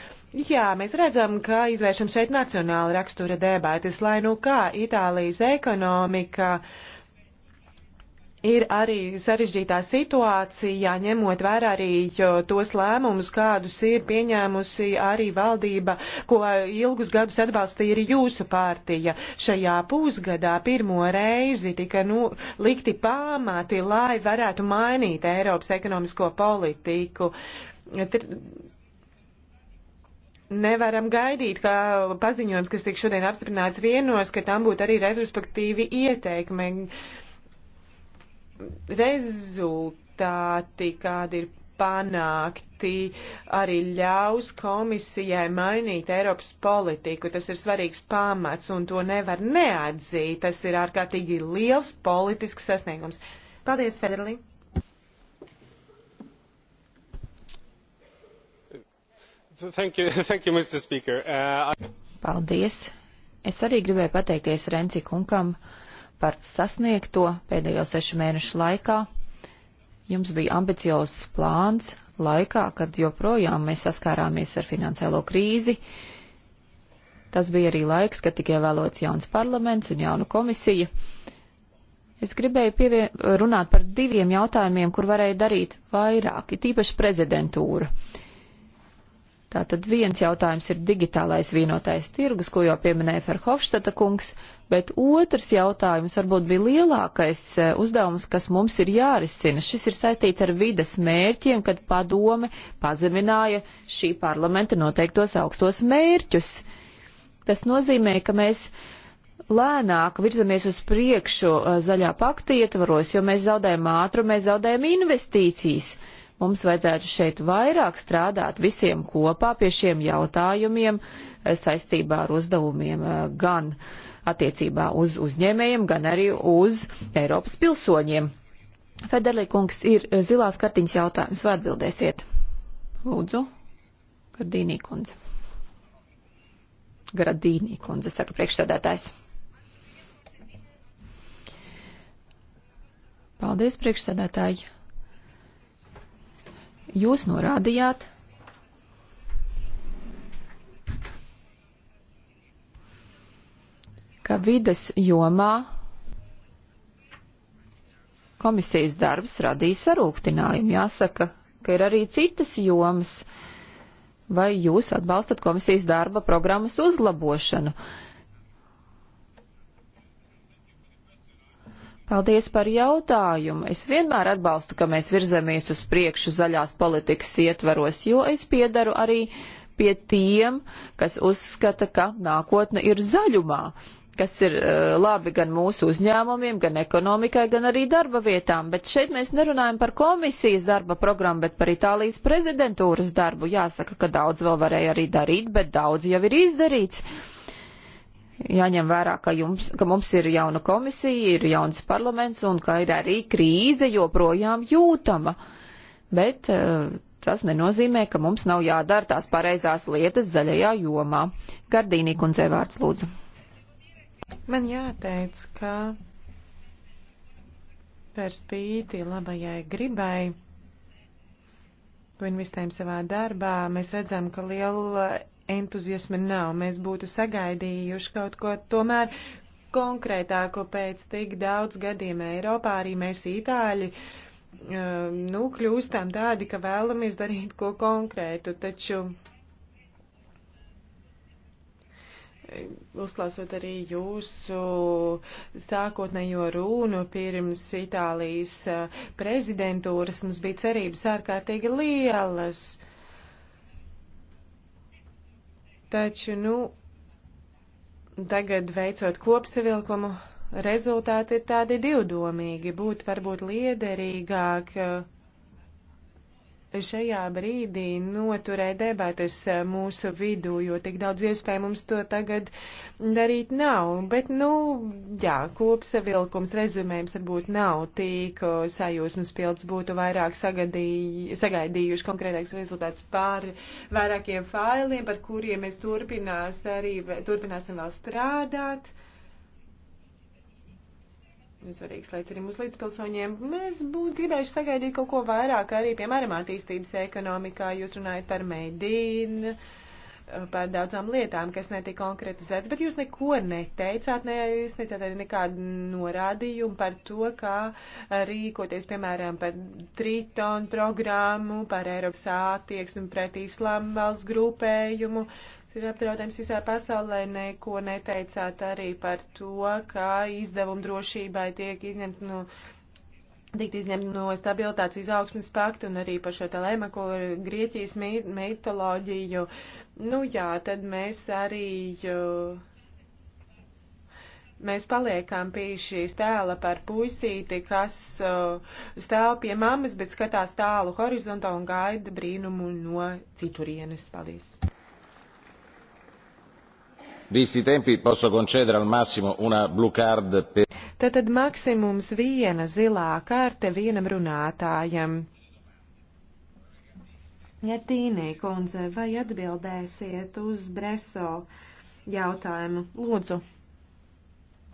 Jā, mēs redzam, ka izvēršam šeit nacionāla rakstura debētis, lai nu kā Itālijas ekonomika. Uh, Ir arī sarežģītā situācija, ņemot vērā arī tos lēmumus, kādus ir pieņēmusi arī valdība, ko ilgus gadus atbalstīja arī jūsu pārtija. Šajā pusgadā pirmo reizi tika nu, likti pamati, lai varētu mainīt Eiropas ekonomisko politiku. Nevaram gaidīt, ka paziņojums, kas tiek šodien apstiprināts vienos, ka tam būtu arī retrospektīvi ieteikumi rezultāti, kādi ir panākti, arī ļaus komisijai mainīt Eiropas politiku. Tas ir svarīgs pamats, un to nevar neatzīt. Tas ir ārkārtīgi liels politisks sasniegums. Paldies, Federlī! Thank you, (laughs) thank you, Mr. Speaker. Uh, I... Paldies! Es arī gribēju pateikties Renci Kunkam. Uh, par sasniegto pēdējo sešu mēnešu laikā. Jums bija ambiciozs plāns laikā, kad joprojām mēs saskārāmies ar finansiālo krīzi. Tas bija arī laiks, kad tika ievēlots jauns parlaments un jauna komisija. Es gribēju pievien, runāt par diviem jautājumiem, kur varēja darīt vairāk, it īpaši prezidentūra. Uh, Tātad viens jautājums ir digitālais vienotais tirgus, ko jau pieminēja Ferhofštata kungs, bet otrs jautājums varbūt bija lielākais eh, uzdevums, kas mums ir jārisina. Šis ir saistīts ar vides mērķiem, kad padome pazemināja šī parlamenta noteiktos augstos mērķus. Tas nozīmē, ka mēs lēnāk virzamies uz priekšu eh, zaļā pakta ietvaros, jo mēs zaudējam ātrumu, mēs zaudējam investīcijas. Mums vajadzētu šeit vairāk strādāt visiem kopā pie šiem jautājumiem eh, saistībā ar uzdevumiem eh, gan attiecībā uz uzņēmējiem, gan arī uz Eiropas pilsoņiem. Federlī kungs ir eh, zilās kartiņas jautājums, vai atbildēsiet? Lūdzu, Gardīnī kundze. Gradīnī kundze, saka priekšsēdētājs. Paldies, priekšsēdētāji. Jūs norādījāt, ka vides jomā komisijas darbs radīja sarūktinājumu. Jāsaka, ka ir arī citas jomas. Vai jūs atbalstat komisijas darba programmas uzlabošanu? Uh, Paldies par jautājumu. Es vienmēr atbalstu, ka mēs virzamies uz priekšu zaļās politikas ietvaros, jo es piedaru arī pie tiem, kas uzskata, ka nākotne ir zaļumā kas ir uh, labi gan mūsu uzņēmumiem, gan ekonomikai, gan arī darba vietām. Bet šeit mēs nerunājam par komisijas darba programmu, bet par Itālijas prezidentūras darbu. Jāsaka, ka daudz vēl varēja arī darīt, bet daudz jau ir izdarīts. Uh, jāņem vērā, ka, jums, ka mums ir jauna komisija, ir jauns parlaments un ka ir arī krīze joprojām jūtama. Bet eh, tas nenozīmē, ka mums nav jādara tās pareizās lietas zaļajā jomā. Gardīnī kundzei vārds lūdzu. Man jāteic, ka par spīti labajai gribai, ko investējam savā darbā, mēs redzam, ka liela entuziasma nav. Mēs būtu sagaidījuši kaut ko tomēr konkrētāko pēc tik daudz gadiem Eiropā. Arī mēs itāļi, um, nu, kļūstam tādi, ka vēlamies darīt ko konkrētu, taču. Uzklausot arī jūsu sākotnējo runu pirms Itālijas uh, prezidentūras, mums bija cerības ārkārtīgi lielas. Uh, Taču, nu, tagad veicot kopsavilkumu, rezultāti ir tādi divdomīgi. Būt varbūt liederīgāk. Uh, šajā brīdī noturēja debates eh, mūsu vidū, jo tik daudz iespēju mums to tagad darīt nav. Bet, nu, jā, kopsavilkums, rezumējums varbūt nav tik eh, sajūsmas pilds, būtu vairāk sagadīju, sagaidījuši konkrētais rezultāts par vairākiem failiem, par kuriem mēs turpinās arī, turpināsim vēl strādāt svarīgas lietas arī mūsu līdzpilsoņiem. Mēs būtu gribējuši sagaidīt kaut ko vairāk arī, piemēram, attīstības ekonomikā. Jūs runājat par meidīnu, par daudzām lietām, kas netika konkretizēts, bet jūs neko neteicāt, ne, jūs neteicāt arī nekādu norādījumu par to, kā rīkoties, piemēram, par Triton programmu, par Eiropas attieksmi pret Islāma valsts grupējumu. Uh, ir apdraudējums visā pasaulē, neko neteicāt arī par to, ka izdevumu drošībai tiek izņemt no. Tikt izņemt no stabilitātes izaugsmas paktu un arī par šo telemaku Grieķijas meitoloģiju. Nu jā, tad mēs arī. Uh, mēs paliekam pie šīs tēla par puisīti, kas uh, stāv pie mammas, bet skatās tālu horizontā un gaida brīnumu no citurienes. Paldies! visti i tempi posso concedere al massimo una blue card per. Tātad maksimums viena zilā karte vienam runātājam. Jātīnī, ja kundze, vai atbildēsiet uz Breso jautājumu? Lūdzu,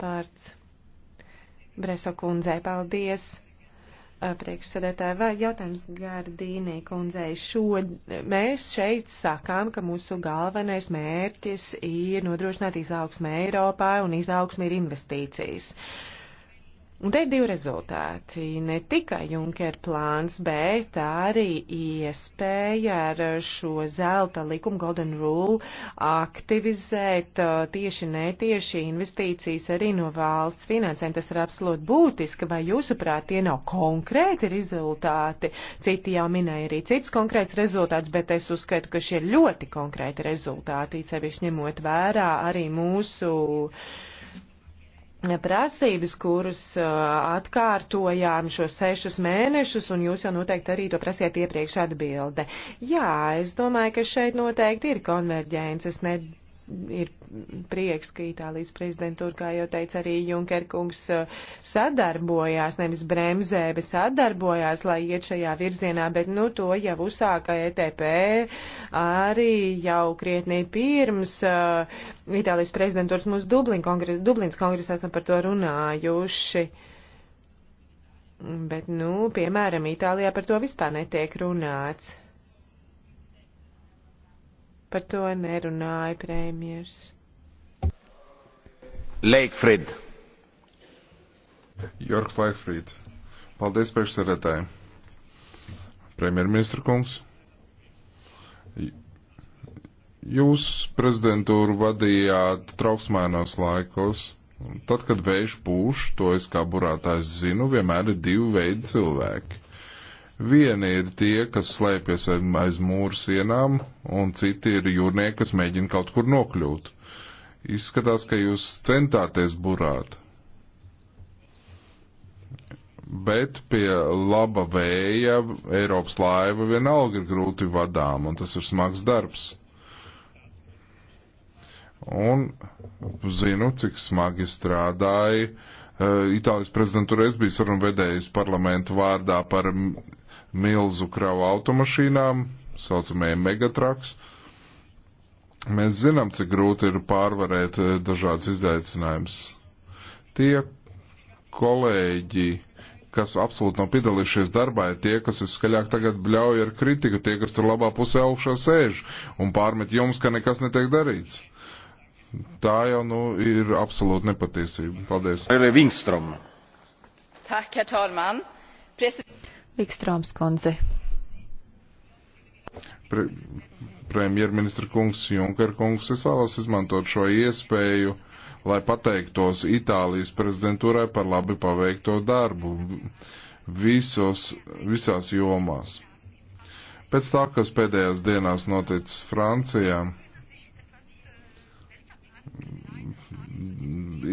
pārts. Breso kundzei, paldies priekšsēdētāji, vai jautājums Gardīnī kundzei. Šo, mēs šeit sakām, ka mūsu galvenais mērķis ir nodrošināt izaugsmē Eiropā un izaugsmē ir investīcijas. Uh, Un te ir divi rezultāti. Ne tikai Junker plāns, bet arī iespēja ar šo zelta likumu Golden Rule aktivizēt uh, tieši netieši investīcijas arī no valsts finansēm. Tas ir absolūti būtiski, vai jūsuprāt tie nav konkrēti rezultāti. Citi jau minēja arī cits konkrēts rezultāts, bet es uzskatu, ka šie ļoti konkrēti rezultāti, cevišķi ņemot vērā arī mūsu. Uh, prasības, kuras atkārtojām šos sešus mēnešus, un jūs jau noteikti arī to prasiet iepriekš atbilde. Jā, es domāju, ka šeit noteikti ir konverģences. Ne ir prieks, ka Itālijas prezidentūra, kā jau teica arī Junker kungs, sadarbojās, nevis bremzē, bet sadarbojās, lai iet šajā virzienā, bet nu to jau uzsāka ETP arī jau krietnī pirms uh, Itālijas prezidentūras mūsu Dublin kongres, Dublins kongresā esam par to runājuši. Bet, nu, piemēram, Itālijā par to vispār netiek runāts. Par to nerunāja premjers. Leikfrid. Jorgs Leikfrid. Paldies priekšsēdētājiem. Premjerministra kungs. Jūs prezidentūru vadījāt trauksmēnos laikos. Tad, kad vējš pūš, to es kā burātājs zinu, vienmēr ir divi veidi cilvēki. Vieni ir tie, kas slēpjas aiz mūru sienām, un citi ir jūrnieki, kas mēģina kaut kur nokļūt. Izskatās, ka jūs centāties burāt. Bet pie laba vēja Eiropas laiva vienalga ir grūti vadām, un tas ir smags darbs. Un zinu, cik smagi strādāja uh, Itālijas prezidentūra. Es biju sarunvedējis parlamentu vārdā par milzu kravu automašīnām, saucamajiem megatraks. Mēs zinām, cik grūti ir pārvarēt eh, dažādas izaicinājumus. Tie kolēģi, kas absolūti nav piedalījušies darbā, ir tie, kas ir skaļāk tagad bļauj ar kritiku, tie, kas tur labā pusē augšā sēž un pārmet jums, ka nekas netiek darīts. Tā jau nu ir absolūta nepatiesība. Paldies. Herr talman! President... Vikstrāms kundze. Pre, premjerministra kungs, Junker kungs, es vēlos izmantot šo iespēju, lai pateiktos Itālijas prezidentūrai par labi paveikto darbu visos, visās jomās. Pēc tā, kas pēdējās dienās noticis Francijā,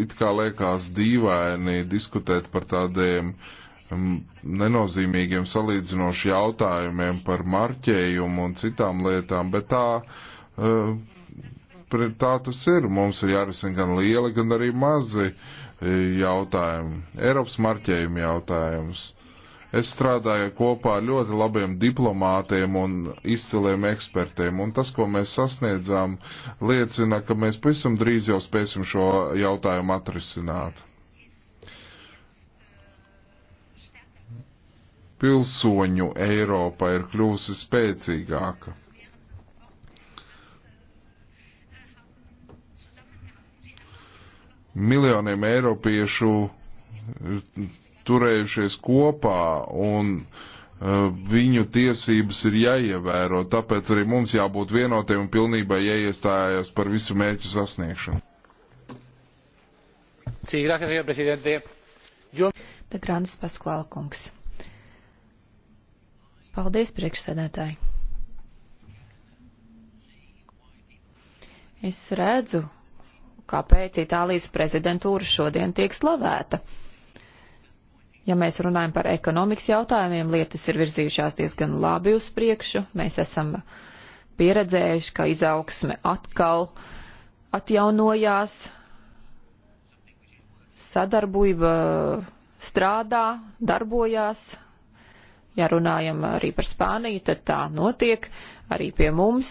it kā liekas dīvaini diskutēt par tādiem uh, nenozīmīgiem salīdzinoši jautājumiem par marķējumu un citām lietām, bet tā, e, tā tas ir. Mums ir jārisina gan lieli, gan arī mazi e, jautājumi. Eiropas marķējuma jautājums. Es strādāju kopā ar ļoti labiem diplomātiem un izciliem ekspertiem, un tas, ko mēs sasniedzām, liecina, ka mēs pavisam drīz jau spēsim šo jautājumu atrisināt. pilsoņu Eiropa ir kļūsi spēcīgāka. Miljoniem eiropiešu turējušies kopā un eh, viņu tiesības ir jāievēro, tāpēc arī mums jābūt vienotiem un pilnībā jāiestājas par visu mērķu sasniegšanu. Sí, gracias, señor presidente. Yo... De Grandes Pascual Kungs. Paldies, priekšsēdētāji! Es redzu, kāpēc Itālijas prezidentūra šodien tiek slavēta. Ja mēs runājam par ekonomikas jautājumiem, lietas ir virzījušās diezgan labi uz priekšu. Mēs esam pieredzējuši, ka izaugsme atkal atjaunojās, sadarbība strādā, darbojās, Ja runājam arī par Spāniju, tad tā notiek arī pie mums.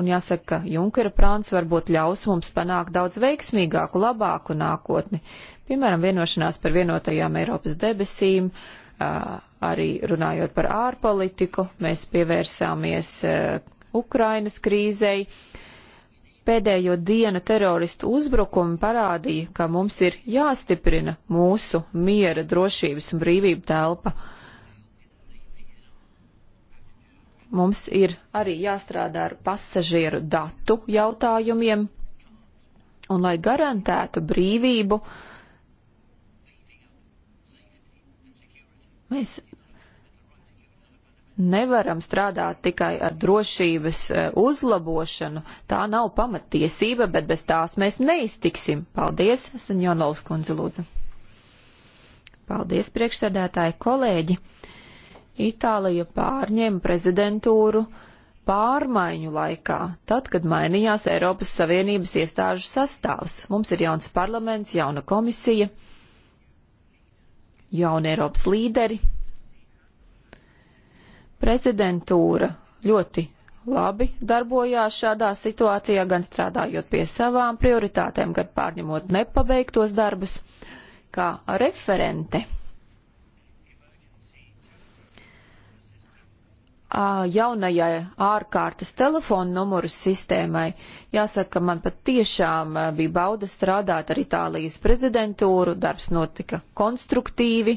Un jāsaka, ka Junkera prāns varbūt ļaus mums panākt daudz veiksmīgāku, labāku nākotni. Piemēram, vienošanās par vienotajām Eiropas debesīm, arī runājot par ārpolitiku, mēs pievērsāmies Ukrainas krīzei pēdējo dienu teroristu uzbrukumi parādīja, ka mums ir jāstiprina mūsu miera, drošības un brīvība telpa. Mums ir arī jāstrādā ar pasažieru datu jautājumiem, un lai garantētu brīvību, mēs nevaram strādāt tikai ar drošības e, uzlabošanu. Tā nav pamatiesība, bet bez tās mēs neiztiksim. Paldies, Sanjonovs kundze lūdzu. Paldies, priekšsēdētāji kolēģi. Itālija pārņēma prezidentūru pārmaiņu laikā, tad, kad mainījās Eiropas Savienības iestāžu sastāvs. Mums ir jauns parlaments, jauna komisija, jauni Eiropas līderi. Prezidentūra ļoti labi darbojās šādā situācijā, gan strādājot pie savām prioritātēm, gan pārņemot nepabeigtos darbus, kā referente jaunajai ārkārtas telefonu numuru sistēmai. Jāsaka, man pat tiešām bija bauda strādāt ar Itālijas prezidentūru, darbs notika konstruktīvi,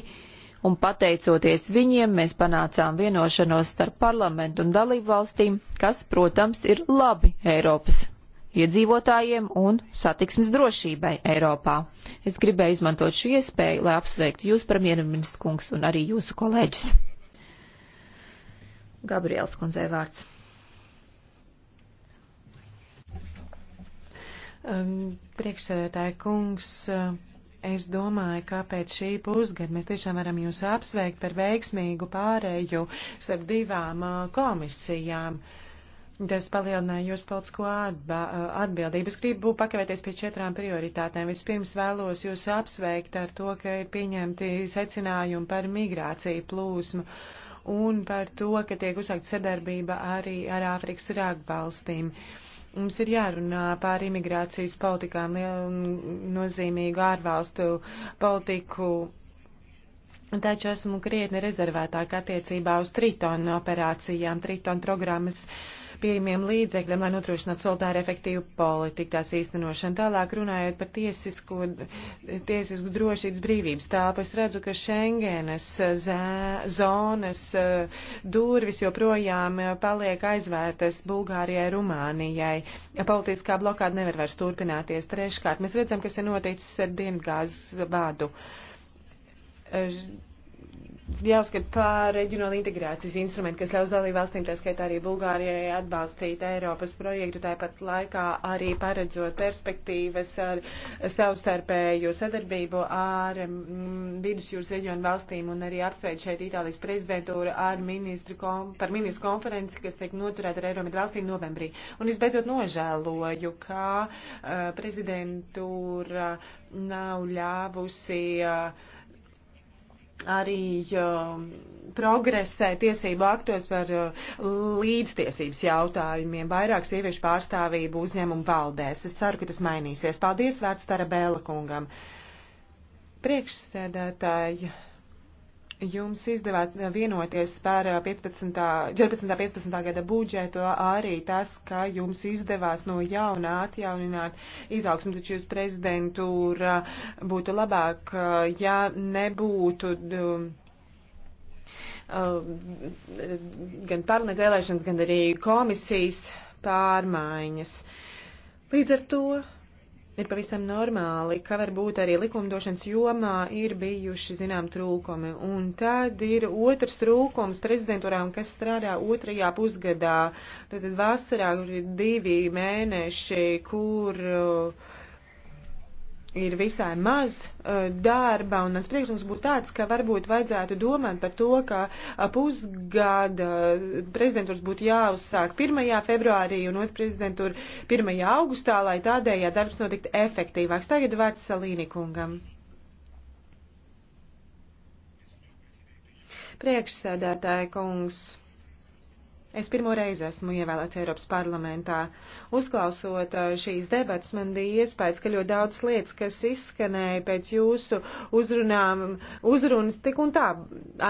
un pateicoties viņiem mēs panācām vienošanos starp parlamentu un dalību valstīm, kas, protams, ir labi Eiropas iedzīvotājiem un satiksmes drošībai Eiropā. Es gribēju izmantot šo iespēju, lai apsveiktu jūs, premjerministrs kungs, un arī jūsu kolēģus. Gabriels kundzei vārds. Um, Priekšsēdētāja kungs, uh, es domāju, ka pēc šī pusgada mēs tiešām varam jūs apsveikt par veiksmīgu pārēju starp divām uh, komisijām. Tas palielināja jūsu politisko uh, atbildību. Es gribu pakavēties pie četrām prioritātēm. Vispirms vēlos jūs apsveikt ar to, ka ir pieņemti secinājumi par migrāciju plūsmu. Uh, un par to, ka tiek uzsākt sadarbība arī ar Āfrikas rāgu valstīm. Mums ir jārunā par imigrācijas politikām, lielu nozīmīgu ārvalstu politiku, taču esmu krietni rezervētāk attiecībā uz Triton operācijām, Triton programmas uh, pieejamiem līdzekļiem, lai nodrošinātu solidāru efektīvu politiku tās īstenošanu. Tālāk runājot par tiesisko, tiesisku drošības brīvības tālpu, es redzu, ka Schengenes zē, zonas durvis joprojām paliek aizvērtas Bulgārijai, Rumānijai. Politiskā blokāda nevar vairs turpināties. Treškārt, mēs redzam, kas ir noticis ar Dienvidgāzes vādu jāuzskat pār reģionāla integrācijas instrumentu, kas ļaus dalībvalstīm, tā skaitā arī Bulgārijai, atbalstīt Eiropas projektu, tāpat laikā arī paredzot perspektīvas ar savstarpēju sadarbību ar mm, vidusjūras reģionu valstīm un arī apsveic šeit Itālijas prezidentūra ar ministru kom, par ministru konferenci, kas tiek noturēta ar Eiropas valstīm novembrī. Un visbeidzot nožēloju, ka uh, prezidentūra nav ļāvusi. Uh, arī um, progresē tiesību aktos par uh, līdztiesības jautājumiem, vairāk sieviešu pārstāvību uzņēmumu valdēs. Es ceru, ka tas mainīsies. Paldies vērts Tara Bēla kungam. Priekšsēdētāji. Jums izdevās eh, vienoties par 15, 14. un 15. gada budžetu, arī tas, ka jums izdevās no jauna atjaunināt izaugsmu, taču jūs prezidentūra būtu labāk, ja nebūtu. Um, gan parlamenta vēlēšanas, gan arī komisijas pārmaiņas. Līdz ar to ir pavisam normāli, ka varbūt arī likumdošanas jomā ir bijuši, zinām, trūkumi. Un tad ir otrs trūkums prezidentūrām, kas strādā otrajā pusgadā. Tad vasarā ir divi mēneši, kur uh, ir visai maz uh, darba, un mans priekšlikums būtu tāds, ka varbūt vajadzētu domāt par to, ka eh, pusgada prezidentūras būtu jāuzsāk 1. februārī un otru prezidentūru 1. augustā, lai tādējā darbs notikt efektīvāks. Tagad vārds Salīni kungam. Priekšsēdētāja kungs. Es pirmo reizi esmu ievēlēts Eiropas parlamentā. Uzklausot uh, šīs debatas, man bija iespējas, ka ļoti daudz lietas, kas izskanēja pēc jūsu uzrunām, uzrunas tik un tā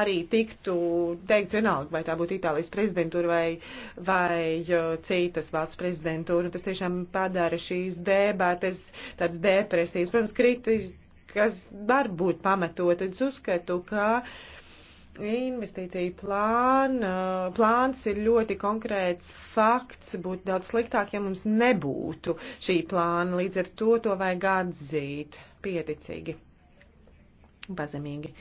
arī tiktu teikt vienalga, vai tā būtu Itālijas prezidentūra vai, vai uh, citas valsts prezidentūra. Tas tiešām padara šīs debatas tāds depresijas. Protams, kritis, kas var būt pamatotas uzskatu, ka. Uh, investīcija plāna, plāns ir ļoti konkrēts fakts, būtu daudz sliktāk, ja mums nebūtu šī plāna, līdz ar to to vajag atzīt pieticīgi, pazemīgi.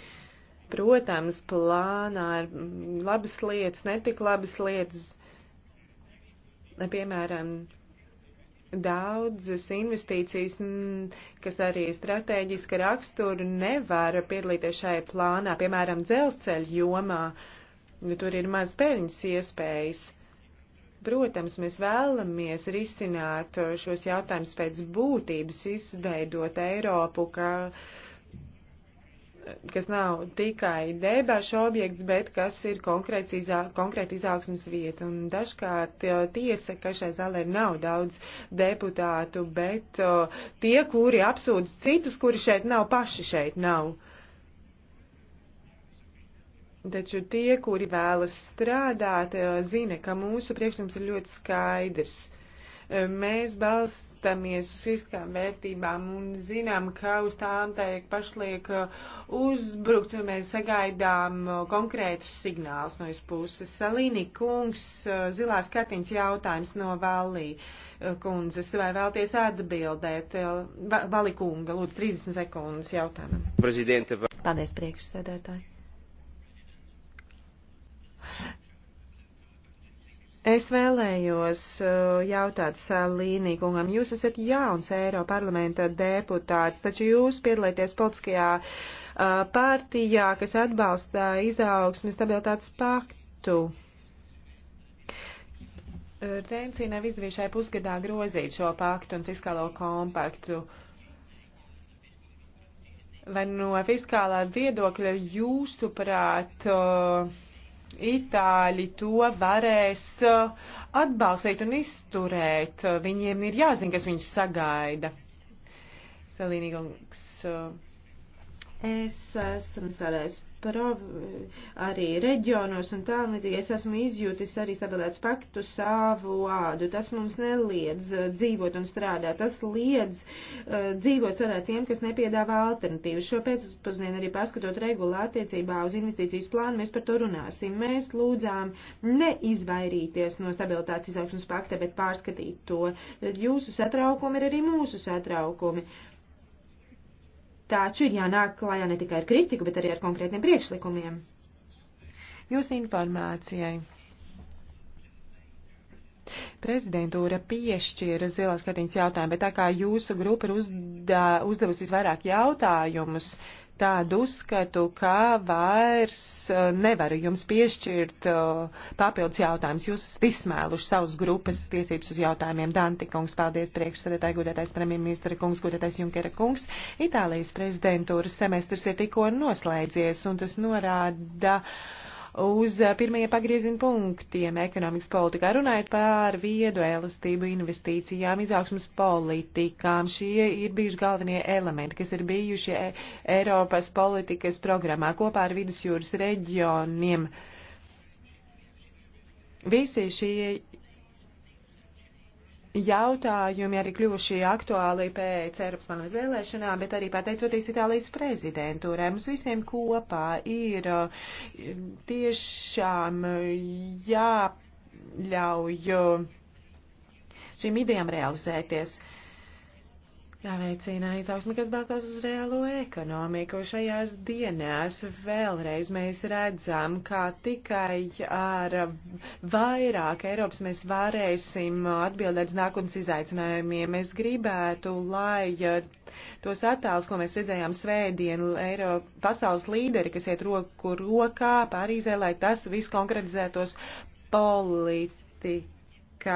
Protams, plānā ir labas lietas, netik labas lietas, piemēram, daudzas investīcijas, kas arī ir strateģiska rakstura, nevar piedalīties šajā plānā, piemēram, dzelzceļa jomā, jo tur ir maz peļņas iespējas. Protams, mēs vēlamies risināt šos jautājumus pēc būtības, izveidot Eiropu, ka uh, kas nav tikai debašu objekts, bet kas ir konkrēta izā, konkrēt izaugsmas vieta. Un dažkārt tiesa, ka šai zālē nav daudz deputātu, bet tie, kuri apsūdz citus, kuri šeit nav, paši šeit nav. Taču tie, kuri vēlas strādāt, zina, ka mūsu priekšlikums ir ļoti skaidrs. Mēs balsts skatāmies uz fiskām vērtībām un zinām, ka uz tām tiek pašliek uh, uzbrukts, un mēs sagaidām uh, konkrētus signālus no jūsu puses. Salīni kungs, uh, zilās kartiņas jautājums no Valī kundzes, vai vēlties atbildēt? Valī kunga, lūdzu, 30 sekundes jautājumam. Prezidente. Paldies, priekšsēdētāji. Es vēlējos uh, jautāt Salīnī kungam, jūs esat jauns Eiroparlamenta deputāts, taču jūs piedalāties politiskajā uh, partijā, kas atbalsta izaugsmi stabilitātes paktu. Renci nav izdevies šai pusgadā grozīt šo paktu un fiskālo kompaktu. Vai no fiskālā viedokļa jūsuprāt, uh, Itāļi to varēs uh, atbalstīt un izturēt. Uh, viņiem ir jāzina, kas viņus sagaida. Salīnīgungs, uh, es esmu strādājis prov, eh, arī reģionos un tā līdzīgi. Es esmu izjūtis arī stabilitātes paktu savu ādu. Tas mums neliedz eh, dzīvot un strādāt. Tas liedz uh, dzīvot strādāt tiem, kas nepiedāvā alternatīvas. Šo pēcpusdienu arī paskatot regulā attiecībā uz investīcijas plānu, mēs par to runāsim. Mēs lūdzām neizvairīties no stabilitātes izaugsmas pakta, bet pārskatīt to. Jūsu satraukumi ir arī mūsu satraukumi. Uh, taču ir jānāk klājā ne tikai ar kritiku, bet arī ar konkrētiem priekšlikumiem. Jūsu informācijai. Prezidentūra piešķīra zilās kartiņas jautājumu, bet tā kā jūsu grupa ir uzdevusi visvairāk jautājumus, uh, tad uzskatu, ka vairs eh, nevaru jums piešķirt eh, papildus jautājumus. Jūs esat izsmēluši savus grupas tiesības uz jautājumiem. Danti kungs, paldies priekšsēdētāji, gudētais premjerministra kungs, gudētais Junkera kungs. Itālijas prezidentūras semestrs ir tikko noslēdzies, un tas norāda. Uh, uz pirmajiem pagrieziena punktiem ekonomikas politikā, runājot par viedu elastību investīcijām, izaugsmas politikām. Šie ir bijuši galvenie elementi, kas ir bijuši e, Eiropas politikas programmā kopā ar vidusjūras reģioniem. Visi šie jautājumi arī kļuvuši aktuāli pēc Eiropas parlamenta vēlēšanām, bet arī pateicoties Itālijas prezidentūrai. Mums visiem kopā ir eh, tiešām jāļauj eh, šīm idejām realizēties. Uh, jāveicina izaugsme, kas balstās uz reālo ekonomiku. Šajās dienās vēlreiz mēs redzam, kā tikai ar vairāk Eiropas mēs varēsim atbildēt uz nākotnes izaicinājumiem. Es gribētu, lai tos attēls, ko mēs redzējām svētdien, Eiropa, pasaules līderi, kas iet roku rokā Parīzē, lai tas viss konkretizētos politikā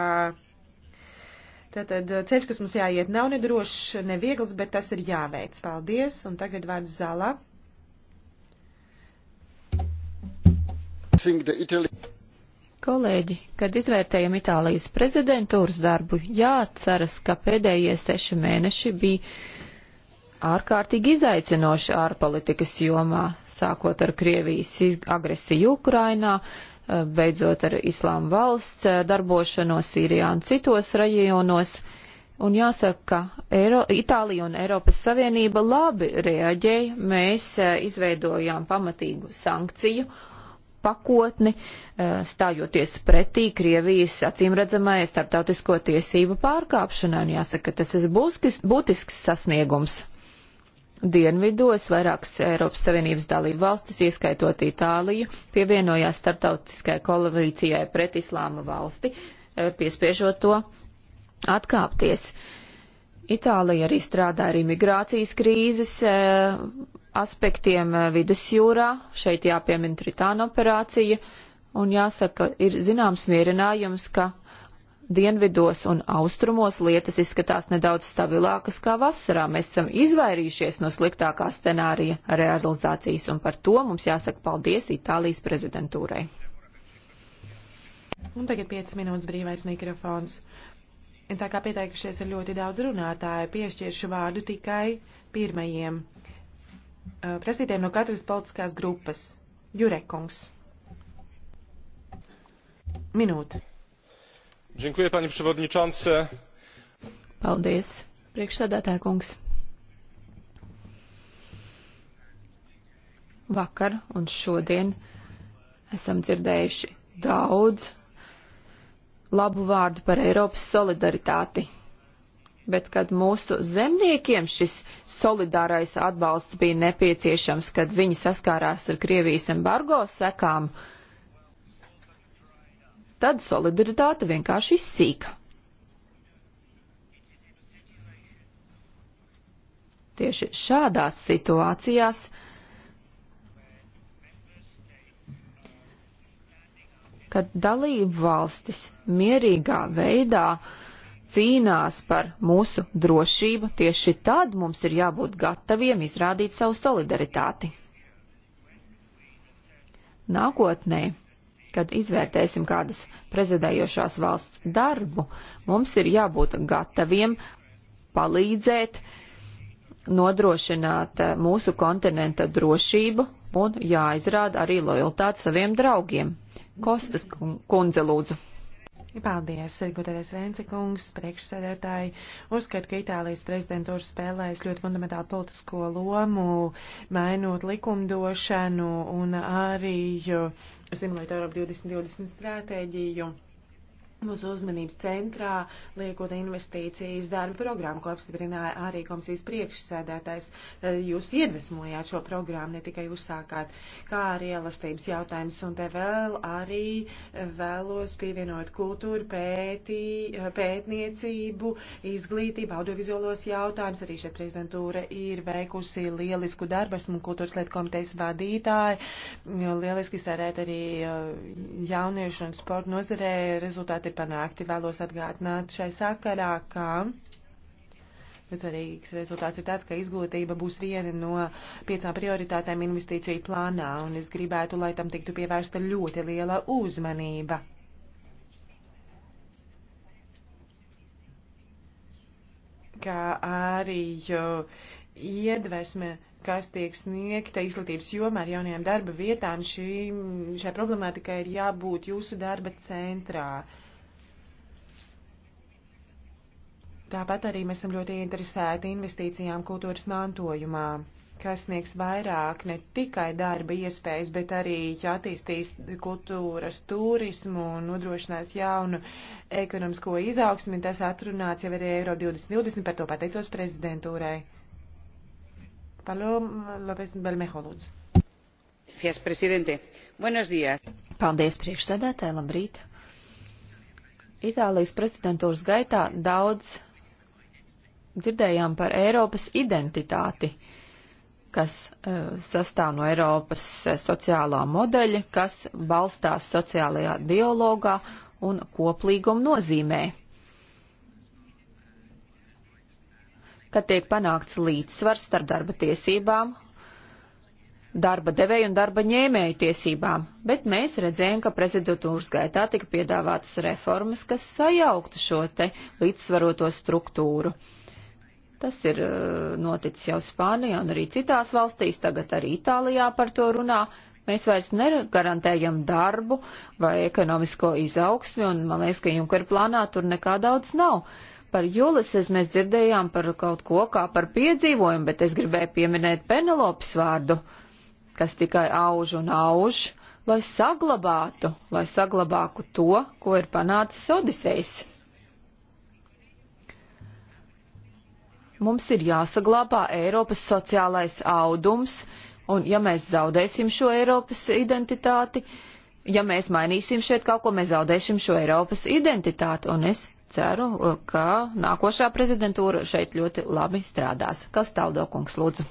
Tātad eh, ceļš, kas mums jāiet, nav nedrošs, neviegls, bet tas ir jāveic. Paldies, un tagad vārds zala. Kolēģi, kad izvērtējam Itālijas prezidentūras darbu, jāceras, ka pēdējie seši mēneši bija ārkārtīgi izaicinoši ārpolitikas jomā, sākot ar Krievijas agresiju Ukrainā, Eh, beidzot ar islāma valsts eh, darbošanos Sīrijā un citos rajonos. Un jāsaka, ka Eiro, Itālija un Eiropas Savienība labi reaģēja. Mēs eh, izveidojām pamatīgu sankciju pakotni, stājoties pretī Krievijas acīmredzamajai starptautisko tiesību pārkāpšanai. Un jāsaka, tas ir būtisks sasniegums. Dienvidos vairākas Eiropas Savienības dalību valstis, ieskaitot Itāliju, pievienojās starptautiskai koalīcijai pret islāma valsti, e, piespiežot to atkāpties. Itālija arī strādā ar imigrācijas krīzes e, aspektiem e, vidusjūrā, šeit jāpiemina Tritāna operācija, un jāsaka, ir zināms mierinājums, ka dienvidos un austrumos lietas izskatās nedaudz stabilākas kā vasarā. Mēs esam izvairījušies no sliktākā scenārija realizācijas, un par to mums jāsaka paldies Itālijas prezidentūrai. Un tagad 5 minūtes brīvais mikrofons. Tā kā pieteikušies ir ļoti daudz runātāju, piešķiršu vārdu tikai pirmajiem uh, prasītiem no katras politiskās grupas. Jurekungs. Minūte panie przewodniczący! Paldies, priekšsēdētāja kungs. Vakar un šodien esam dzirdējuši daudz labu vārdu par Eiropas solidaritāti. Bet kad mūsu zemniekiem šis solidārais atbalsts bija nepieciešams, kad viņi saskārās ar Krievijas embargo sekām, uh, tad solidaritāte vienkārši izsīka. Tieši šādās situācijās, kad dalību valstis mierīgā veidā cīnās par mūsu drošību, tieši tad mums ir jābūt gataviem izrādīt savu solidaritāti. Nākotnē kad izvērtēsim kādas prezidējošās valsts darbu, mums ir jābūt gataviem palīdzēt nodrošināt eh, mūsu kontinenta drošību un jāizrāda arī lojalitāte saviem draugiem. Kostas kundze lūdzu. Paldies, godētais Renci kungs, priekšsēdētāji. Uzskat, ka Itālijas prezidentūra spēlēs ļoti fundamentālu politisko lomu, mainot likumdošanu un arī stimulēt Eiropu 2020 stratēģiju Mūsu uzmanības centrā liekot investīcijas darba programmu, ko apstiprināja arī komisijas priekšsēdētājs. E, jūs iedvesmojāt šo programmu, ne tikai uzsākāt, kā arī elastības jautājums. Un te vēl arī vēlos pievienot kultūru, pētī, e, pētniecību, izglītību, audiovizuālos jautājumus. Arī šeit prezidentūra ir veikusi lielisku darbu. Esmu kultūras lietu komitejas vadītāja. Lieliski sērēt arī e, jauniešu un sporta nozarē rezultāti rezultāti ir panākti. Vēlos atgādināt šai sakarā, ka svarīgs rezultāts ir tāds, ka izglītība būs viena no piecām prioritātēm investīciju plānā, un es gribētu, lai tam tiktu pievērsta ļoti liela uzmanība. Kā arī iedvesme, kas tiek sniegta izglītības jomā ar jaunajām darba vietām, šī, šai problemātikai ir jābūt jūsu darba centrā. Uh, Tāpat arī mēs esam ļoti interesēti investīcijām kultūras mantojumā, kas sniegs vairāk ne tikai darba iespējas, bet arī attīstīs kultūras turismu un nodrošinās jaunu ekonomisko izaugsmi. Tas atrunāts jau arī Eiro 2020, par to pateicos prezidentūrai. Paloma Lopes Belmejo, lūdzu. Gracias, presidente. Buenos días. Paldies, priekšsēdētāji, labrīt. Itālijas prezidentūras gaitā daudz dzirdējām par Eiropas identitāti, kas uh, sastāv no Eiropas e, sociālā modeļa, kas balstās sociālajā dialogā un koplīgumu nozīmē. Kad tiek panākts līdzsvars starp darba tiesībām, darba devēju un darba ņēmēju tiesībām, bet mēs redzējām, ka prezidentūras gaitā tika piedāvātas reformas, kas sajauktu šo te līdzsvaroto struktūru. Uh, Tas ir eh, noticis jau Spānijā un arī citās valstīs, tagad arī Itālijā par to runā. Mēs vairs negarantējam darbu vai ekonomisko izaugsmi, un man liekas, ka Junkara plānā tur nekā daudz nav. Par Julises mēs dzirdējām par kaut ko kā par piedzīvojumu, bet es gribēju pieminēt Penelopes vārdu, kas tikai auž un auž, lai saglabātu, lai saglabāku to, ko ir panācis Odisejs. Mums ir jāsaglabā Eiropas sociālais audums, un ja mēs zaudēsim šo Eiropas identitāti, ja mēs mainīsim šeit kaut ko, mēs zaudēsim šo Eiropas identitāti, un es ceru, uh, ka nākošā prezidentūra šeit ļoti labi strādās. Kas taldo, kungs, lūdzu?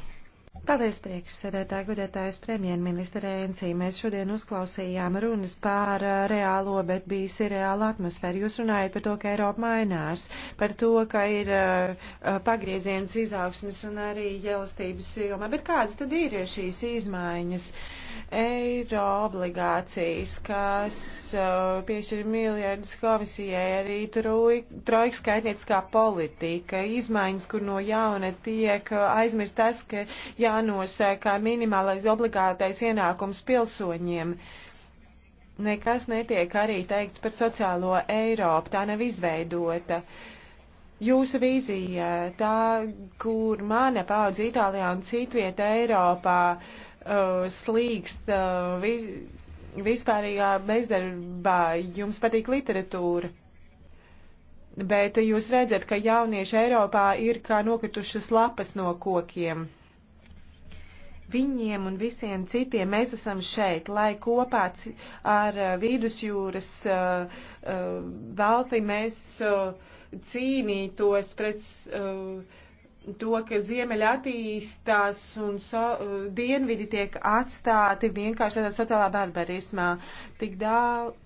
Paldies, priekšsēdētāji, gudētājs premjerministra Rēncī. Mēs šodien uzklausījām runas pār uh, reālo, bet bijis ir reāla atmosfēra. Jūs runājat par to, ka Eiropa mainās, par to, ka ir uh, uh, pagrieziens izaugsmes un arī jelastības jomā. Bet kādas tad ir šīs izmaiņas? Uh, eiro obligācijas, kas uh, piešķir miljardus komisijai, arī trojka skaitnieciskā politika, izmaiņas, kur no jauna tiek uh, aizmirst tas, ka jānosaka minimālais obligātais ienākums pilsoņiem. Nekas netiek arī teikts par sociālo Eiropu, tā nav izveidota. Jūsu vīzija, tā, kur mana paudze Itālijā un citvieta Eiropā, uh, uh, slīkst uh, vi, vispārīgā bezdarbā, jums patīk literatūra. Bet jūs redzat, ka jaunieši Eiropā ir kā nokritušas lapas no kokiem. Viņiem un visiem citiem mēs esam šeit, lai kopā ar uh, vidusjūras uh, uh, valsti mēs uh, cīnītos pret. Uh, to, ka ziemeļa attīstās un so, dienvidi tiek atstāti vienkārši tādā sociālā barbarismā. Tik daudz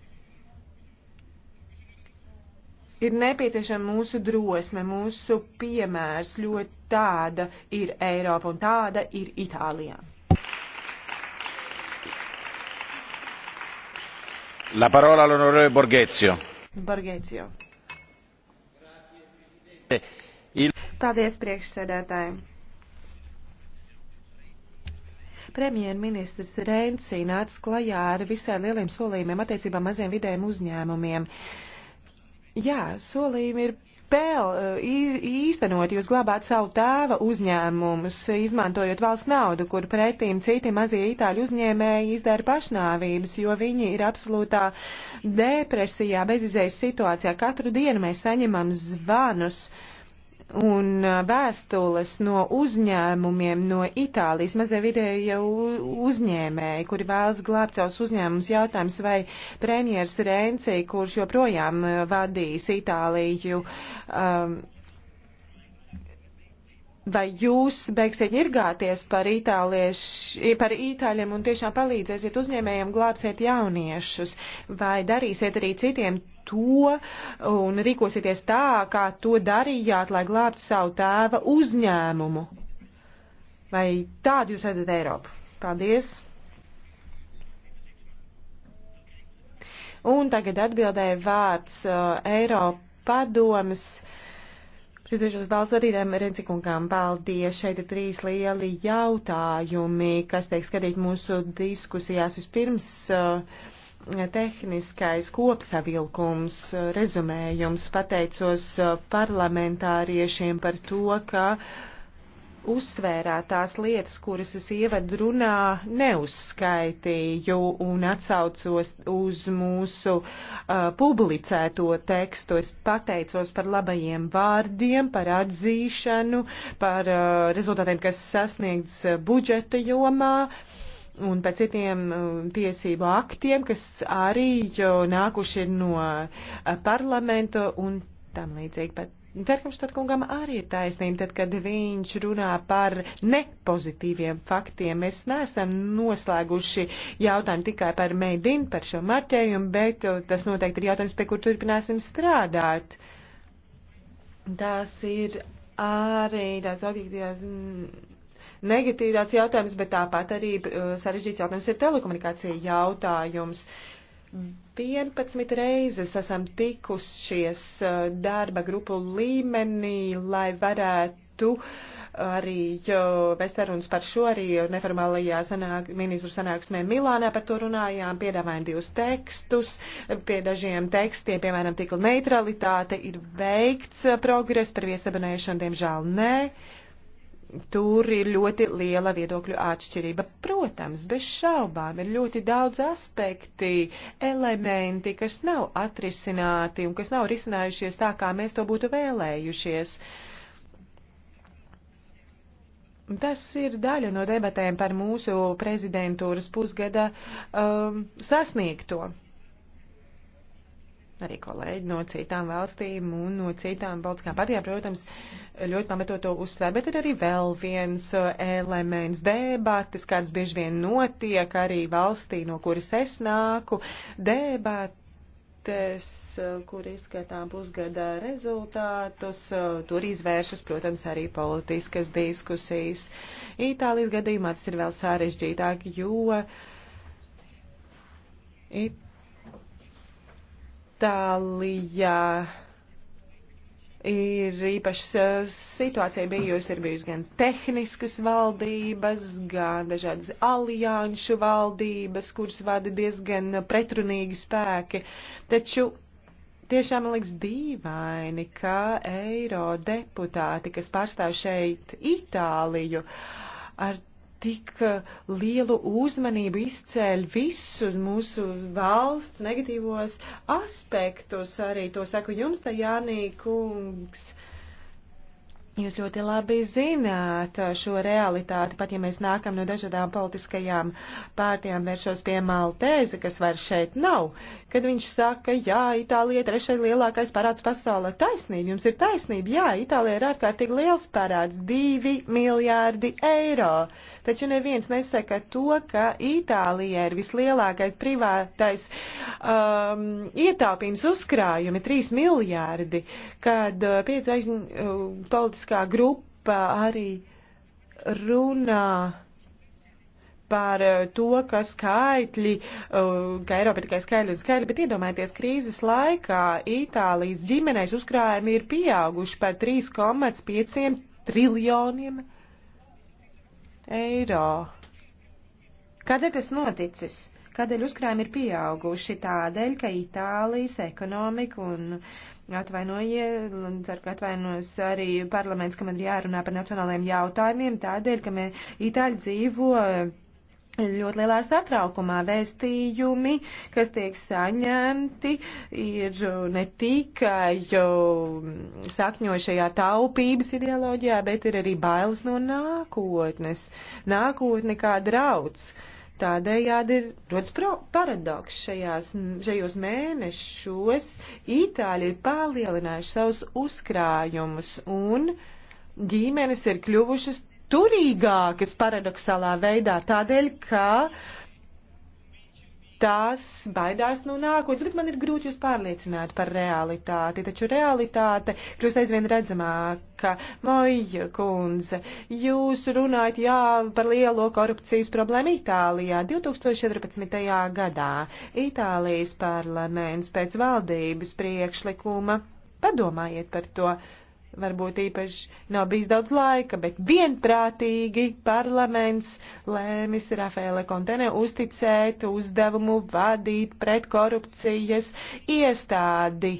ir nepieciešama mūsu drosme, mūsu piemērs ļoti tāda ir Eiropa un tāda ir Itālijā. La parola all'onorevole Borghezio. Borghezio. Grazie, Paldies priekšsēdētājiem! Premjerministrs Renci nāca klajā ar visai lieliem solījumiem attiecībā maziem vidējiem uzņēmumiem. Jā, solījumi ir spēl īstenot, jūs glabāt savu tēva uzņēmumus, izmantojot valsts naudu, kur pretīm citi mazie itāļu uzņēmēji izdara pašnāvības, jo viņi ir absolūtā depresijā, bezizējas situācijā. Katru dienu mēs saņemam zvanus. Uh, un uh, vēstules no uzņēmumiem no Itālijas, mazie vidēja uzņēmēji, kuri vēlas glābt savus uzņēmumus. Jautājums, vai premjers Renci, kurš joprojām uh, vadīs Itāliju, um, vai jūs beigsiet ņirgāties par, itālieši, par itāļiem un tiešām palīdzēsiet uzņēmējiem glābsiet jauniešus, vai darīsiet arī citiem to un rīkosieties tā, kā to darījāt, lai glābtu savu tēva uzņēmumu? Vai tādu jūs redzat Eiropu? Paldies! Un tagad atbildēja vārds uh, Eiropa padomas. Uh, Priekšdošos balsts arī Rencikungām paldies. Šeit ir trīs lieli jautājumi, kas tiek skatīt mūsu diskusijās. Vispirms eh, tehniskais kopsavilkums, eh, rezumējums. Pateicos eh, parlamentāriešiem par to, ka uzsvērā tās lietas, kuras es ievadrunā neuzskaitīju un atsaucos uz mūsu uh, publicēto tekstu. Es pateicos par labajiem vārdiem, par atzīšanu, par uh, rezultātiem, kas sasniegts uh, budžeta jomā. Un pēc citiem uh, tiesību aktiem, kas arī uh, nākuši no uh, parlamenta un tam līdzīgi. Bet Verkamštad kungam arī ir taisnība, tad, kad viņš runā par nepozitīviem faktiem. Mēs neesam noslēguši jautājumu tikai par meidinu, par šo marķējumu, bet uh, tas noteikti ir jautājums, pie kur turpināsim strādāt. Tas ir arī tās objektīvās mm, negatīvs jautājums, bet tāpat arī uh, sarežģīts jautājums ir telekomunikācija jautājums. Uh, 11 reizes esam tikušies eh, darba grupu līmenī, lai varētu arī vest sarunas par šo arī neformālajā sanāk, ministru sanāksmē Milānā par to runājām, piedāvājām divus tekstus, pie dažiem tekstiem, piemēram, tikla neutralitāte ir veikts eh, progress par viesabinēšanu, diemžēl nē. Ne tur ir ļoti liela viedokļu atšķirība. Protams, bez šaubām ir ļoti daudz aspekti, elementi, kas nav atrisināti un kas nav risinājušies tā, kā mēs to būtu vēlējušies. Tas ir daļa no debatēm par mūsu prezidentūras pusgada um, sasniegto arī kolēģi no citām valstīm un no citām politiskām partijām, protams, ļoti pamatot to uzsver, bet ir arī vēl viens eh, elements debatas, kāds bieži vien notiek arī valstī, no kuras es nāku, debatas, eh, kur izskatām pusgada rezultātus, eh, tur izvēršas, protams, arī politiskas diskusijas. Itālijas gadījumā tas ir vēl sarežģītāk, jo. It Itālijā ir īpašas situācija bijusi, ir bijusi gan tehniskas valdības, gan dažādas alianšu valdības, kuras vada diezgan pretrunīgi spēki. Taču tiešām liekas dīvaini, ka eiro deputāti, kas pārstāv šeit Itāliju, ar tik eh, lielu uzmanību izcēļ visus mūsu valsts negatīvos aspektus. Arī to saku jums, tā Jānī kungs. Jūs ļoti labi zināt eh, šo realitāti, pat ja mēs nākam no dažādām politiskajām pārtījām vēršos pie Maltēze, kas vairs šeit nav, kad viņš saka, jā, Itālija ir trešais lielākais parāds pasaulē. Taisnība, jums ir taisnība, jā, Itālija ir ārkārtīgi liels parāds - divi miljārdi eiro. Taču neviens nesaka to, ka Itālijai ir vislielākais privātais um, ietaupījums uzkrājumi - 3 miljārdi, kad uh, piecvaigžņu uh, politiskā grupa arī runā par eh, to, ka skaitļi, eh, ka Eiropa tikai skaitļi un skaitļi, bet iedomājieties, krīzes laikā Itālijas ģimenēs uzkrājumi ir pieauguši par 3,5 triljoniem eiro. Kādēļ tas noticis? Kādēļ uzkrājumi ir pieauguši? Tādēļ, ka Itālijas ekonomika un atvainojiet, un ceru, ka atvainos arī parlaments, ka man ir jārunā par nacionālajiem jautājumiem, tādēļ, ka mēs Itāļi dzīvo ļoti lielā satraukumā. Vēstījumi, kas tiek saņemti, ir ne tikai mm, sakņošajā taupības ideoloģijā, bet ir arī bailes no nākotnes. Nākotne kā drauds. Tādējādi ir rodas paradoks šajās, šajos mēnešos. Itāļi ir palielinājuši savus uzkrājumus un ģimenes ir kļuvušas turīgākas paradoxālā veidā tādēļ, ka tās baidās no nākotnes, bet man ir grūti jūs pārliecināt par realitāti, taču realitāte kļūst aizvien redzamāka. Moja kundze, jūs runājat, jā, par lielo korupcijas problēmu Itālijā 2014. gadā. Itālijas parlaments pēc valdības priekšlikuma. Padomājiet par to varbūt īpaši nav bijis daudz laika, bet vienprātīgi parlaments lēmis Rafēle Kontene uzticēt uzdevumu vadīt pret korupcijas iestādi.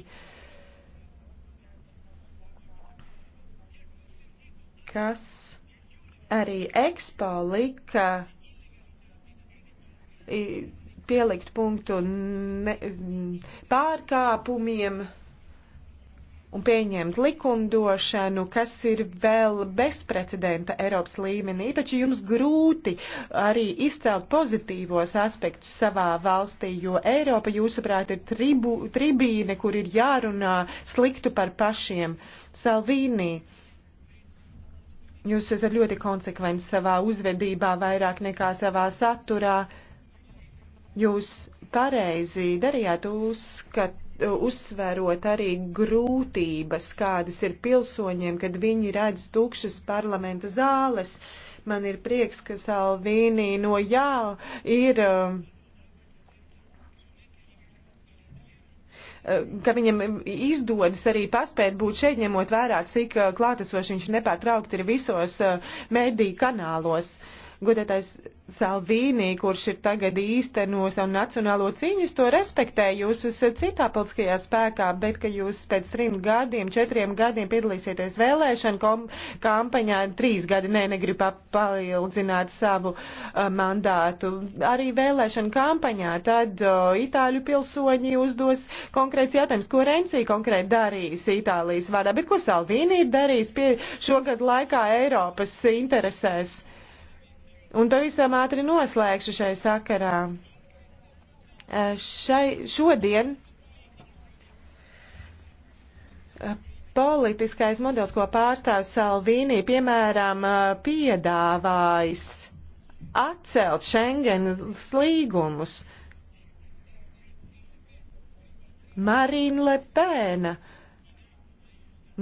Kas arī ekspo lika pielikt punktu ne, pārkāpumiem un pieņemt likumdošanu, kas ir vēl bezprecedenta Eiropas līmenī, taču jums grūti arī izcelt pozitīvos aspektus savā valstī, jo Eiropa, jūsuprāt, ir tribu, tribīne, kur ir jārunā sliktu par pašiem. Salvīnī, jūs esat ļoti konsekventi savā uzvedībā, vairāk nekā savā saturā. Jūs pareizi darījāt uzskatu uzsverot arī grūtības, kādas ir pilsoņiem, kad viņi redz tukšas parlamenta zāles. Man ir prieks, ka Salvīnī no jā ir. Eh, ka viņam izdodas arī paspēt būt šeit, ņemot vērā, cik eh, klātesoši viņš nepārtraukti ir visos eh, mediju kanālos. Uh, godētais Salvīnī, kurš ir tagad īsteno savu nacionālo cīņu, es to respektēju, jūs esat citā politiskajā spēkā, bet ka jūs pēc trim gadiem, četriem gadiem piedalīsieties vēlēšana kampaņā, trīs gadi, nē, negribu palildzināt savu uh, mandātu. Arī vēlēšana kampaņā tad uh, itāļu pilsoņi uzdos konkrēts jautājums, ko Renzi konkrēti darīs Itālijas vārdā, bet ko Salvīnī ir darījis pie šogad laikā Eiropas interesēs. Un pavisam ātri noslēgšu šai sakarā. Šai, šodien politiskais modelis, ko pārstāv Salvīnī, piemēram, piedāvājis atcelt Schengenas līgumus. Marīna Lepēna. Uh,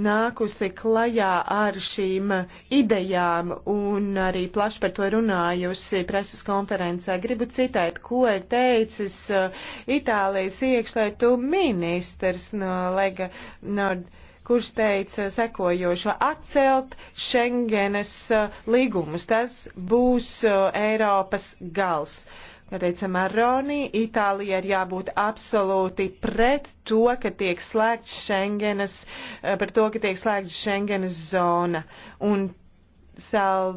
nākusi klajā ar šīm idejām un arī plaši par to runājusi preses konferencē. Gribu citēt, ko ir teicis uh, Itālijas iekšlietu ministrs no Lega Nord, kurš teica sekojošo atcelt Schengenes uh, līgumus. Tas būs uh, Eiropas gals. Uh, Kā teica Maroni, Itālija ir jābūt absolūti pret to, ka tiek slēgts Schengenas, eh, par to, ka tiek slēgts Schengenas zona. Un sal,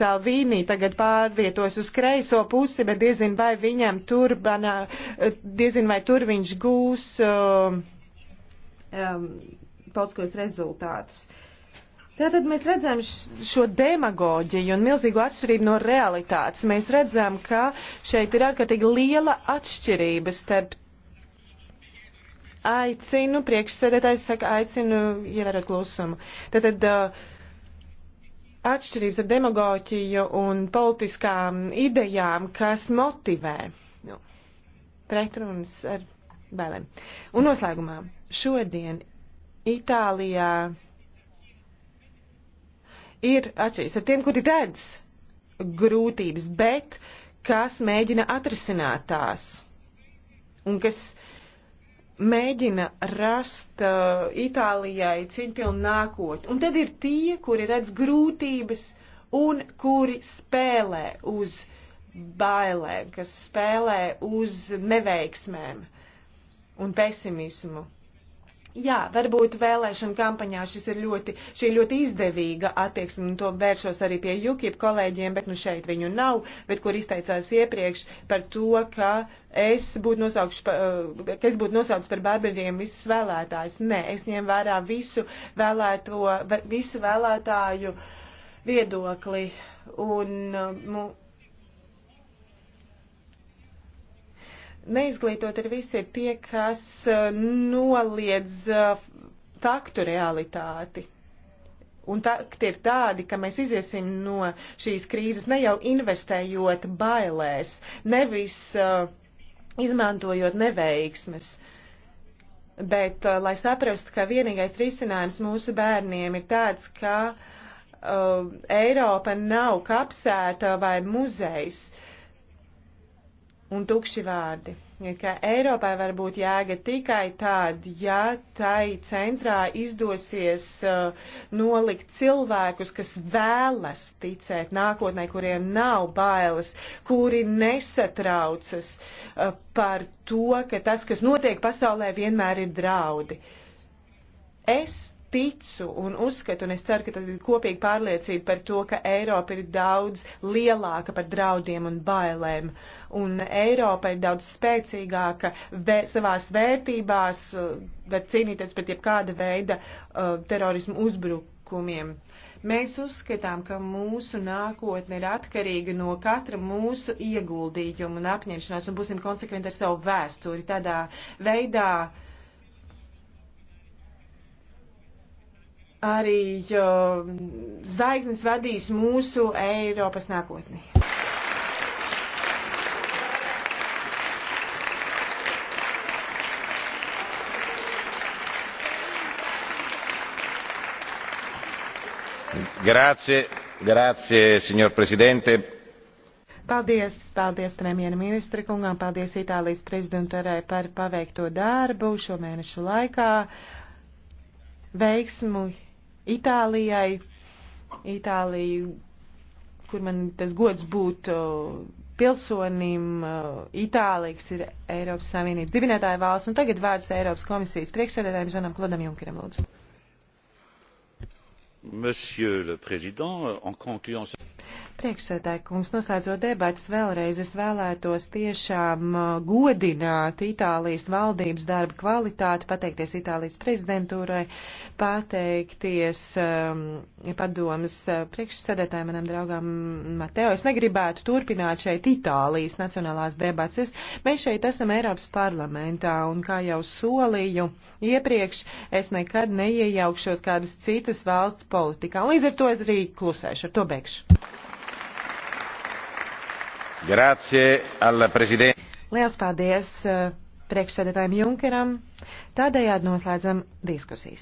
Salvīnī tagad pārvietos uz kreiso pusi, bet diezin vai viņam tur, banā, eh, diezin vai tur viņš gūs um, um, kaut kos rezultātus. Uh, Tātad mēs redzam šo demagoģiju un milzīgo atšķirību no realitātes. Mēs redzam, ka šeit ir ārkārtīgi liela atšķirība starp aicinu, priekšsēdētājs saka, aicinu ievērot klusumu. Tātad uh, atšķirības ar demagoģiju un politiskām idejām, kas motivē nu, pretrunas ar bēlēm. Un noslēgumā šodien Itālijā ir atšķirības ar tiem, kuri redz grūtības, bet kas mēģina atrisināt tās un kas mēģina rast uh, Itālijai cīņpilnu nākotni. Un tad ir tie, kuri redz grūtības un kuri spēlē uz bailēm, kas spēlē uz neveiksmēm un pesimismu. Jā, varbūt vēlēšana kampaņā šis ir ļoti, šī ļoti izdevīga attieksme, un to vēršos arī pie UKIP kolēģiem, bet nu šeit viņu nav, bet kur izteicās iepriekš par to, ka es būtu nosaucis, eh, ka es būtu nosaucis par barbariem visus vēlētājus. Nē, es ņem vērā visu vēlēto, visu vēlētāju viedokli, un, nu, Neizglītot ir visi ir tie, kas eh, noliedz eh, faktu realitāti. Un tā, tie ir tādi, ka mēs iziesim no šīs krīzes ne jau investējot bailēs, nevis uh, izmantojot neveiksmes. Bet, uh, lai saprastu, ka vienīgais risinājums mūsu bērniem ir tāds, ka uh, Eiropa nav kapsēta vai muzejs. Uh, un tukši vārdi. Ka Eiropai var būt jēga tikai tād, ja tai centrā izdosies uh, nolikt cilvēkus, kas vēlas ticēt nākotnē, kuriem nav bailes, kuri nesatraucas uh, par to, ka tas, kas notiek pasaulē, vienmēr ir draudi. Es ticu un uzskatu, un es ceru, ka tad ir kopīga pārliecība par to, ka Eiropa ir daudz lielāka par draudiem un bailēm, un Eiropa ir daudz spēcīgāka vē, savās vērtībās, uh, var cīnīties pret jebkāda veida uh, terorismu uzbrukumiem. Mēs uzskatām, ka mūsu nākotne ir atkarīga no katra mūsu ieguldījuma un apņemšanās, un būsim konsekventi ar savu vēsturi tādā veidā, uh, arī zvaigznes vadīs mūsu Eiropas nākotni. Grazie, grazie, signor Presidente. Paldies, paldies premjerministra kungām, paldies Itālijas prezidentūrai par paveikto darbu šo mēnešu laikā. Veiksmu Itālijai. Itāliju, kur man tas gods būt pilsonim, Itālijas ir Eiropas Savienības dibinātāja valsts, un tagad vārds Eiropas komisijas priekšsēdētājiem Žanam Klodam Junkeram lūdzu. Monsieur le Président, en concluant... Priekšsēdētāji kungs, noslēdzot debats, vēlreiz es vēlētos tiešām uh, godināt Itālijas valdības darba kvalitāti, pateikties Itālijas prezidentūrai, pateikties um, padomas uh, priekšsēdētājiem, manam draugam Mateo. Es negribētu turpināt šeit Itālijas nacionālās debatas. Mēs šeit esam Eiropas parlamentā un, kā jau solīju iepriekš, es nekad neiejaukšos kādas citas valsts politikā. Un līdz ar to es arī klusēšu, ar to beigšu. Grazie al prezident. Liels paldies eh, priekšsēdētājiem Junkeram. Tādējādi noslēdzam diskusijas.